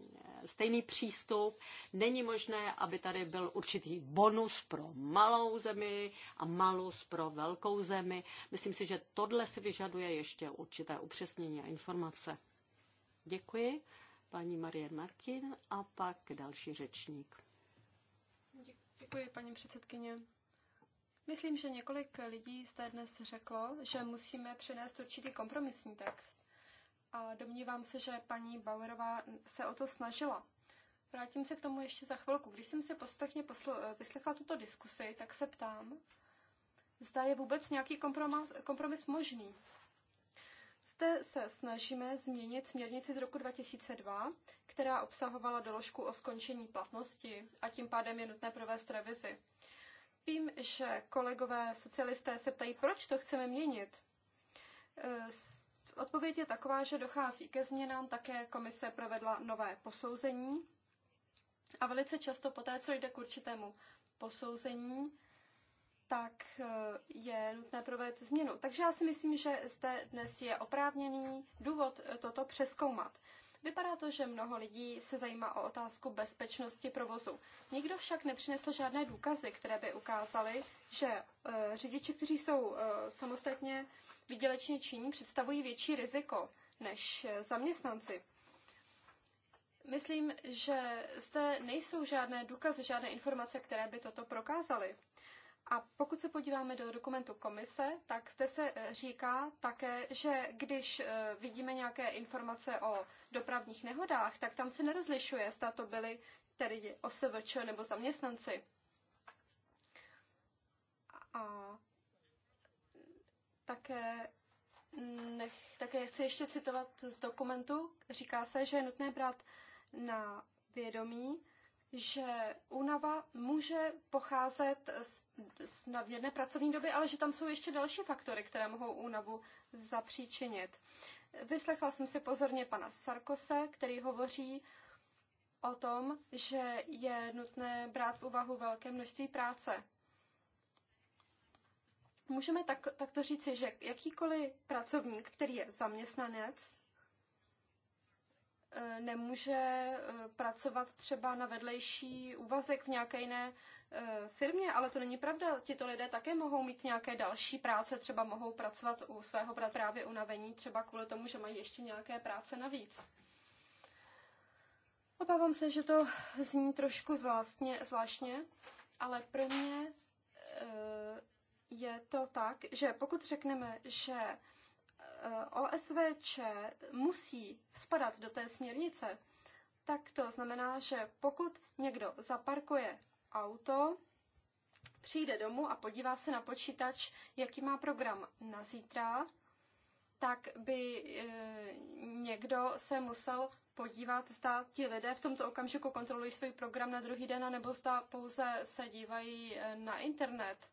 stejný přístup. Není možné, aby tady byl určitý bonus pro malou zemi a malus pro velkou zemi. Myslím si, že tohle si vyžaduje ještě určité upřesnění a informace. Děkuji. Paní Marie Martin a pak další řečník. Děkuji, paní předsedkyně. Myslím, že několik lidí zde dnes řeklo, že musíme přinést určitý kompromisní text. A domnívám se, že paní Bauerová se o to snažila. Vrátím se k tomu ještě za chvilku. Když jsem si postupně poslu- vyslechla tuto diskusi, tak se ptám, zda je vůbec nějaký kompromis, kompromis možný. Zde se snažíme změnit směrnici z roku 2002, která obsahovala doložku o skončení platnosti a tím pádem je nutné provést revizi. Vím, že kolegové socialisté se ptají, proč to chceme měnit. E, odpověď je taková, že dochází ke změnám, také komise provedla nové posouzení a velice často poté, co jde k určitému posouzení, tak e, je nutné provést změnu. Takže já si myslím, že zde dnes je oprávněný důvod e, toto přeskoumat. Vypadá to, že mnoho lidí se zajímá o otázku bezpečnosti provozu. Nikdo však nepřinesl žádné důkazy, které by ukázaly, že eh, řidiči, kteří jsou eh, samostatně výdělečně činní, představují větší riziko než eh, zaměstnanci. Myslím, že zde nejsou žádné důkazy, žádné informace, které by toto prokázaly. A pokud se podíváme do dokumentu komise, tak zde se eh, říká také, že když eh, vidíme nějaké informace o dopravních nehodách, tak tam se nerozlišuje, zda to byly tedy OSVČ nebo zaměstnanci. A také, nech, také chci ještě citovat z dokumentu. Říká se, že je nutné brát na vědomí, že únava může pocházet z, z nadměrné pracovní doby, ale že tam jsou ještě další faktory, které mohou únavu zapříčinit. Vyslechla jsem si pozorně pana Sarkose, který hovoří o tom, že je nutné brát v úvahu velké množství práce. Můžeme tak, takto říci, že jakýkoliv pracovník, který je zaměstnanec, Eh, nemůže eh, pracovat třeba na vedlejší úvazek v nějaké jiné eh, firmě, ale to není pravda. Tito lidé také mohou mít nějaké další práce, třeba mohou pracovat u svého bratra právě unavení, třeba kvůli tomu, že mají ještě nějaké práce navíc. Obávám se, že to zní trošku zvláštně, zvláštně ale pro mě je to tak, že pokud řekneme, že Eh, OSVČ musí spadat do té směrnice, tak to znamená, že pokud někdo zaparkuje auto, přijde domů a podívá se na počítač, jaký má program na zítra, tak by eh, někdo se musel podívat, zda ti lidé v tomto okamžiku kontrolují svůj program na druhý den, nebo zda pouze se dívají eh, na internet.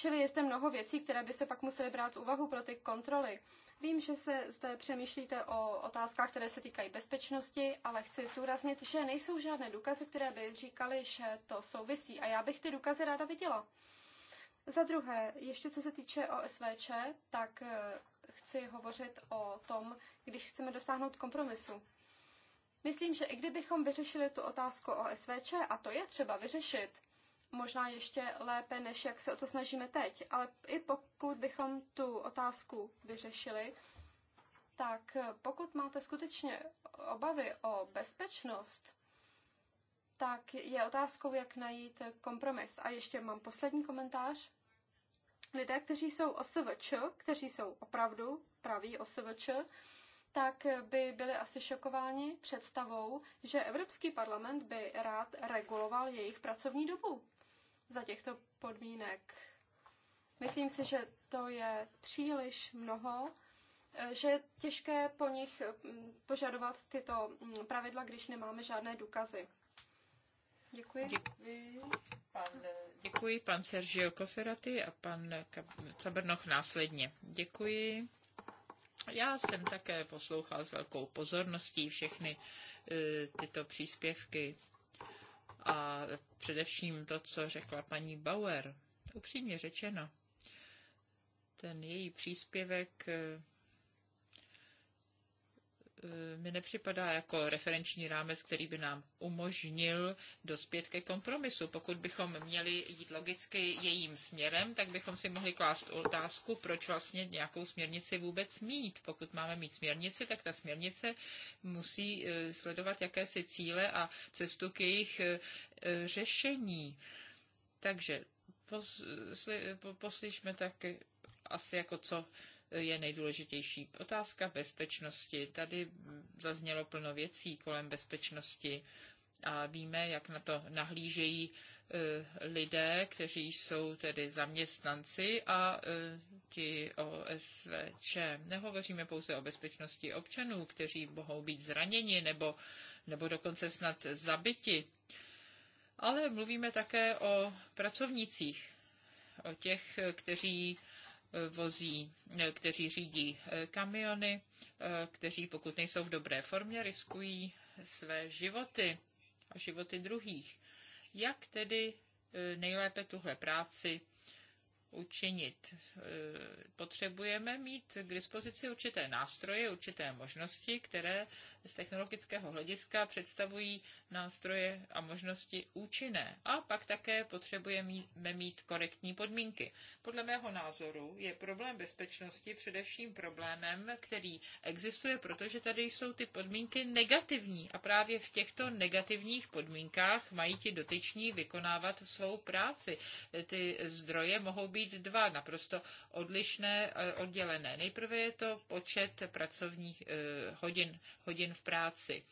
Čili je zde mnoho věcí, které by se pak musely brát v úvahu pro ty kontroly. Vím, že se zde přemýšlíte o otázkách, které se týkají bezpečnosti, ale chci zdůraznit, že nejsou žádné důkazy, které by říkaly, že to souvisí. A já bych ty důkazy ráda viděla. Za druhé, ještě co se týče OSVČ, tak eh, chci hovořit o tom, když chceme dosáhnout kompromisu. Myslím, že i kdybychom vyřešili tu otázku o SVČ, a to je třeba vyřešit, možná ještě lépe, než jak se o to snažíme teď. Ale i pokud bychom tu otázku vyřešili, tak pokud máte skutečně obavy o bezpečnost, tak je otázkou, jak najít kompromis. A ještě mám poslední komentář. Lidé, kteří jsou OSVČ, kteří jsou opravdu praví OSVČ, tak by byli asi šokováni představou, že Evropský parlament by rád reguloval jejich pracovní dobu za těchto podmínek. Myslím si, že to je příliš mnoho, eh, že je těžké po nich mm, požadovat tyto mm, pravidla, když nemáme žádné důkazy. Děkuji. Děkuji. Pan, děkuji pan Sergio Koferaty a pan Cabernoch následně. Děkuji. Já jsem také poslouchal s velkou pozorností všechny eh, tyto příspěvky a především to, co řekla paní Bauer, upřímně řečeno, ten její příspěvek mi nepřipadá jako referenční rámec, který by nám umožnil dospět ke kompromisu. Pokud bychom měli jít logicky jejím směrem, tak bychom si mohli klást otázku, proč vlastně nějakou směrnici vůbec mít. Pokud máme mít směrnici, tak ta směrnice musí e, sledovat jakési cíle a cestu k jejich e, řešení. Takže poslyšme tak asi jako co je nejdůležitější. Otázka bezpečnosti. Tady zaznělo plno věcí kolem bezpečnosti a víme, jak na to nahlížejí e, lidé, kteří jsou tedy zaměstnanci a e, ti OSVČ. Nehovoříme pouze o bezpečnosti občanů, kteří mohou být zraněni nebo, nebo dokonce snad zabiti, ale mluvíme také o pracovnicích, o těch, kteří vozí, eh, kteří řídí eh, kamiony, eh, kteří pokud nejsou v dobré formě, riskují své životy a životy druhých. Jak tedy nejlépe tuhle práci učinit. Potřebujeme mít k dispozici určité nástroje, určité možnosti, které z technologického hlediska představují nástroje a možnosti účinné. A pak také potřebujeme mít korektní podmínky. Podle mého názoru je problém bezpečnosti především problémem, který existuje, protože tady jsou ty podmínky negativní a právě v těchto negativních podmínkách mají ti dotyční vykonávat svou práci. Ty zdroje mohou být dva naprosto odlišné, oddělené. Nejprve je to počet pracovních eh, hodin, hodin hodin v práci.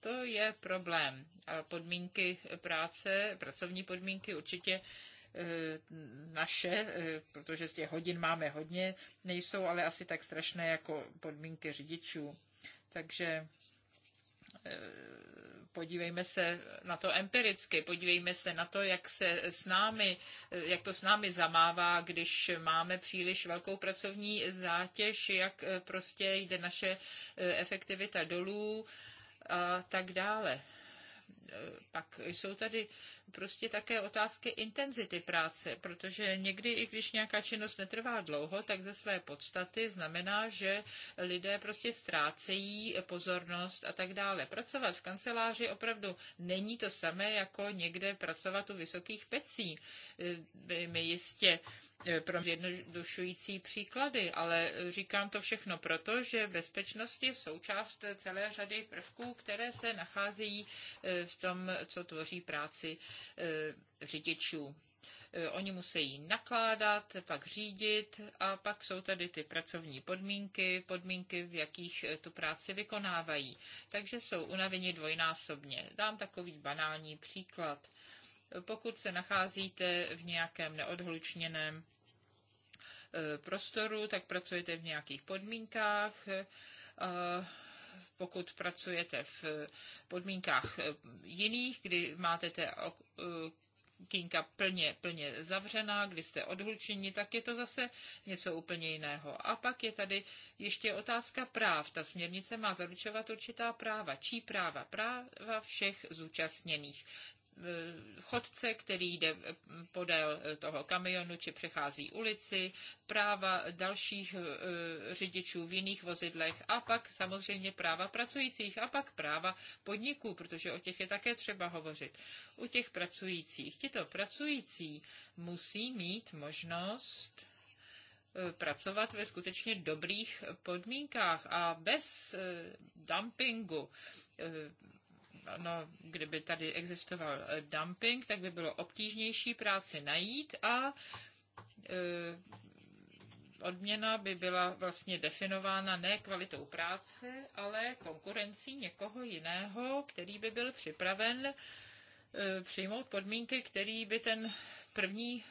To je problém. A podmínky práce, pracovní podmínky určitě eh, naše, eh, protože z těch hodin máme hodně, nejsou ale asi tak strašné jako podmínky řidičů. Takže eh, podívejme se na to empiricky, podívejme se na to, jak se s námi, jak to s námi zamává, když máme příliš velkou pracovní zátěž, jak eh, prostě jde naše eh, efektivita dolů a tak dále. Eh, pak jsou tady prostě také otázky intenzity práce, protože někdy, i když nějaká činnost netrvá dlouho, tak ze své podstaty znamená, že lidé prostě ztrácejí pozornost a tak dále. Pracovat v kanceláři opravdu není to samé, jako někde pracovat u vysokých pecí. My eh, jistě eh, pro zjednodušující příklady, ale říkám to všechno proto, že bezpečnost je součást celé řady prvků, které se nacházejí v tom, co tvoří práci eh, řidičů eh, oni musí nakládat, pak řídit a pak jsou tady ty pracovní podmínky, podmínky, v jakých eh, tu práci vykonávají. Takže jsou unaveni dvojnásobně. Dám takový banální příklad. Pokud se nacházíte v nějakém neodhlučněném prostoru, tak pracujete v nějakých podmínkách, pokud pracujete v eh, podmínkách eh, jiných, kdy máte té kinka eh, plně, plně zavřená, kdy jste odhlučeni, tak je to zase něco úplně jiného. A pak je tady ještě otázka práv. Ta směrnice má zaručovat určitá práva. Čí práva? Práva všech zúčastněných. Eh, chodce, který jde eh, podél eh, toho kamionu či přechází ulici, práva dalších řidičů v jiných vozidlech a pak samozřejmě práva pracujících a pak práva podniků, protože o těch je také třeba hovořit. U těch pracujících. Tito pracující musí mít možnost pracovat ve skutečně dobrých podmínkách a bez dumpingu No, kdyby tady existoval eh, dumping, tak by bylo obtížnější práci najít a eh, odměna by byla vlastně definována ne kvalitou práce, ale konkurencí někoho jiného, který by byl připraven eh, přijmout podmínky, který by ten první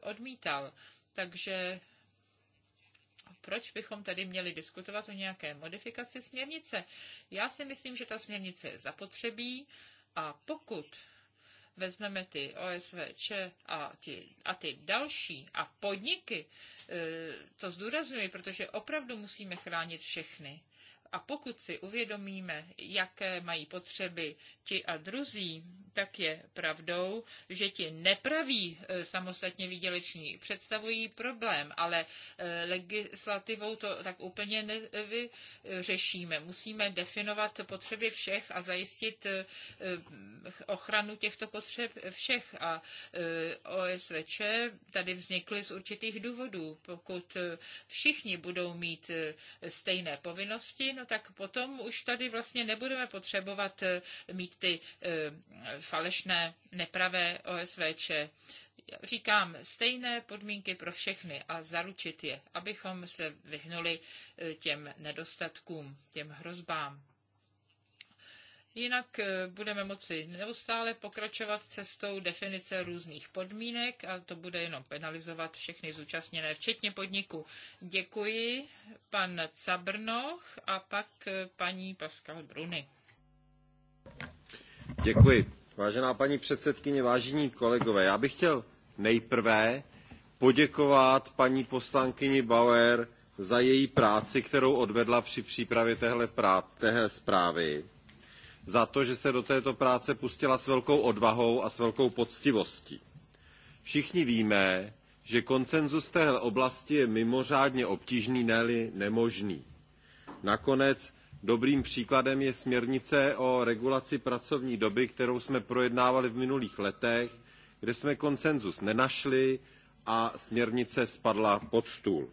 odmítal. Takže a proč bychom tedy měli diskutovat o nějaké modifikaci směrnice? Já si myslím, že ta směrnice je zapotřebí a pokud vezmeme ty OSVČ a ty, a ty další a podniky, eh, to zdůraznuju, protože opravdu musíme chránit všechny. A pokud si uvědomíme, jaké mají potřeby ti a druzí, tak je pravdou, že ti nepraví eh, samostatně výděleční představují problém, ale eh, legislativou to tak úplně nevyřešíme. Musíme definovat potřeby všech a zajistit eh, ochranu těchto potřeb všech. A OSVČ tady vznikly z určitých důvodů. Pokud všichni budou mít stejné povinnosti, no tak potom už tady vlastně nebudeme potřebovat eh, mít ty eh, falešné, nepravé OSVČ říkám, stejné podmínky pro všechny a zaručit je, abychom se vyhnuli eh, těm nedostatkům, těm hrozbám. Jinak eh, budeme moci neustále pokračovat cestou definice různých podmínek a to bude jenom penalizovat všechny zúčastněné, včetně podniku. Děkuji pan Cabrnoch a pak eh, paní Pascal Bruny. Děkuji. Vážená paní předsedkyně, vážení kolegové, já bych chtěl nejprve poděkovat paní poslankyni Bauer za její práci, kterou odvedla při přípravě téhle, prá- téhle zprávy za to, že se do této práce pustila s velkou odvahou a s velkou poctivostí. Všichni víme, že konsenzus téhle oblasti je mimořádně obtížný, ne-li nemožný. Nakonec dobrým příkladem je směrnice o regulaci pracovní doby, kterou jsme projednávali v minulých letech, kde jsme konsenzus nenašli a směrnice spadla pod stůl.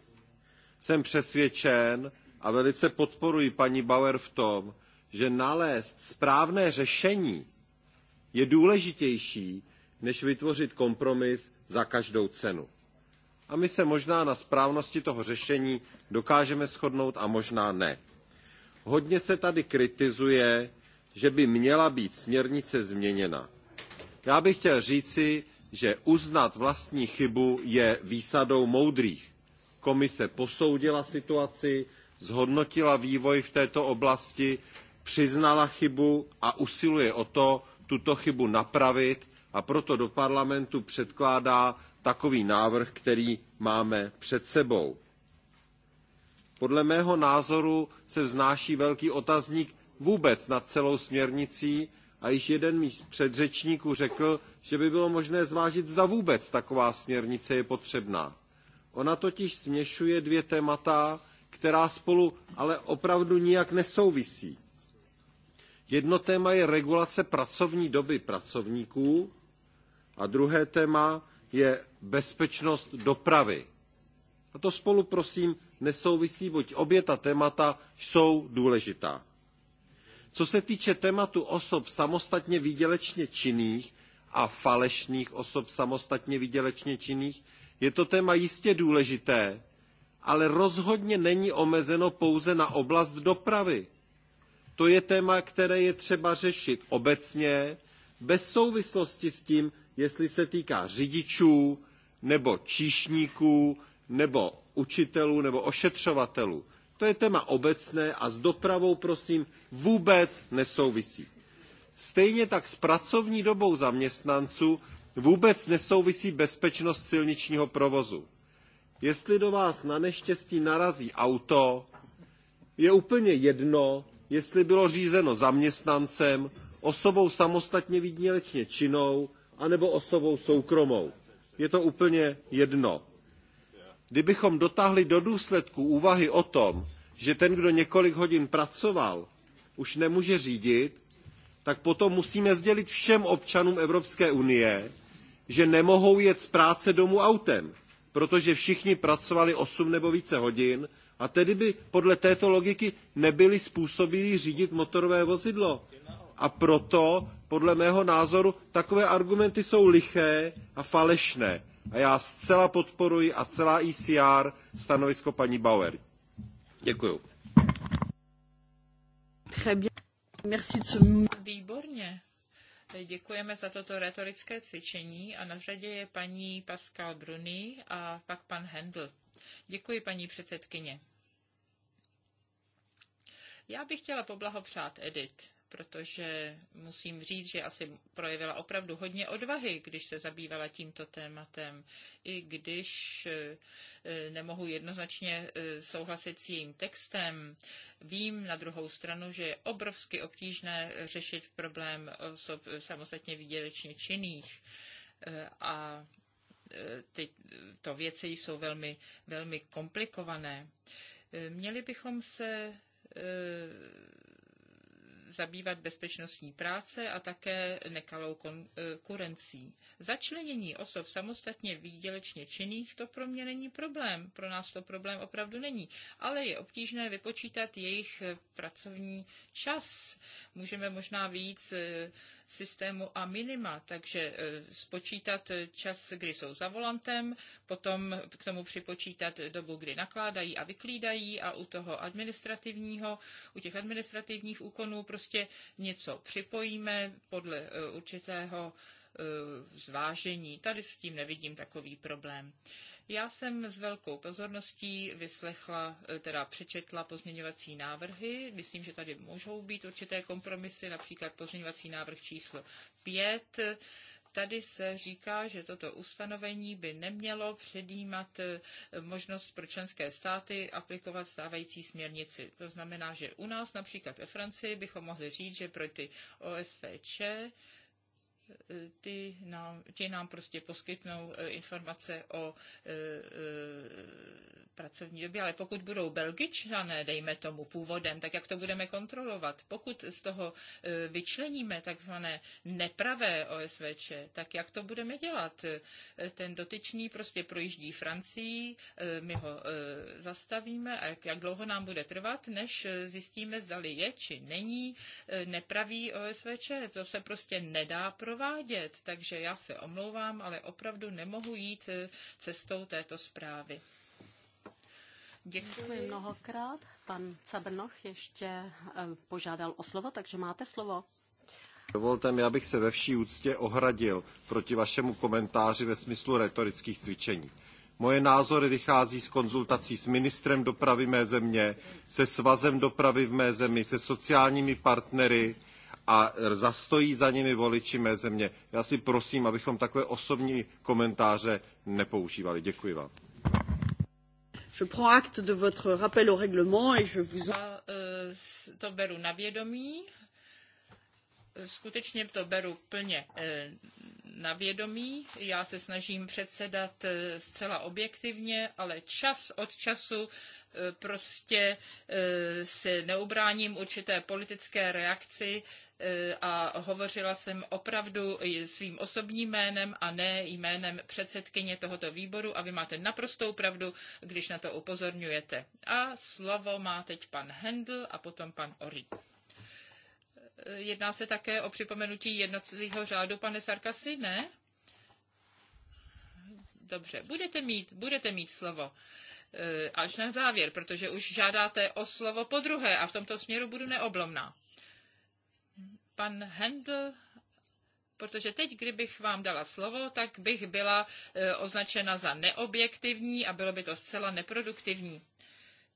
Jsem přesvědčen a velice podporuji paní Bauer v tom, že nalézt správné řešení je důležitější, než vytvořit kompromis za každou cenu. A my se možná na správnosti toho řešení dokážeme shodnout a možná ne. Hodně se tady kritizuje, že by měla být směrnice změněna. Já bych chtěl říci, že uznat vlastní chybu je výsadou moudrých. Komise posoudila situaci, zhodnotila vývoj v této oblasti přiznala chybu a usiluje o to tuto chybu napravit a proto do parlamentu předkládá takový návrh, který máme před sebou. Podle mého názoru se vznáší velký otazník vůbec nad celou směrnicí a již jeden mých předřečníků řekl, že by bylo možné zvážit, zda vůbec taková směrnice je potřebná. Ona totiž směšuje dvě témata, která spolu ale opravdu nijak nesouvisí. Jedno téma je regulace pracovní doby pracovníků a druhé téma je bezpečnost dopravy. A to spolu, prosím, nesouvisí, buď obě ta témata jsou důležitá. Co se týče tématu osob samostatně výdělečně činných a falešných osob samostatně výdělečně činných, je to téma jistě důležité, ale rozhodně není omezeno pouze na oblast dopravy. To je téma, které je třeba řešit obecně, bez souvislosti s tím, jestli se týká řidičů, nebo číšníků, nebo učitelů, nebo ošetřovatelů. To je téma obecné a s dopravou, prosím, vůbec nesouvisí. Stejně tak s pracovní dobou zaměstnanců vůbec nesouvisí bezpečnost silničního provozu. Jestli do vás na neštěstí narazí auto, je úplně jedno, jestli bylo řízeno zaměstnancem, osobou samostatně výdělečně činnou, anebo osobou soukromou. Je to úplně jedno. Kdybychom dotáhli do důsledku úvahy o tom, že ten, kdo několik hodin pracoval, už nemůže řídit, tak potom musíme sdělit všem občanům Evropské unie, že nemohou jet z práce domů autem, protože všichni pracovali 8 nebo více hodin a tedy by podle této logiky nebyli způsobili řídit motorové vozidlo. A proto, podle mého názoru, takové argumenty jsou liché a falešné. A já zcela podporuji a celá ICR e stanovisko paní Bauer. Děkuju. Výborně. Děkujeme za toto retorické cvičení a na řadě je paní Pascal Bruny a pak pan Hendl. Děkuji, paní předsedkyně. Já bych chtěla poblahopřát Edit, protože musím říct, že asi projevila opravdu hodně odvahy, když se zabývala tímto tématem, i když eh, eh, nemohu jednoznačně eh, souhlasit s jejím textem. Vím na druhou stranu, že je obrovsky obtížné řešit problém osob samostatně výdělečně činných a to věci jsou velmi, velmi komplikované. Měli bychom se eh, zabývat bezpečnostní práce a také nekalou konkurencí. Eh, Začlenění osob samostatně výdělečně činných, to pro mě není problém, pro nás to problém opravdu není, ale je obtížné vypočítat jejich eh, pracovní čas. Můžeme možná víc systému a minima, takže e, spočítat čas, kdy jsou za volantem, potom k tomu připočítat dobu, kdy nakládají a vyklídají a u toho administrativního, u těch administrativních úkonů prostě něco připojíme podle e, určitého e, zvážení. Tady s tím nevidím takový problém. Já jsem s velkou pozorností vyslechla, eh, teda přečetla pozměňovací návrhy. Myslím, že tady můžou být určité kompromisy, například pozměňovací návrh číslo 5. Tady se říká, že toto ustanovení by nemělo předjímat eh, možnost pro členské státy aplikovat stávající směrnici. To znamená, že u nás, například ve Francii, bychom mohli říct, že pro ty OSVČ ty nám, ti nám prostě poskytnou e, informace o e, e, pracovní době, ale pokud budou belgičané, dejme tomu původem, tak jak to budeme kontrolovat? Pokud z toho e, vyčleníme takzvané nepravé OSVČ, tak jak to budeme dělat? E, ten dotyčný prostě projíždí Francii, e, my ho zastavíme a jak, jak dlouho nám bude trvat, než zjistíme, zdali je či není nepravý OSVČ. To se prostě nedá pro provádět. Takže já se omlouvám, ale opravdu nemohu jít eh, cestou této zprávy. Děkuji. Děkuji mnohokrát. Pan Cabrnoch ještě eh, požádal o slovo, takže máte slovo. Dovolte mi, abych se ve vší úctě ohradil proti vašemu komentáři ve smyslu retorických cvičení. Moje názory vychází z konzultací s ministrem dopravy mé země, se svazem dopravy v mé zemi, se sociálními partnery, a zastojí za nimi voliči mé země. Já si prosím, abychom takové osobní komentáře nepoužívali. Děkuji vám. Je prends acte de votre rappel au règlement et je vous... Euh, to beru na vědomí. Skutečně to beru plně eh, na vědomí. Já se snažím předsedat eh, zcela objektivně, ale čas od času prostě eh, se neubráním určité politické reakci eh, a hovořila jsem opravdu svým osobním jménem a ne jménem předsedkyně tohoto výboru a vy máte naprostou pravdu, když na to upozorňujete. A slovo má teď pan Hendl a potom pan Ori. Eh, jedná se také o připomenutí jednotlivého řádu, pane Sarkasy, ne? Dobře, budete mít, budete mít slovo. E, až na závěr, protože už žádáte o slovo po druhé a v tomto směru budu neoblomná. Pan Hendl protože teď, kdybych vám dala slovo, tak bych byla e, označena za neobjektivní a bylo by to zcela neproduktivní.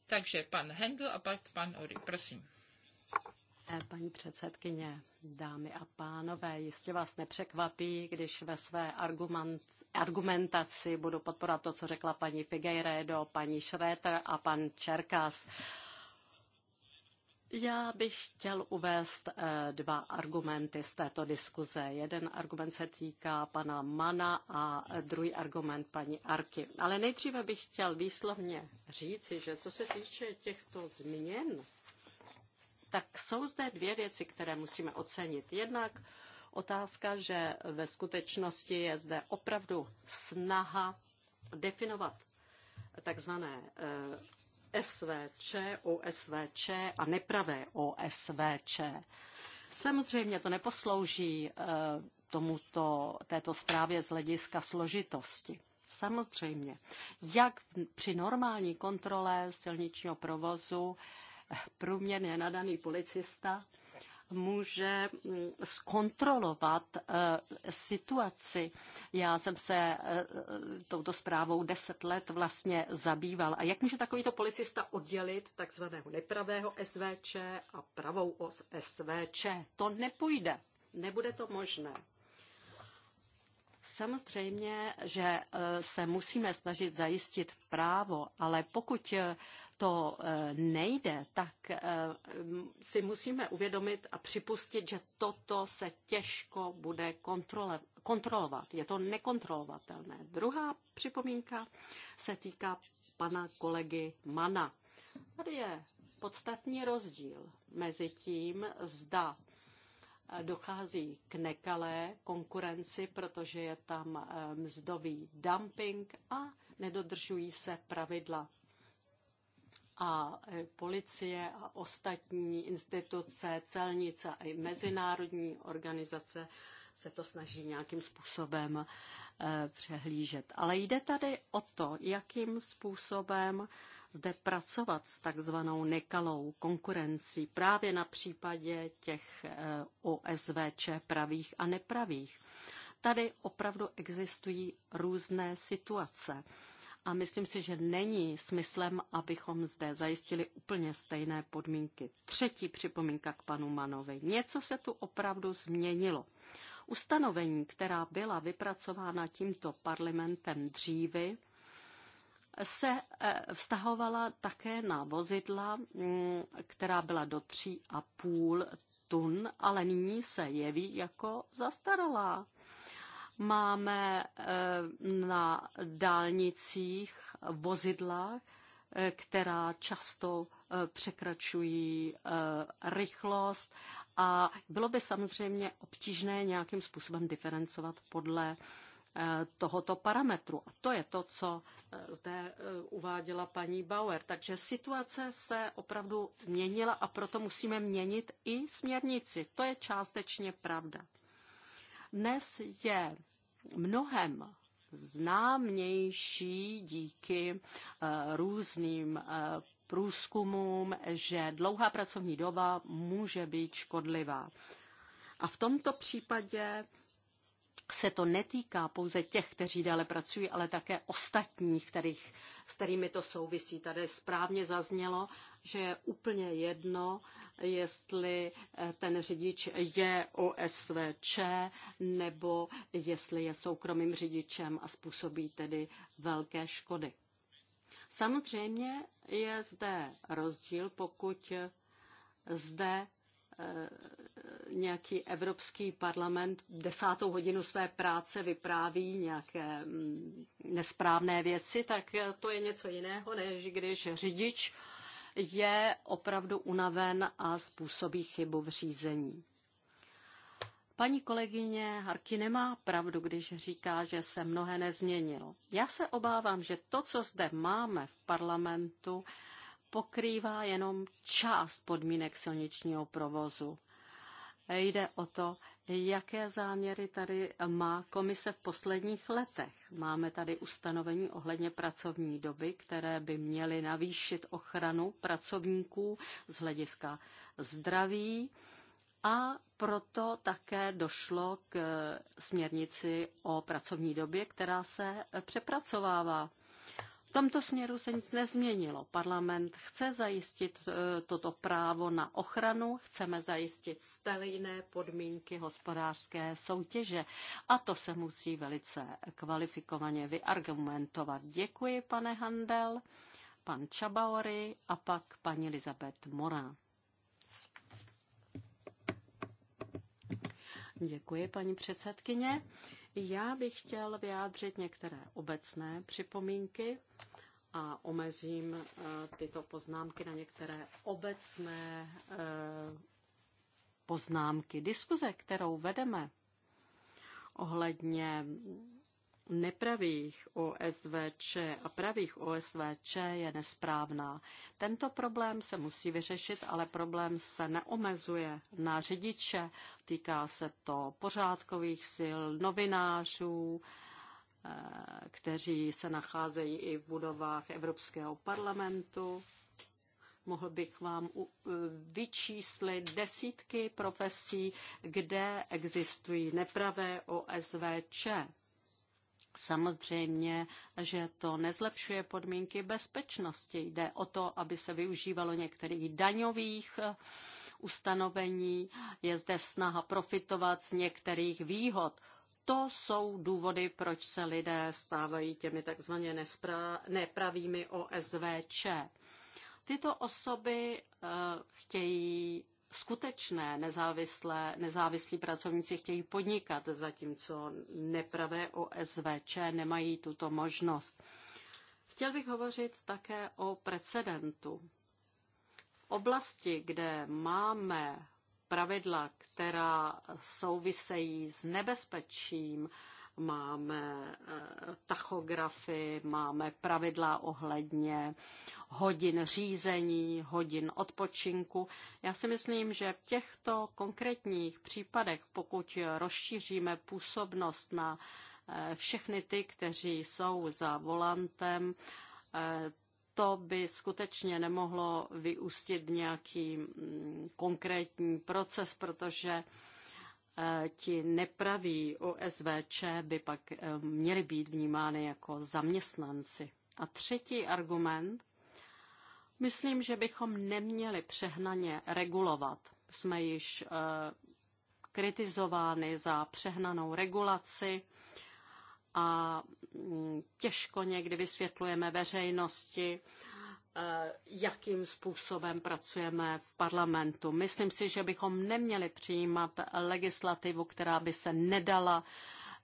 Takže pan Hendl a pak pan Ory, prosím. Paní předsedkyně, dámy a pánové, jistě vás nepřekvapí, když ve své argument, argumentaci budu podporovat to, co řekla paní Figueiredo, paní Schroeter a pan Čerkas. Já bych chtěl uvést eh, dva argumenty z této diskuze. Jeden argument se týká pana Mana a druhý argument paní Arky. Ale nejdříve bych chtěl výslovně říci, že co se týče těchto změn, tak jsou zde dvě věci, které musíme ocenit. Jednak otázka, že ve skutečnosti je zde opravdu snaha definovat takzvané eh, SVČ, OSVČ a nepravé OSVČ. Samozřejmě to neposlouží eh, tomuto, této zprávě z hlediska složitosti. Samozřejmě, jak při normální kontrole silničního provozu průměrně nadaný policista může mm, zkontrolovat eh, situaci. Já jsem se eh, touto zprávou deset let vlastně zabýval. A jak může takovýto policista oddělit takzvaného nepravého SVČ a pravou os SVČ? To nepůjde. Nebude to možné. Samozřejmě, že eh, se musíme snažit zajistit právo, ale pokud to eh, nejde, tak eh, si musíme uvědomit a připustit, že toto se těžko bude kontrolovat. Je to nekontrolovatelné. Druhá připomínka se týká pana kolegy Mana. Tady je podstatný rozdíl mezi tím, zda eh, dochází k nekalé konkurenci, protože je tam mzdový dumping a nedodržují se pravidla a policie a ostatní instituce, celnice a i mezinárodní organizace se to snaží nějakým způsobem eh, přehlížet. Ale jde tady o to, jakým způsobem zde pracovat s takzvanou nekalou konkurencí právě na případě těch eh, OSVČ pravých a nepravých. Tady opravdu existují různé situace a myslím si, že není smyslem, abychom zde zajistili úplně stejné podmínky. Třetí připomínka k panu Manovi. Něco se tu opravdu změnilo. Ustanovení, která byla vypracována tímto parlamentem dříve, se eh, vztahovala také na vozidla, mm, která byla do tří a půl tun, ale nyní se jeví jako zastaralá. Máme eh, na dálnicích vozidla, eh, která často eh, překračují rychlost a bylo by samozřejmě obtížné nějakým způsobem diferencovat podle tohoto parametru. A to je to, co zde uváděla paní Bauer. Takže situace se opravdu měnila a proto musíme měnit i směrnici. To je částečně pravda. Dnes je mnohem známější díky eh, různým eh, průzkumům, že dlouhá pracovní doba může být škodlivá. A v tomto případě se to netýká pouze těch, kteří dále pracují, ale také ostatních, kterých, s kterými to souvisí. Tady správně zaznělo, že je úplně jedno, jestli eh, ten řidič je OSVČ nebo jestli je soukromým řidičem a způsobí tedy velké škody. Samozřejmě je zde rozdíl, pokud zde eh, nějaký Evropský parlament desátou hodinu své práce vypráví nějaké mm, nesprávné věci, tak to je něco jiného, než když řidič je opravdu unaven a způsobí chybu v řízení. Paní kolegyně Harky nemá pravdu, když říká, že se mnohé nezměnilo. Já se obávám, že to, co zde máme v parlamentu, pokrývá jenom část podmínek silničního provozu. Jde o to, jaké záměry tady má komise v posledních letech. Máme tady ustanovení ohledně pracovní doby, které by měly navýšit ochranu pracovníků z hlediska zdraví. A proto také došlo k směrnici o pracovní době, která se přepracovává. V tomto směru se nic nezměnilo. Parlament chce zajistit e, toto právo na ochranu, chceme zajistit stejné podmínky hospodářské soutěže a to se musí velice kvalifikovaně vyargumentovat. Děkuji, pane Handel, pan Čabaori a pak paní Elizabeth Mora. Děkuji, paní předsedkyně. Já bych chtěl vyjádřit některé obecné připomínky a omezím eh, tyto poznámky na některé obecné eh, poznámky. Diskuze, kterou vedeme ohledně nepravých OSVČ a pravých OSVČ je nesprávná. Tento problém se musí vyřešit, ale problém se neomezuje na řidiče. Týká se to pořádkových sil, novinářů, eh, kteří se nacházejí i v budovách Evropského parlamentu. Mohl bych vám eh, vyčíslit desítky profesí, kde existují nepravé OSVČ. Samozřejmě, že to nezlepšuje podmínky bezpečnosti. Jde o to, aby se využívalo některých daňových eh, ustanovení. Je zde snaha profitovat z některých výhod. To jsou důvody, proč se lidé stávají těmi takzvaně nepravými OSVČ. Tyto osoby eh, chtějí skutečné nezávislé, nezávislí pracovníci chtějí podnikat, zatímco nepravé OSVČ nemají tuto možnost. Chtěl bych hovořit také o precedentu. V oblasti, kde máme pravidla, která souvisejí s nebezpečím, máme eh, tachografy, máme pravidla ohledně hodin řízení, hodin odpočinku. Já si myslím, že v těchto konkrétních případech, pokud rozšíříme působnost na eh, všechny ty, kteří jsou za volantem, eh, to by skutečně nemohlo vyústit nějaký mm, konkrétní proces, protože Eh, ti nepraví OSVČ by pak eh, měli být vnímány jako zaměstnanci. A třetí argument, myslím, že bychom neměli přehnaně regulovat. Jsme již eh, kritizovány za přehnanou regulaci a mm, těžko někdy vysvětlujeme veřejnosti, Eh, jakým způsobem pracujeme v parlamentu. Myslím si, že bychom neměli přijímat legislativu, která by se nedala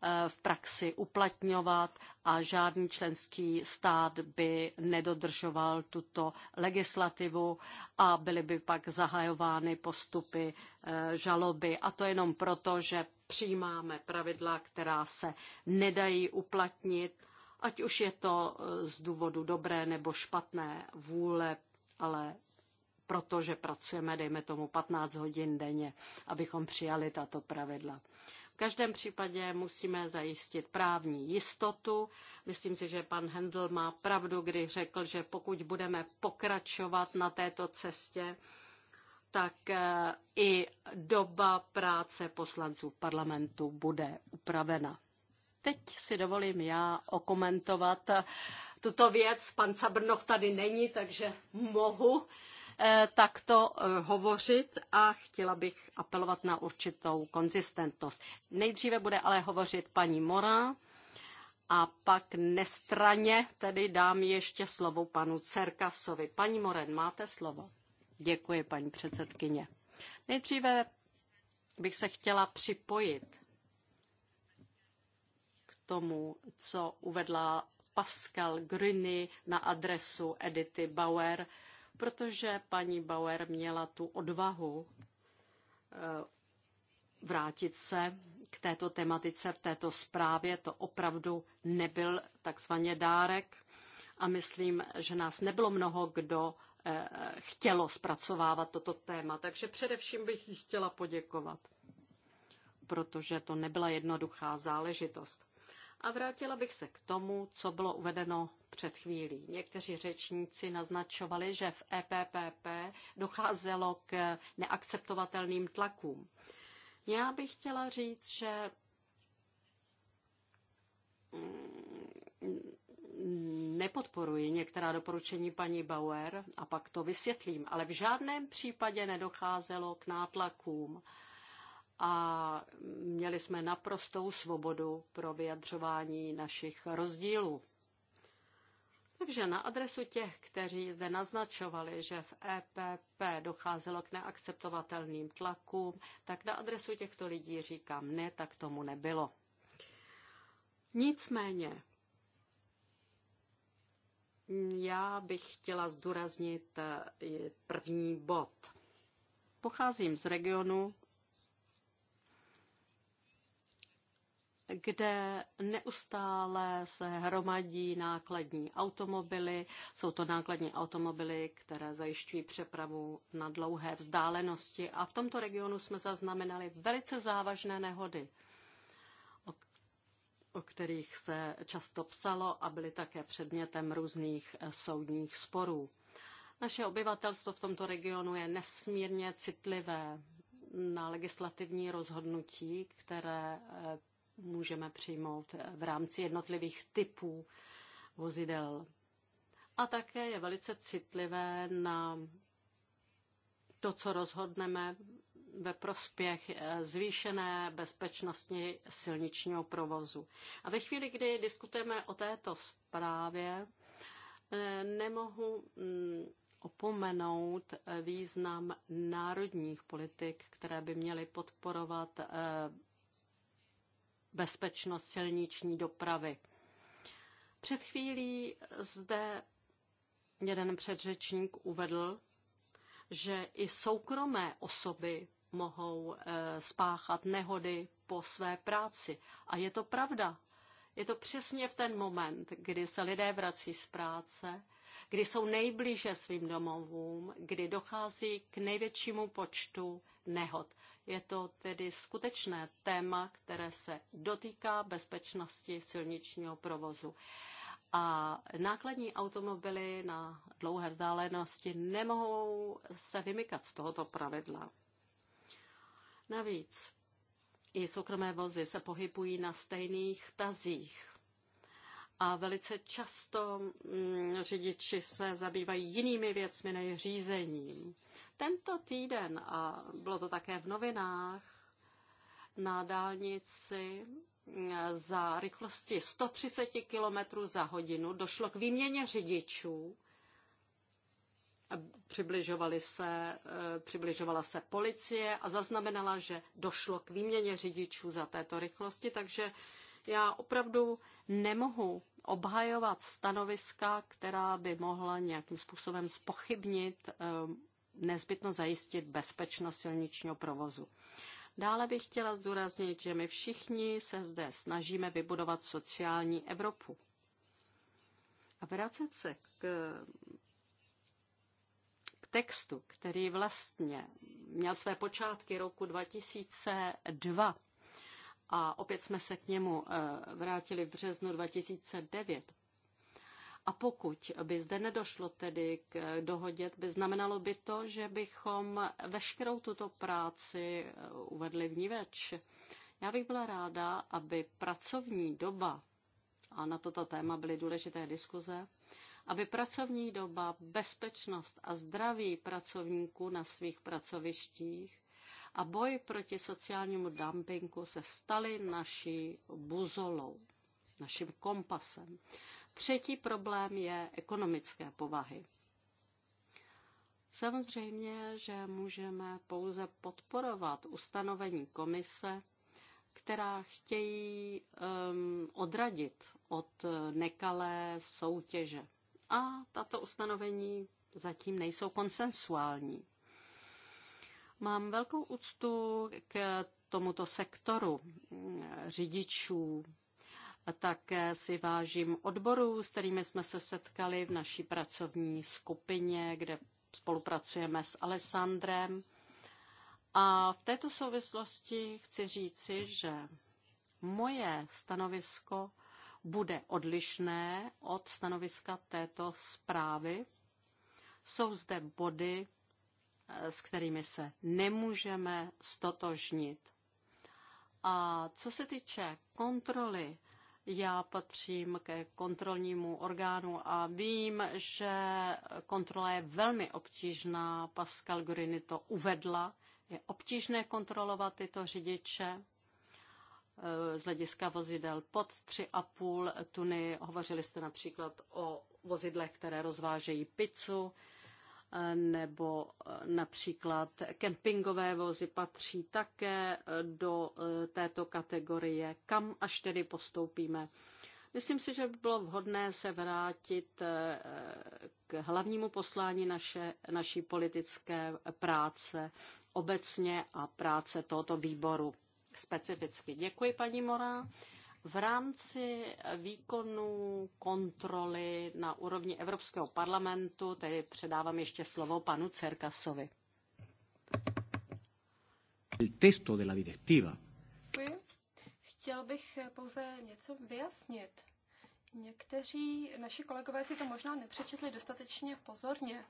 eh, v praxi uplatňovat a žádný členský stát by nedodržoval tuto legislativu a byly by pak zahajovány postupy eh, žaloby. A to jenom proto, že přijímáme pravidla, která se nedají uplatnit Ať už je to e, z důvodu dobré nebo špatné vůle, ale protože pracujeme, dejme tomu, 15 hodin denně, abychom přijali tato pravidla. V každém případě musíme zajistit právní jistotu. Myslím si, že pan Hendl má pravdu, když řekl, že pokud budeme pokračovat na této cestě, tak e, i doba práce poslanců parlamentu bude upravena teď si dovolím já okomentovat tuto věc. Pan Sabrnoch tady není, takže mohu eh, takto eh, hovořit a chtěla bych apelovat na určitou konzistentnost. Nejdříve bude ale hovořit paní Mora a pak nestraně tedy dám ještě slovo panu Cerkasovi. Paní Moren, máte slovo. Děkuji, paní předsedkyně. Nejdříve bych se chtěla připojit tomu, co uvedla Pascal Gruny na adresu Edity Bauer, protože paní Bauer měla tu odvahu eh, vrátit se k této tematice v této zprávě. To opravdu nebyl takzvaně dárek a myslím, že nás nebylo mnoho, kdo eh, chtělo zpracovávat toto téma. Takže především bych jí chtěla poděkovat, protože to nebyla jednoduchá záležitost. A vrátila bych se k tomu, co bylo uvedeno před chvílí. Někteří řečníci naznačovali, že v EPPP docházelo k neakceptovatelným tlakům. Já bych chtěla říct, že mm, nepodporuji některá doporučení paní Bauer a pak to vysvětlím, ale v žádném případě nedocházelo k nátlakům a měli jsme naprostou svobodu pro vyjadřování našich rozdílů. Takže na adresu těch, kteří zde naznačovali, že v EPP docházelo k neakceptovatelným tlakům, tak na adresu těchto lidí říkám, ne, tak tomu nebylo. Nicméně, já bych chtěla zdůraznit první bod. Pocházím z regionu, kde neustále se hromadí nákladní automobily. Jsou to nákladní automobily, které zajišťují přepravu na dlouhé vzdálenosti. A v tomto regionu jsme zaznamenali velice závažné nehody, o, o kterých se často psalo a byly také předmětem různých eh, soudních sporů. Naše obyvatelstvo v tomto regionu je nesmírně citlivé na legislativní rozhodnutí, které eh, můžeme přijmout v rámci jednotlivých typů vozidel. A také je velice citlivé na to, co rozhodneme ve prospěch eh, zvýšené bezpečnosti silničního provozu. A ve chvíli, kdy diskutujeme o této zprávě, eh, nemohu mm, opomenout eh, význam národních politik, které by měly podporovat bezpečnost silniční dopravy. Před chvílí zde jeden předřečník uvedl, že i soukromé osoby mohou eh, spáchat nehody po své práci. A je to pravda. Je to přesně v ten moment, kdy se lidé vrací z práce, kdy jsou nejbliže svým domovům, kdy dochází k největšímu počtu nehod. Je to tedy skutečné téma, které se dotýká bezpečnosti silničního provozu. A nákladní automobily na dlouhé vzdálenosti nemohou se vymykat z tohoto pravidla. Navíc i soukromé vozy se pohybují na stejných tazích a velice často mm, řidiči se zabývají jinými věcmi než řízením. Tento týden, a bylo to také v novinách, na dálnici mm, za rychlosti 130 km za hodinu došlo k výměně řidičů. Přibližovali se, eh, přibližovala se policie a zaznamenala, že došlo k výměně řidičů za této rychlosti, takže já opravdu nemohu obhajovat stanoviska, která by mohla nějakým způsobem spochybnit eh, nezbytno zajistit bezpečnost silničního provozu. Dále bych chtěla zdůraznit, že my všichni se zde snažíme vybudovat sociální Evropu. A vracet se k, k textu, který vlastně měl své počátky roku 2002, a opět jsme se k němu eh, vrátili v březnu 2009. A pokud by zde nedošlo tedy k eh, dohodě, by znamenalo by to, že bychom veškerou tuto práci eh, uvedli v ní več. Já bych byla ráda, aby pracovní doba, a na toto téma byly důležité diskuze, aby pracovní doba, bezpečnost a zdraví pracovníků na svých pracovištích a boj proti sociálnímu dumpingu se staly naší buzolou, naším kompasem. Třetí problém je ekonomické povahy. Samozřejmě, že můžeme pouze podporovat ustanovení komise, která chtějí um, odradit od nekalé soutěže. A tato ustanovení zatím nejsou konsensuální. Mám velkou úctu k tomuto sektoru mm, řidičů. Také si vážím odborů, s kterými jsme se setkali v naší pracovní skupině, kde spolupracujeme s Alessandrem. A v této souvislosti chci říci, že moje stanovisko bude odlišné od stanoviska této zprávy. Jsou zde body, Eh, s kterými se nemůžeme stotožnit. A co se týče kontroly, já patřím ke kontrolnímu orgánu a vím, že kontrola je velmi obtížná. Pascal Gorini to uvedla. Je obtížné kontrolovat tyto řidiče eh, z hlediska vozidel pod 3,5 tuny. Hovořili jste například o vozidlech, které rozvážejí pizzu nebo eh, například kempingové vozy patří také eh, do eh, této kategorie, kam až tedy postoupíme. Myslím si, že by bylo vhodné se vrátit k hlavnímu poslání naše, naší politické práce obecně a práce tohoto výboru specificky. Děkuji, paní Morá. V rámci výkonu kontroly na úrovni Evropského parlamentu tedy předávám ještě slovo panu Cerkasovi. El Chtěl bych pouze něco vyjasnit. Někteří naši kolegové si to možná nepřečetli dostatečně pozorně.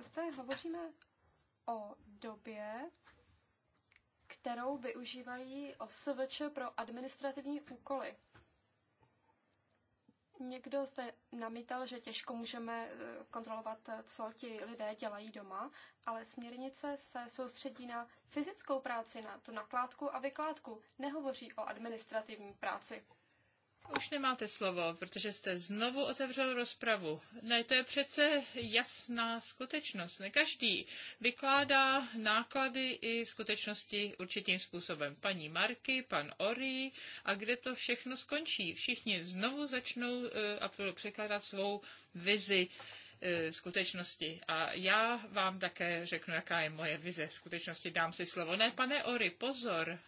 Zde hovoříme o době, kterou využívají OSVČ pro administrativní úkoly. Někdo zde namítal, že těžko můžeme eh, kontrolovat, eh, co ti lidé dělají doma, ale směrnice se soustředí na fyzickou práci, na tu nakládku a vykládku, nehovoří o administrativní práci. Už nemáte slovo, protože jste znovu otevřel rozpravu. Ne, to je přece jasná skutečnost. Ne každý vykládá náklady i skutečnosti určitým způsobem. Paní Marky, pan Ori a kde to všechno skončí. Všichni znovu začnou eh, a uh, překládat svou vizi eh, skutečnosti. A já vám také řeknu, jaká je moje vize skutečnosti. Dám si slovo. Ne, pane Ori, pozor,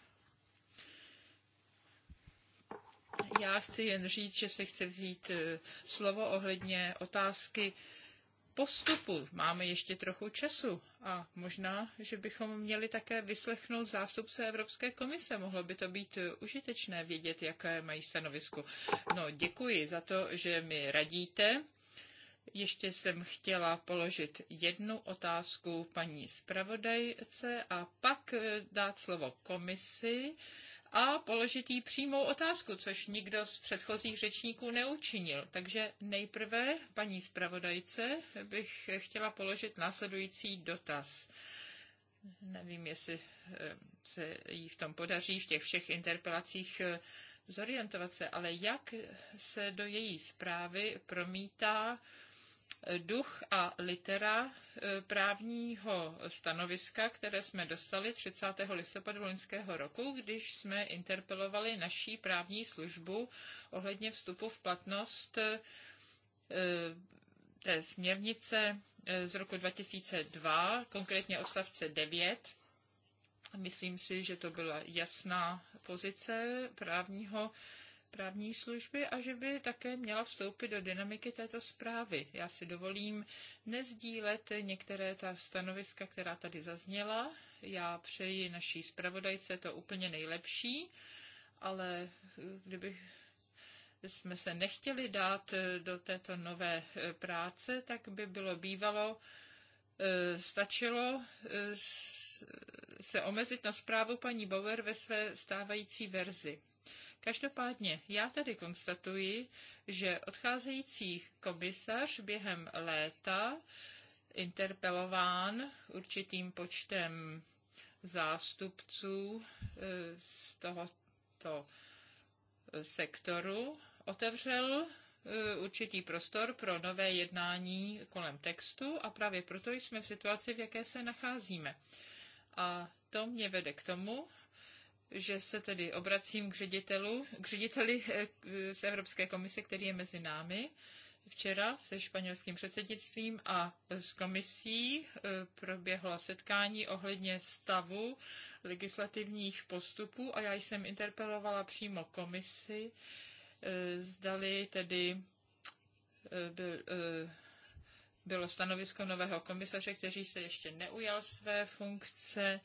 Já chci jen říct, že se chci vzít eh, slovo ohledně otázky postupu. Máme ještě trochu času a možná, že bychom měli také vyslechnout zástupce Evropské komise. Mohlo by to být eh, užitečné vědět, jaké mají stanovisko. No, děkuji za to, že mi radíte. Ještě jsem chtěla položit jednu otázku paní zpravodajce a pak eh, dát slovo komisi a položit jí přímou otázku, což nikdo z předchozích řečníků neučinil. Takže nejprve paní zpravodajce bych chtěla položit následující dotaz. Nevím, jestli eh, se jí v tom podaří v těch všech interpelacích eh, zorientovat se, ale jak se do její zprávy promítá duch a litera e, právního stanoviska, které jsme dostali 30. listopadu loňského roku, když jsme interpelovali naší právní službu ohledně vstupu v platnost e, té směrnice e, z roku 2002, konkrétně odstavce 9. Myslím si, že to byla jasná pozice právního právní služby a že by také měla vstoupit do dynamiky této zprávy. Já si dovolím nezdílet některé ta stanoviska, která tady zazněla. Já přeji naší zpravodajce to úplně nejlepší, ale eh, kdybych jsme se nechtěli dát eh, do této nové eh, práce, tak by bylo bývalo stačilo se omezit na zprávu paní Bauer ve své stávající verzi. Každopádně já tady konstatuji, že odcházející komisař během léta interpelován určitým počtem zástupců e, z tohoto sektoru otevřel e, určitý prostor pro nové jednání kolem textu a právě proto jsme v situaci, v jaké se nacházíme. A to mě vede k tomu, že se tedy obracím k ředitelu, k řediteli eh, z Evropské komise, který je mezi námi včera se španělským předsednictvím a s komisí eh, proběhlo setkání ohledně stavu legislativních postupů a já jsem interpelovala přímo komisi, eh, zdali tedy byl, bylo stanovisko nového komisaře, který se ještě neujal své funkce,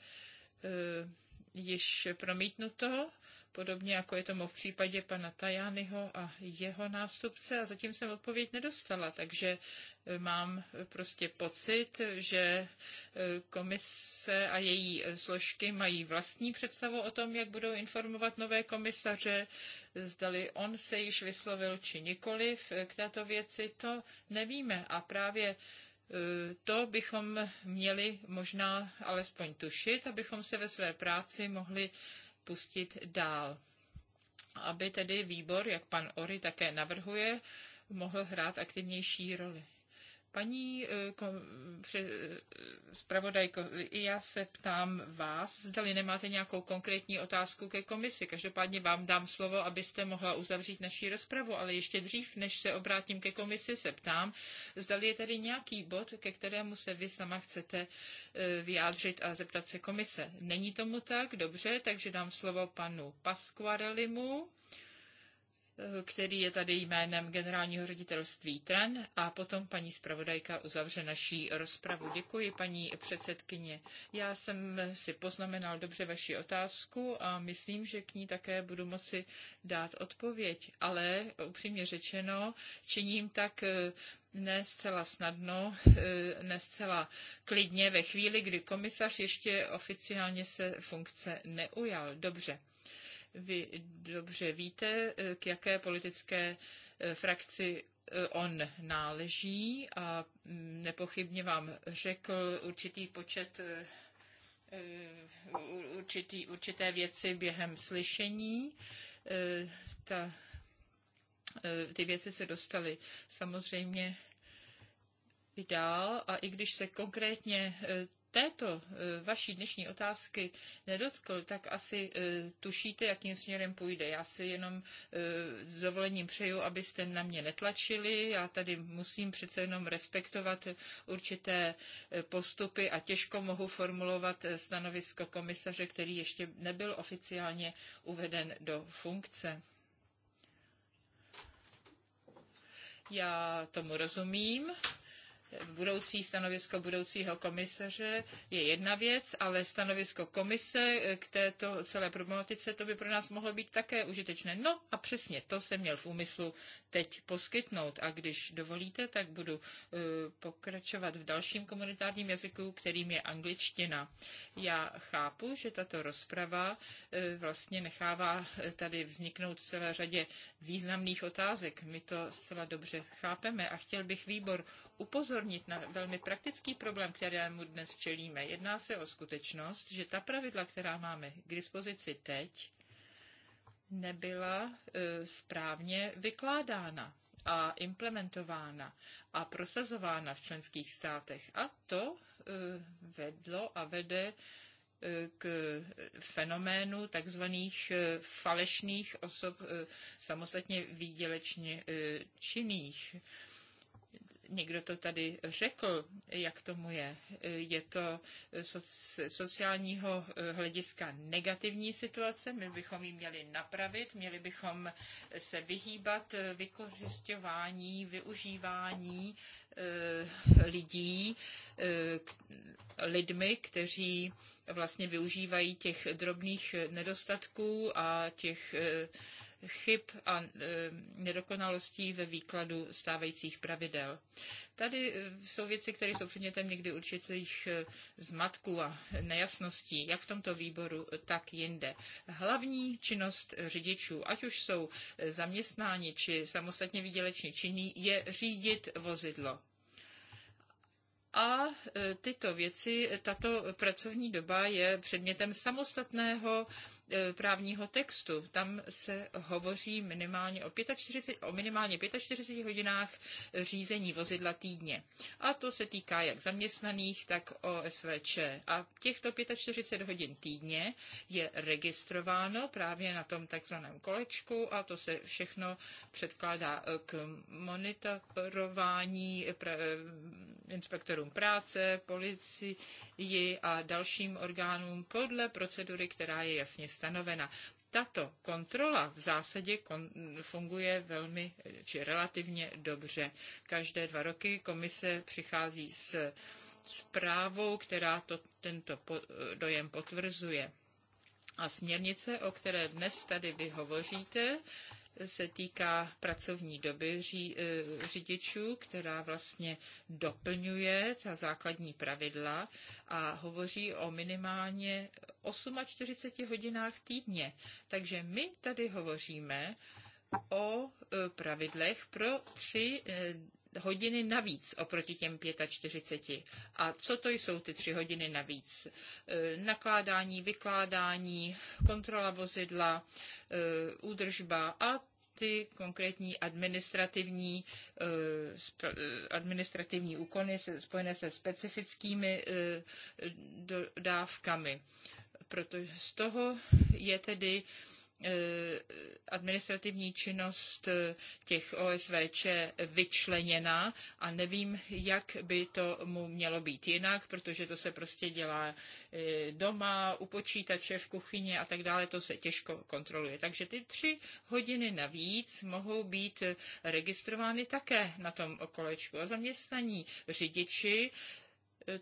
již promítnuto, podobně jako je tomu v případě pana Tajányho a jeho nástupce a zatím jsem odpověď nedostala, takže e, mám prostě pocit, že e, komise a její e, složky mají vlastní představu o tom, jak budou informovat nové komisaře, zdali on se již vyslovil či nikoliv k této věci, to nevíme a právě Eh, to bychom měli možná alespoň tušit, abychom se ve své práci mohli pustit dál. Aby tedy výbor, jak pan Ory také navrhuje, mohl hrát aktivnější roli. Paní eh, eh, zpravodajko, i já se ptám vás, zdali nemáte nějakou konkrétní otázku ke komisi. Každopádně vám dám slovo, abyste mohla uzavřít naší rozpravu, ale ještě dřív, než se obrátím ke komisi, se ptám, zdali je tady nějaký bod, ke kterému se vy sama chcete eh, vyjádřit a zeptat se komise. Není tomu tak? Dobře, takže dám slovo panu Pasquarelimu který je tady jménem generálního ředitelství TREN a potom paní zpravodajka uzavře naší rozpravu. Děkuji, paní předsedkyně. Já jsem si poznamenal dobře vaši otázku a myslím, že k ní také budu moci dát odpověď, ale upřímně řečeno, činím tak eh, ne zcela snadno, eh, ne zcela klidně ve chvíli, kdy komisař ještě oficiálně se funkce neujal. Dobře. Vy dobře víte, eh, k jaké politické eh, frakci eh, on náleží a mm, nepochybně vám řekl určitý počet určitý, určité věci během slyšení. Ta, ty věci se dostaly samozřejmě i dál a i když se konkrétně této eh, vaší dnešní otázky nedotkl, tak asi eh, tušíte, jakým směrem půjde. Já si jenom eh, s dovolením přeju, abyste na mě netlačili. Já tady musím přece jenom respektovat určité postupy a těžko mohu formulovat stanovisko komisaře, který ještě nebyl oficiálně uveden do funkce. Já tomu rozumím budoucí stanovisko budoucího komisaře je jedna věc, ale stanovisko komise k této celé problematice, to by pro nás mohlo být také užitečné. No a přesně to jsem měl v úmyslu teď poskytnout. A když dovolíte, tak budu eh, pokračovat v dalším komunitárním jazyku, kterým je angličtina. Já chápu, že tato rozprava eh, vlastně nechává tady vzniknout celé řadě významných otázek. My to zcela dobře chápeme a chtěl bych výbor upozornit na velmi praktický problém, kterému dnes čelíme. Jedná se o skutečnost, že ta pravidla, která máme k dispozici teď, nebyla e, správně vykládána a implementována a prosazována v členských státech. A to e, vedlo a vede k fenoménu takzvaných eh, falešných osob eh, samostatně výdělečně eh, činných. Někdo to tady řekl, jak tomu je. Je to sociálního hlediska negativní situace, my bychom ji měli napravit, měli bychom se vyhýbat vykořišťování, využívání Eh, lidí, eh, lidmi, kteří vlastně využívají těch drobných nedostatků a těch eh, chyb a e, nedokonalostí ve výkladu stávajících pravidel. Tady e, jsou věci, které jsou předmětem někdy určitých e, zmatků a nejasností, jak v tomto výboru, tak jinde. Hlavní činnost řidičů, ať už jsou zaměstnáni či samostatně výdělečně činní, je řídit vozidlo. A tyto věci, tato pracovní doba je předmětem samostatného E, právního textu. Tam se hovoří minimálně o, 45, o minimálně 45 hodinách řízení vozidla týdně. A to se týká jak zaměstnaných, tak OSVČ. A těchto 45 hodin týdně je registrováno právě na tom takzvaném kolečku a to se všechno předkládá k monitorování e, inspektorům práce, policii a dalším orgánům podle procedury, která je jasně stanovena. Tato kontrola v zásadě kon- funguje velmi či relativně dobře. Každé dva roky komise přichází s zprávou, která to, tento po- dojem potvrzuje. A směrnice, o které dnes tady vy hovoříte, se týká pracovní doby eh, řidičů, která vlastně doplňuje ta základní pravidla a hovoří o minimálně 48 hodinách týdně. Takže my tady hovoříme o eh, pravidlech pro tři eh, hodiny navíc oproti těm 45. A co to jsou ty tři hodiny navíc? Nakládání, vykládání, kontrola vozidla, Eh, údržba a ty konkrétní administrativní, eh, eh, administrativní úkony spojené se specifickými dodávkami. Protože z toho je tedy Eh, administrativní činnost eh, těch OSVČ vyčleněna a nevím, jak by to mu mělo být jinak, protože to se prostě dělá eh, doma, u počítače, v kuchyni a tak dále, to se těžko kontroluje. Takže ty tři hodiny navíc mohou být registrovány také na tom kolečku. A zaměstnaní řidiči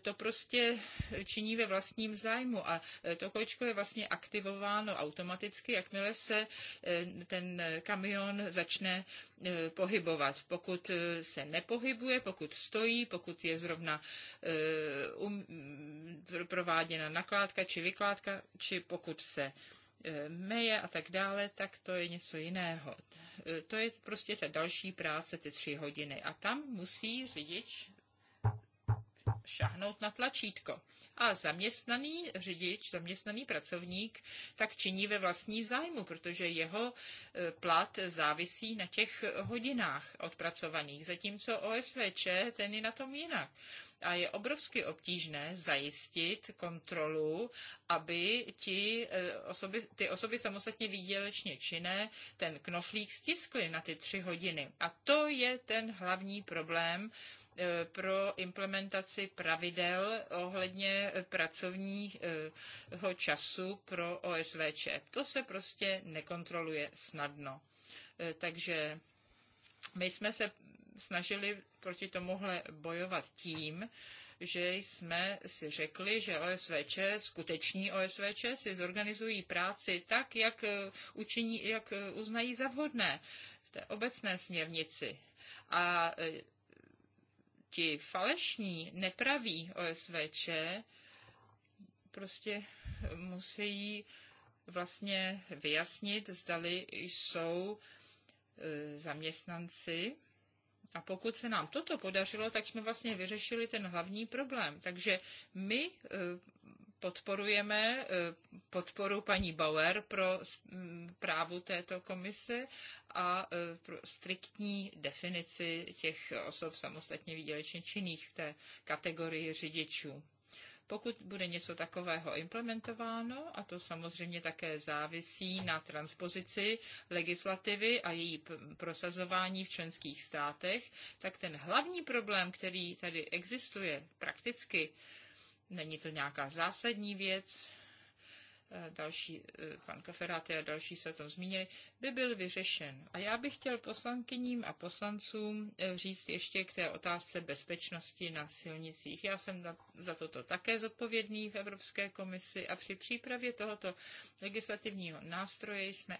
to prostě činí ve vlastním zájmu a eh, to kolečko je vlastně aktivováno automaticky, jakmile se eh, ten kamion začne eh, pohybovat. Pokud se nepohybuje, pokud stojí, pokud je zrovna um, prováděna nakládka či vykládka, či pokud se meje a tak dále, tak to je něco jiného. To je prostě ta další práce, ty tři hodiny. A tam musí řidič šáhnout na tlačítko. A zaměstnaný řidič, zaměstnaný pracovník tak činí ve vlastní zájmu, protože jeho e, plat závisí na těch hodinách odpracovaných, zatímco OSVČ ten je na tom jinak a je obrovsky obtížné zajistit kontrolu, aby ti e, osoby, ty osoby samostatně výdělečně činné ten knoflík stiskly na ty tři hodiny. A to je ten hlavní problém, Eh, pro implementaci pravidel ohledně pracovního času pro OSVČ. To se prostě nekontroluje snadno. Eh, takže my jsme se snažili proti tomuhle bojovat tím, že jsme si řekli, že OSVČ, skuteční OSVČ, si zorganizují práci tak, jak, eh, učiní, jak uznají za vhodné v té obecné směrnici. A ti falešní, nepraví OSVČ prostě musí vlastně vyjasnit, zdali jsou e, zaměstnanci. A pokud se nám toto podařilo, tak jsme vlastně vyřešili ten hlavní problém. Takže my e, podporujeme eh, podporu paní Bauer pro mm, právu této komise a eh, pro striktní definici těch osob samostatně výdělečně činných v té kategorii řidičů. Pokud bude něco takového implementováno, a to samozřejmě také závisí na transpozici legislativy a její prosazování v členských státech, tak ten hlavní problém, který tady existuje prakticky, Není to nějaká zásadní věc, eh, další, eh, pan Kaferáty a další se o tom zmínili, by byl vyřešen. A já bych chtěl poslankyním a poslancům eh, říct ještě k té otázce bezpečnosti na silnicích. Já jsem za toto také zodpovědný v Evropské komisi a při přípravě tohoto legislativního nástroje jsme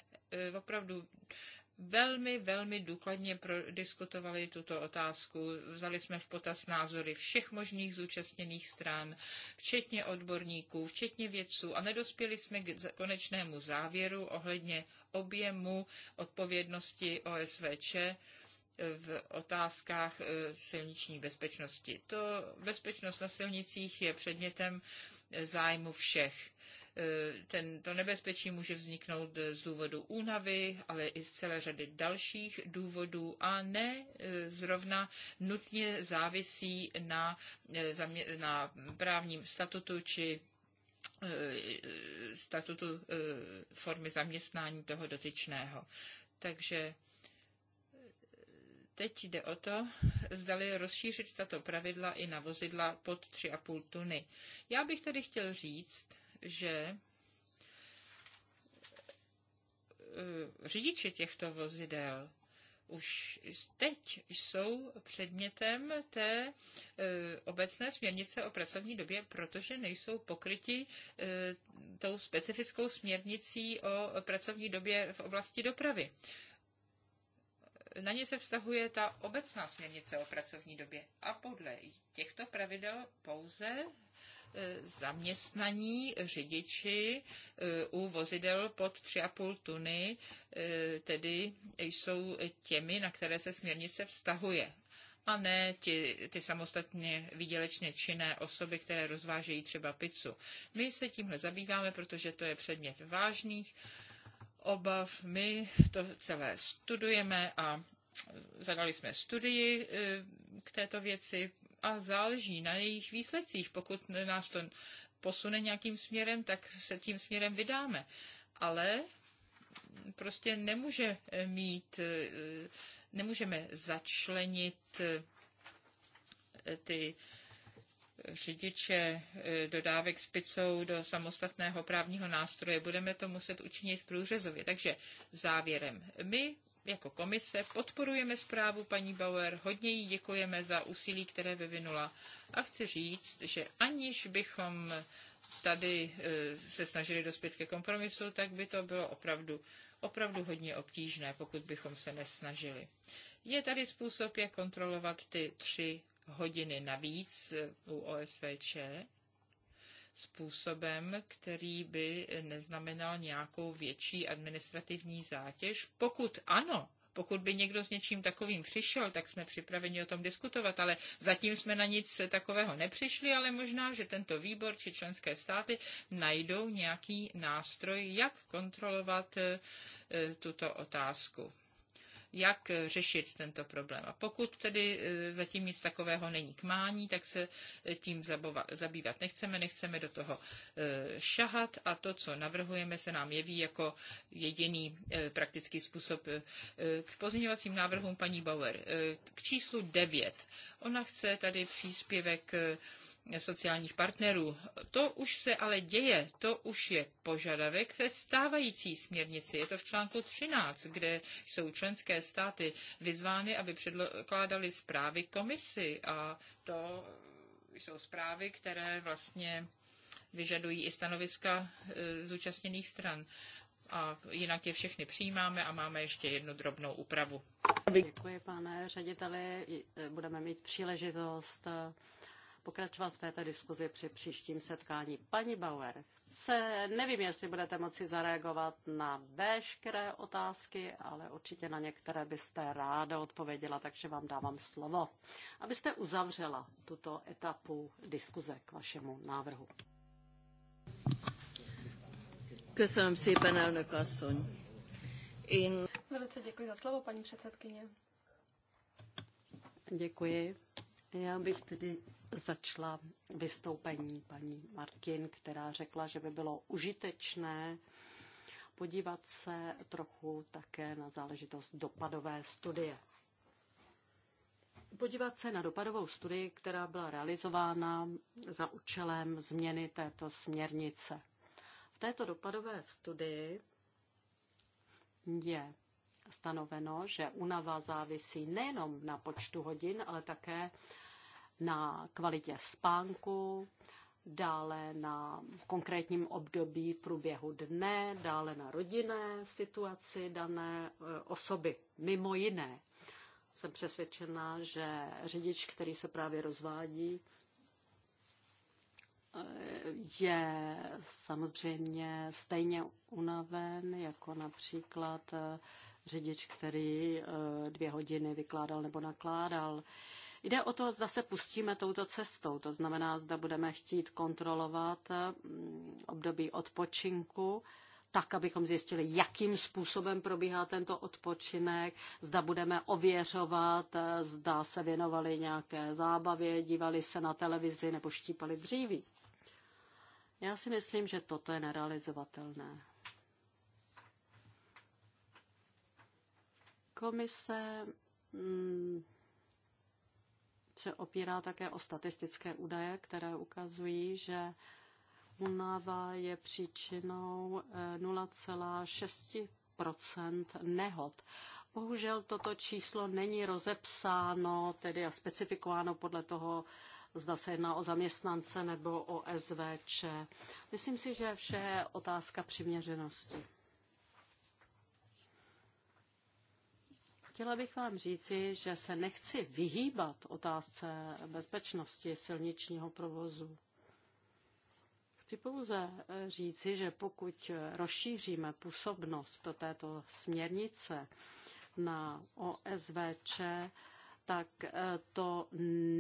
opravdu velmi, velmi důkladně prodiskutovali tuto otázku. Vzali jsme v potaz názory všech možných zúčastněných stran, včetně odborníků, včetně vědců a nedospěli jsme k konečnému závěru ohledně objemu odpovědnosti OSVČ eh, v otázkách eh, silniční bezpečnosti. To bezpečnost na silnicích je předmětem eh, zájmu všech. Eh, ten, to nebezpečí může vzniknout eh, z důvodu únavy, ale i z celé řady dalších důvodů a ne eh, zrovna nutně závisí na, na právním statutu či statutu formy zaměstnání toho dotyčného. Takže Teď jde o to, zdali rozšířit tato pravidla i na vozidla pod 3,5 tuny. Já bych tady chtěl říct, že eh, řidiči těchto vozidel už teď jsou předmětem té eh, obecné směrnice o pracovní době, protože nejsou pokryti eh, tou specifickou směrnicí o pracovní době v oblasti dopravy. Na ně se vztahuje ta obecná směrnice o pracovní době a podle těchto pravidel pouze E, zaměstnaní řidiči e, u vozidel pod 3,5 tuny, e, tedy jsou těmi, na které se směrnice vztahuje a ne ty, ty samostatně výdělečně činné osoby, které rozvážejí třeba pizzu. My se tímhle zabýváme, protože to je předmět vážných obav. My to celé studujeme a zadali jsme studii k této věci, a záleží na jejich výsledcích. Pokud nás to posune nějakým směrem, tak se tím směrem vydáme. Ale prostě nemůže mít, nemůžeme začlenit eh, ty řidiče eh, dodávek s picou do samostatného právního nástroje. Budeme to muset učinit průřezově. Takže závěrem. My jako komise podporujeme zprávu paní Bauer, hodně jí děkujeme za úsilí, které vyvinula. A chci říct, že aniž bychom tady e, se snažili dospět ke kompromisu, tak by to bylo opravdu, opravdu hodně obtížné, pokud bychom se nesnažili. Je tady způsob, jak kontrolovat ty tři hodiny navíc e, u OSVČ způsobem, který by neznamenal nějakou větší administrativní zátěž? Pokud ano, pokud by někdo s něčím takovým přišel, tak jsme připraveni o tom diskutovat, ale zatím jsme na nic takového nepřišli, ale možná, že tento výbor či členské státy najdou nějaký nástroj, jak kontrolovat eh, tuto otázku jak řešit tento problém. A pokud tedy e, zatím nic takového není k mání, tak se e, tím zabývat nechceme, nechceme do toho e, šahat a to, co navrhujeme, se nám jeví jako jediný praktický způsob k pozměňovacím návrhům paní Bauer. K číslu 9. Ona chce tady příspěvek sociálních partnerů. To už se ale děje, to už je požadavek té stávající směrnici. Je to v článku 13, kde jsou členské státy vyzvány, aby předkládali zprávy komisi a to jsou zprávy, které vlastně vyžadují i stanoviska e, zúčastněných stran. A jinak je všechny přijímáme a máme ještě jednu drobnou úpravu. Děkuji, pane řediteli. Budeme mít příležitost pokračovat v této diskuzi při příštím setkání. Paní Bauer, chce, nevím, jestli budete moci zareagovat na veškeré otázky, ale určitě na některé byste ráda odpověděla, takže vám dávám slovo, abyste uzavřela tuto etapu diskuze k vašemu návrhu. Köszönöm szépen, elnök asszony. Én... Velice děkuji za slovo, paní předsedkyně. Děkuji. Já bych tedy začala vystoupení paní Martin, která řekla, že by bylo užitečné podívat se trochu také na záležitost dopadové studie. Podívat se na dopadovou studii, která byla realizována za účelem změny této směrnice. V této dopadové studii je stanoveno, že unava závisí nejenom na počtu hodin, ale také na kvalitě spánku, dále na konkrétním období průběhu dne, dále na rodinné situaci dané eh, osoby, mimo jiné. Jsem přesvědčena, že řidič, který se právě rozvádí, eh, je samozřejmě stejně unaven, jako například eh, řidič, který dvě hodiny vykládal nebo nakládal. Jde o to, zda se pustíme touto cestou, to znamená, zda budeme chtít kontrolovat mm, období odpočinku, tak, abychom zjistili, jakým způsobem probíhá tento odpočinek, zda budeme ověřovat, eh, zda se věnovali nějaké zábavě, dívali se na televizi nebo štípali dříví. Já si myslím, že toto je nerealizovatelné. Komise mm, se opírá také o statistické údaje, které ukazují, že únava je příčinou 0,6 eh, nehod. Bohužel toto číslo není rozepsáno, tedy a specifikováno podle toho, zda se jedná o zaměstnance nebo o SVČ. Myslím si, že vše je otázka přiměřenosti. Chtěla bych vám říci, že se nechci vyhýbat otázce bezpečnosti silničního provozu. Chci pouze eh, říci, že pokud rozšíříme působnost této směrnice na OSVČ, tak eh, to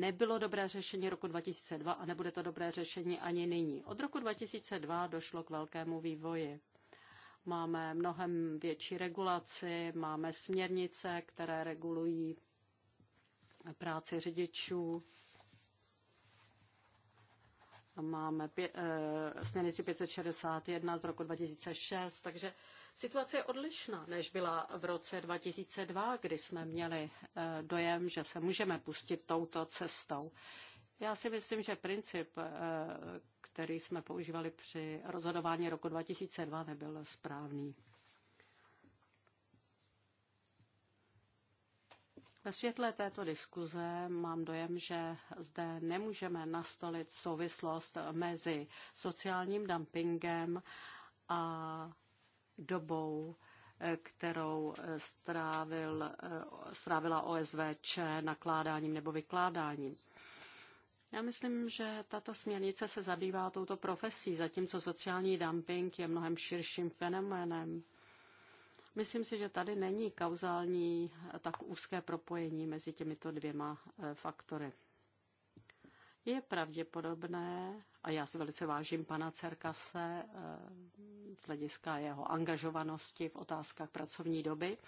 nebylo dobré řešení roku 2002 a nebude to dobré řešení ani nyní. Od roku 2002 došlo k velkému vývoji. Máme mnohem větší regulaci, máme směrnice, které regulují práci řidičů. Máme pě- e, směrnici 561 z roku 2006, takže Situace je odlišná, než byla v roce 2002, kdy jsme měli eh, dojem, že se můžeme pustit touto cestou. Já si myslím, že princip, eh, který jsme používali při rozhodování roku 2002, nebyl správný. Ve světle této diskuze mám dojem, že zde nemůžeme nastolit souvislost mezi sociálním dumpingem a dobou, kterou strávil, strávila OSVČ nakládáním nebo vykládáním. Já myslím, že tato směrnice se zabývá touto profesí, zatímco sociální dumping je mnohem širším fenoménem. Myslím si, že tady není kauzální tak úzké propojení mezi těmito dvěma e, faktory. Je pravděpodobné, a já si velice vážím pana Cerkase e, z hlediska jeho angažovanosti v otázkách pracovní doby,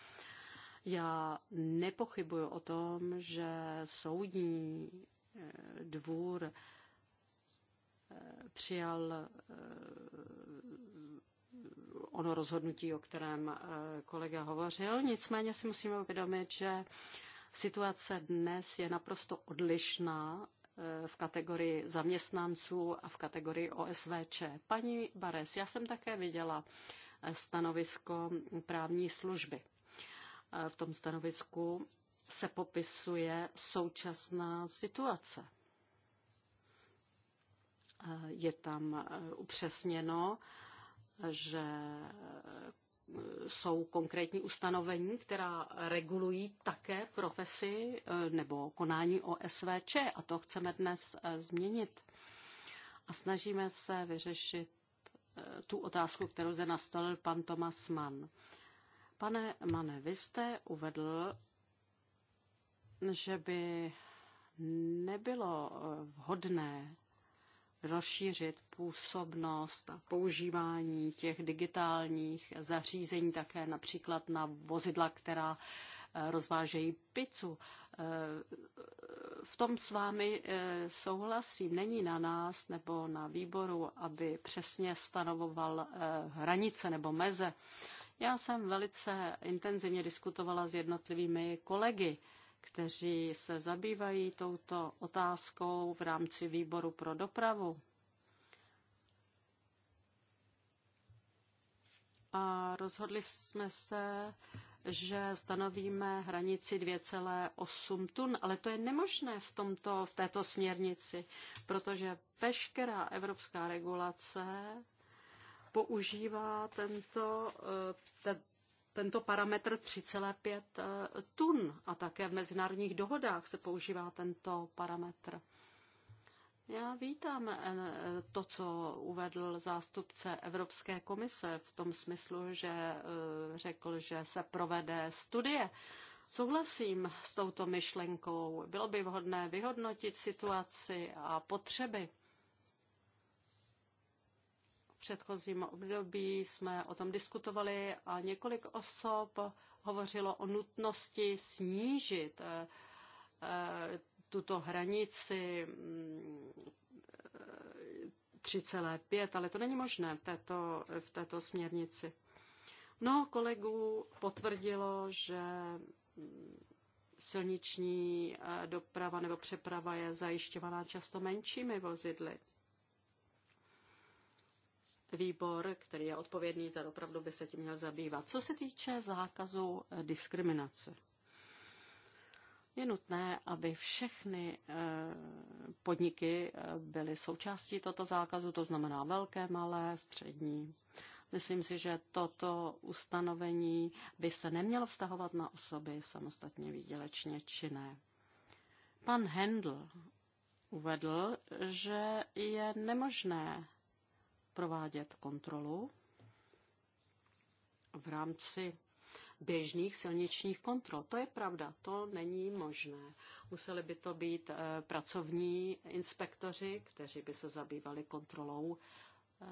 já nepochybuju o tom, že soudní dvůr přijal eh, ono rozhodnutí, o kterém eh, kolega hovořil. Nicméně si musíme uvědomit, že situace dnes je naprosto odlišná eh, v kategorii zaměstnanců a v kategorii OSVČ. Paní Bares, já jsem také viděla stanovisko právní služby. Eh, v tom stanovisku se popisuje současná situace. Eh, je tam eh, upřesněno, že jsou konkrétní ustanovení, která regulují také profesi nebo konání OSVČ a to chceme dnes změnit. A snažíme se vyřešit tu otázku, kterou zde nastolil pan Tomas Mann. Pane Mane, vy jste uvedl, že by nebylo eh, vhodné rozšířit působnost a používání těch digitálních zařízení také například na vozidla, která eh, rozvážejí pizzu. Eh, v tom s vámi souhlasím. Není na nás nebo na výboru, aby přesně stanovoval hranice nebo meze. Já jsem velice intenzivně diskutovala s jednotlivými kolegy, kteří se zabývají touto otázkou v rámci výboru pro dopravu. A rozhodli jsme se, že stanovíme hranici 2,8 tun, ale to je nemožné v, tomto, v této směrnici, protože veškerá evropská regulace používá tento, eh, ten, tento parametr 3,5 eh, tun a také v mezinárodních dohodách se používá tento parametr. Já vítám eh, to, co uvedl zástupce Evropské komise v tom smyslu, že řekl, že se provede studie. Souhlasím s touto myšlenkou. Bylo by vhodné vyhodnotit situaci a potřeby předchozím období jsme o tom diskutovali a několik osob hovořilo o nutnosti snížit eh, eh, tuto hranici 3,5, mm, ale to není možné v této, v této směrnici. No kolegů potvrdilo, že mm, silniční eh, doprava nebo přeprava je zajišťovaná často menšími vozidly výbor, který je odpovědný za dopravdu, by se tím měl zabývat. Co se týče zákazu eh, diskriminace, je nutné, aby všechny eh, podniky eh, byly součástí tohoto zákazu, to znamená velké, malé, střední. Myslím si, že toto ustanovení by se nemělo vztahovat na osoby samostatně výdělečně činné. Pan Hendl uvedl, že je nemožné provádět kontrolu v rámci běžných silničních kontrol. To je pravda, to není možné. Museli by to být eh, pracovní inspektoři, kteří by se zabývali kontrolou eh,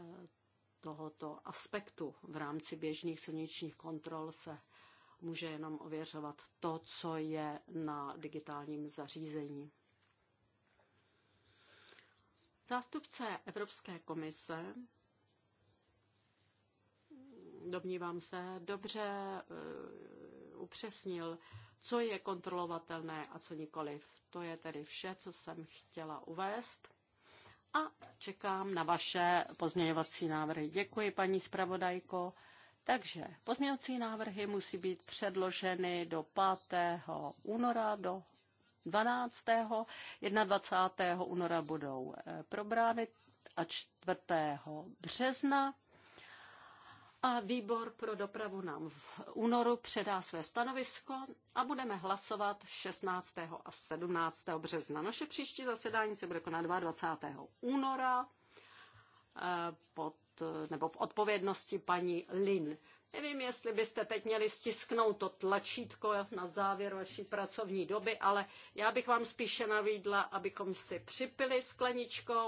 tohoto aspektu. V rámci běžných silničních kontrol se může jenom ověřovat to, co je na digitálním zařízení. Zástupce Evropské komise domnívám se, dobře eh, upřesnil, co je kontrolovatelné a co nikoliv. To je tedy vše, co jsem chtěla uvést. A čekám na vaše pozměňovací návrhy. Děkuji, paní zpravodajko. Takže pozměňovací návrhy musí být předloženy do 5. února do 12. 21. února budou eh, probrány a 4. března a výbor pro dopravu nám v únoru předá své stanovisko a budeme hlasovat 16. a 17. března. Naše příští zasedání se bude konat 22. února eh, pod, nebo v odpovědnosti paní Lin. Nevím, jestli byste teď měli stisknout to tlačítko na závěr vaší pracovní doby, ale já bych vám spíše navídla, abychom si připili skleničkou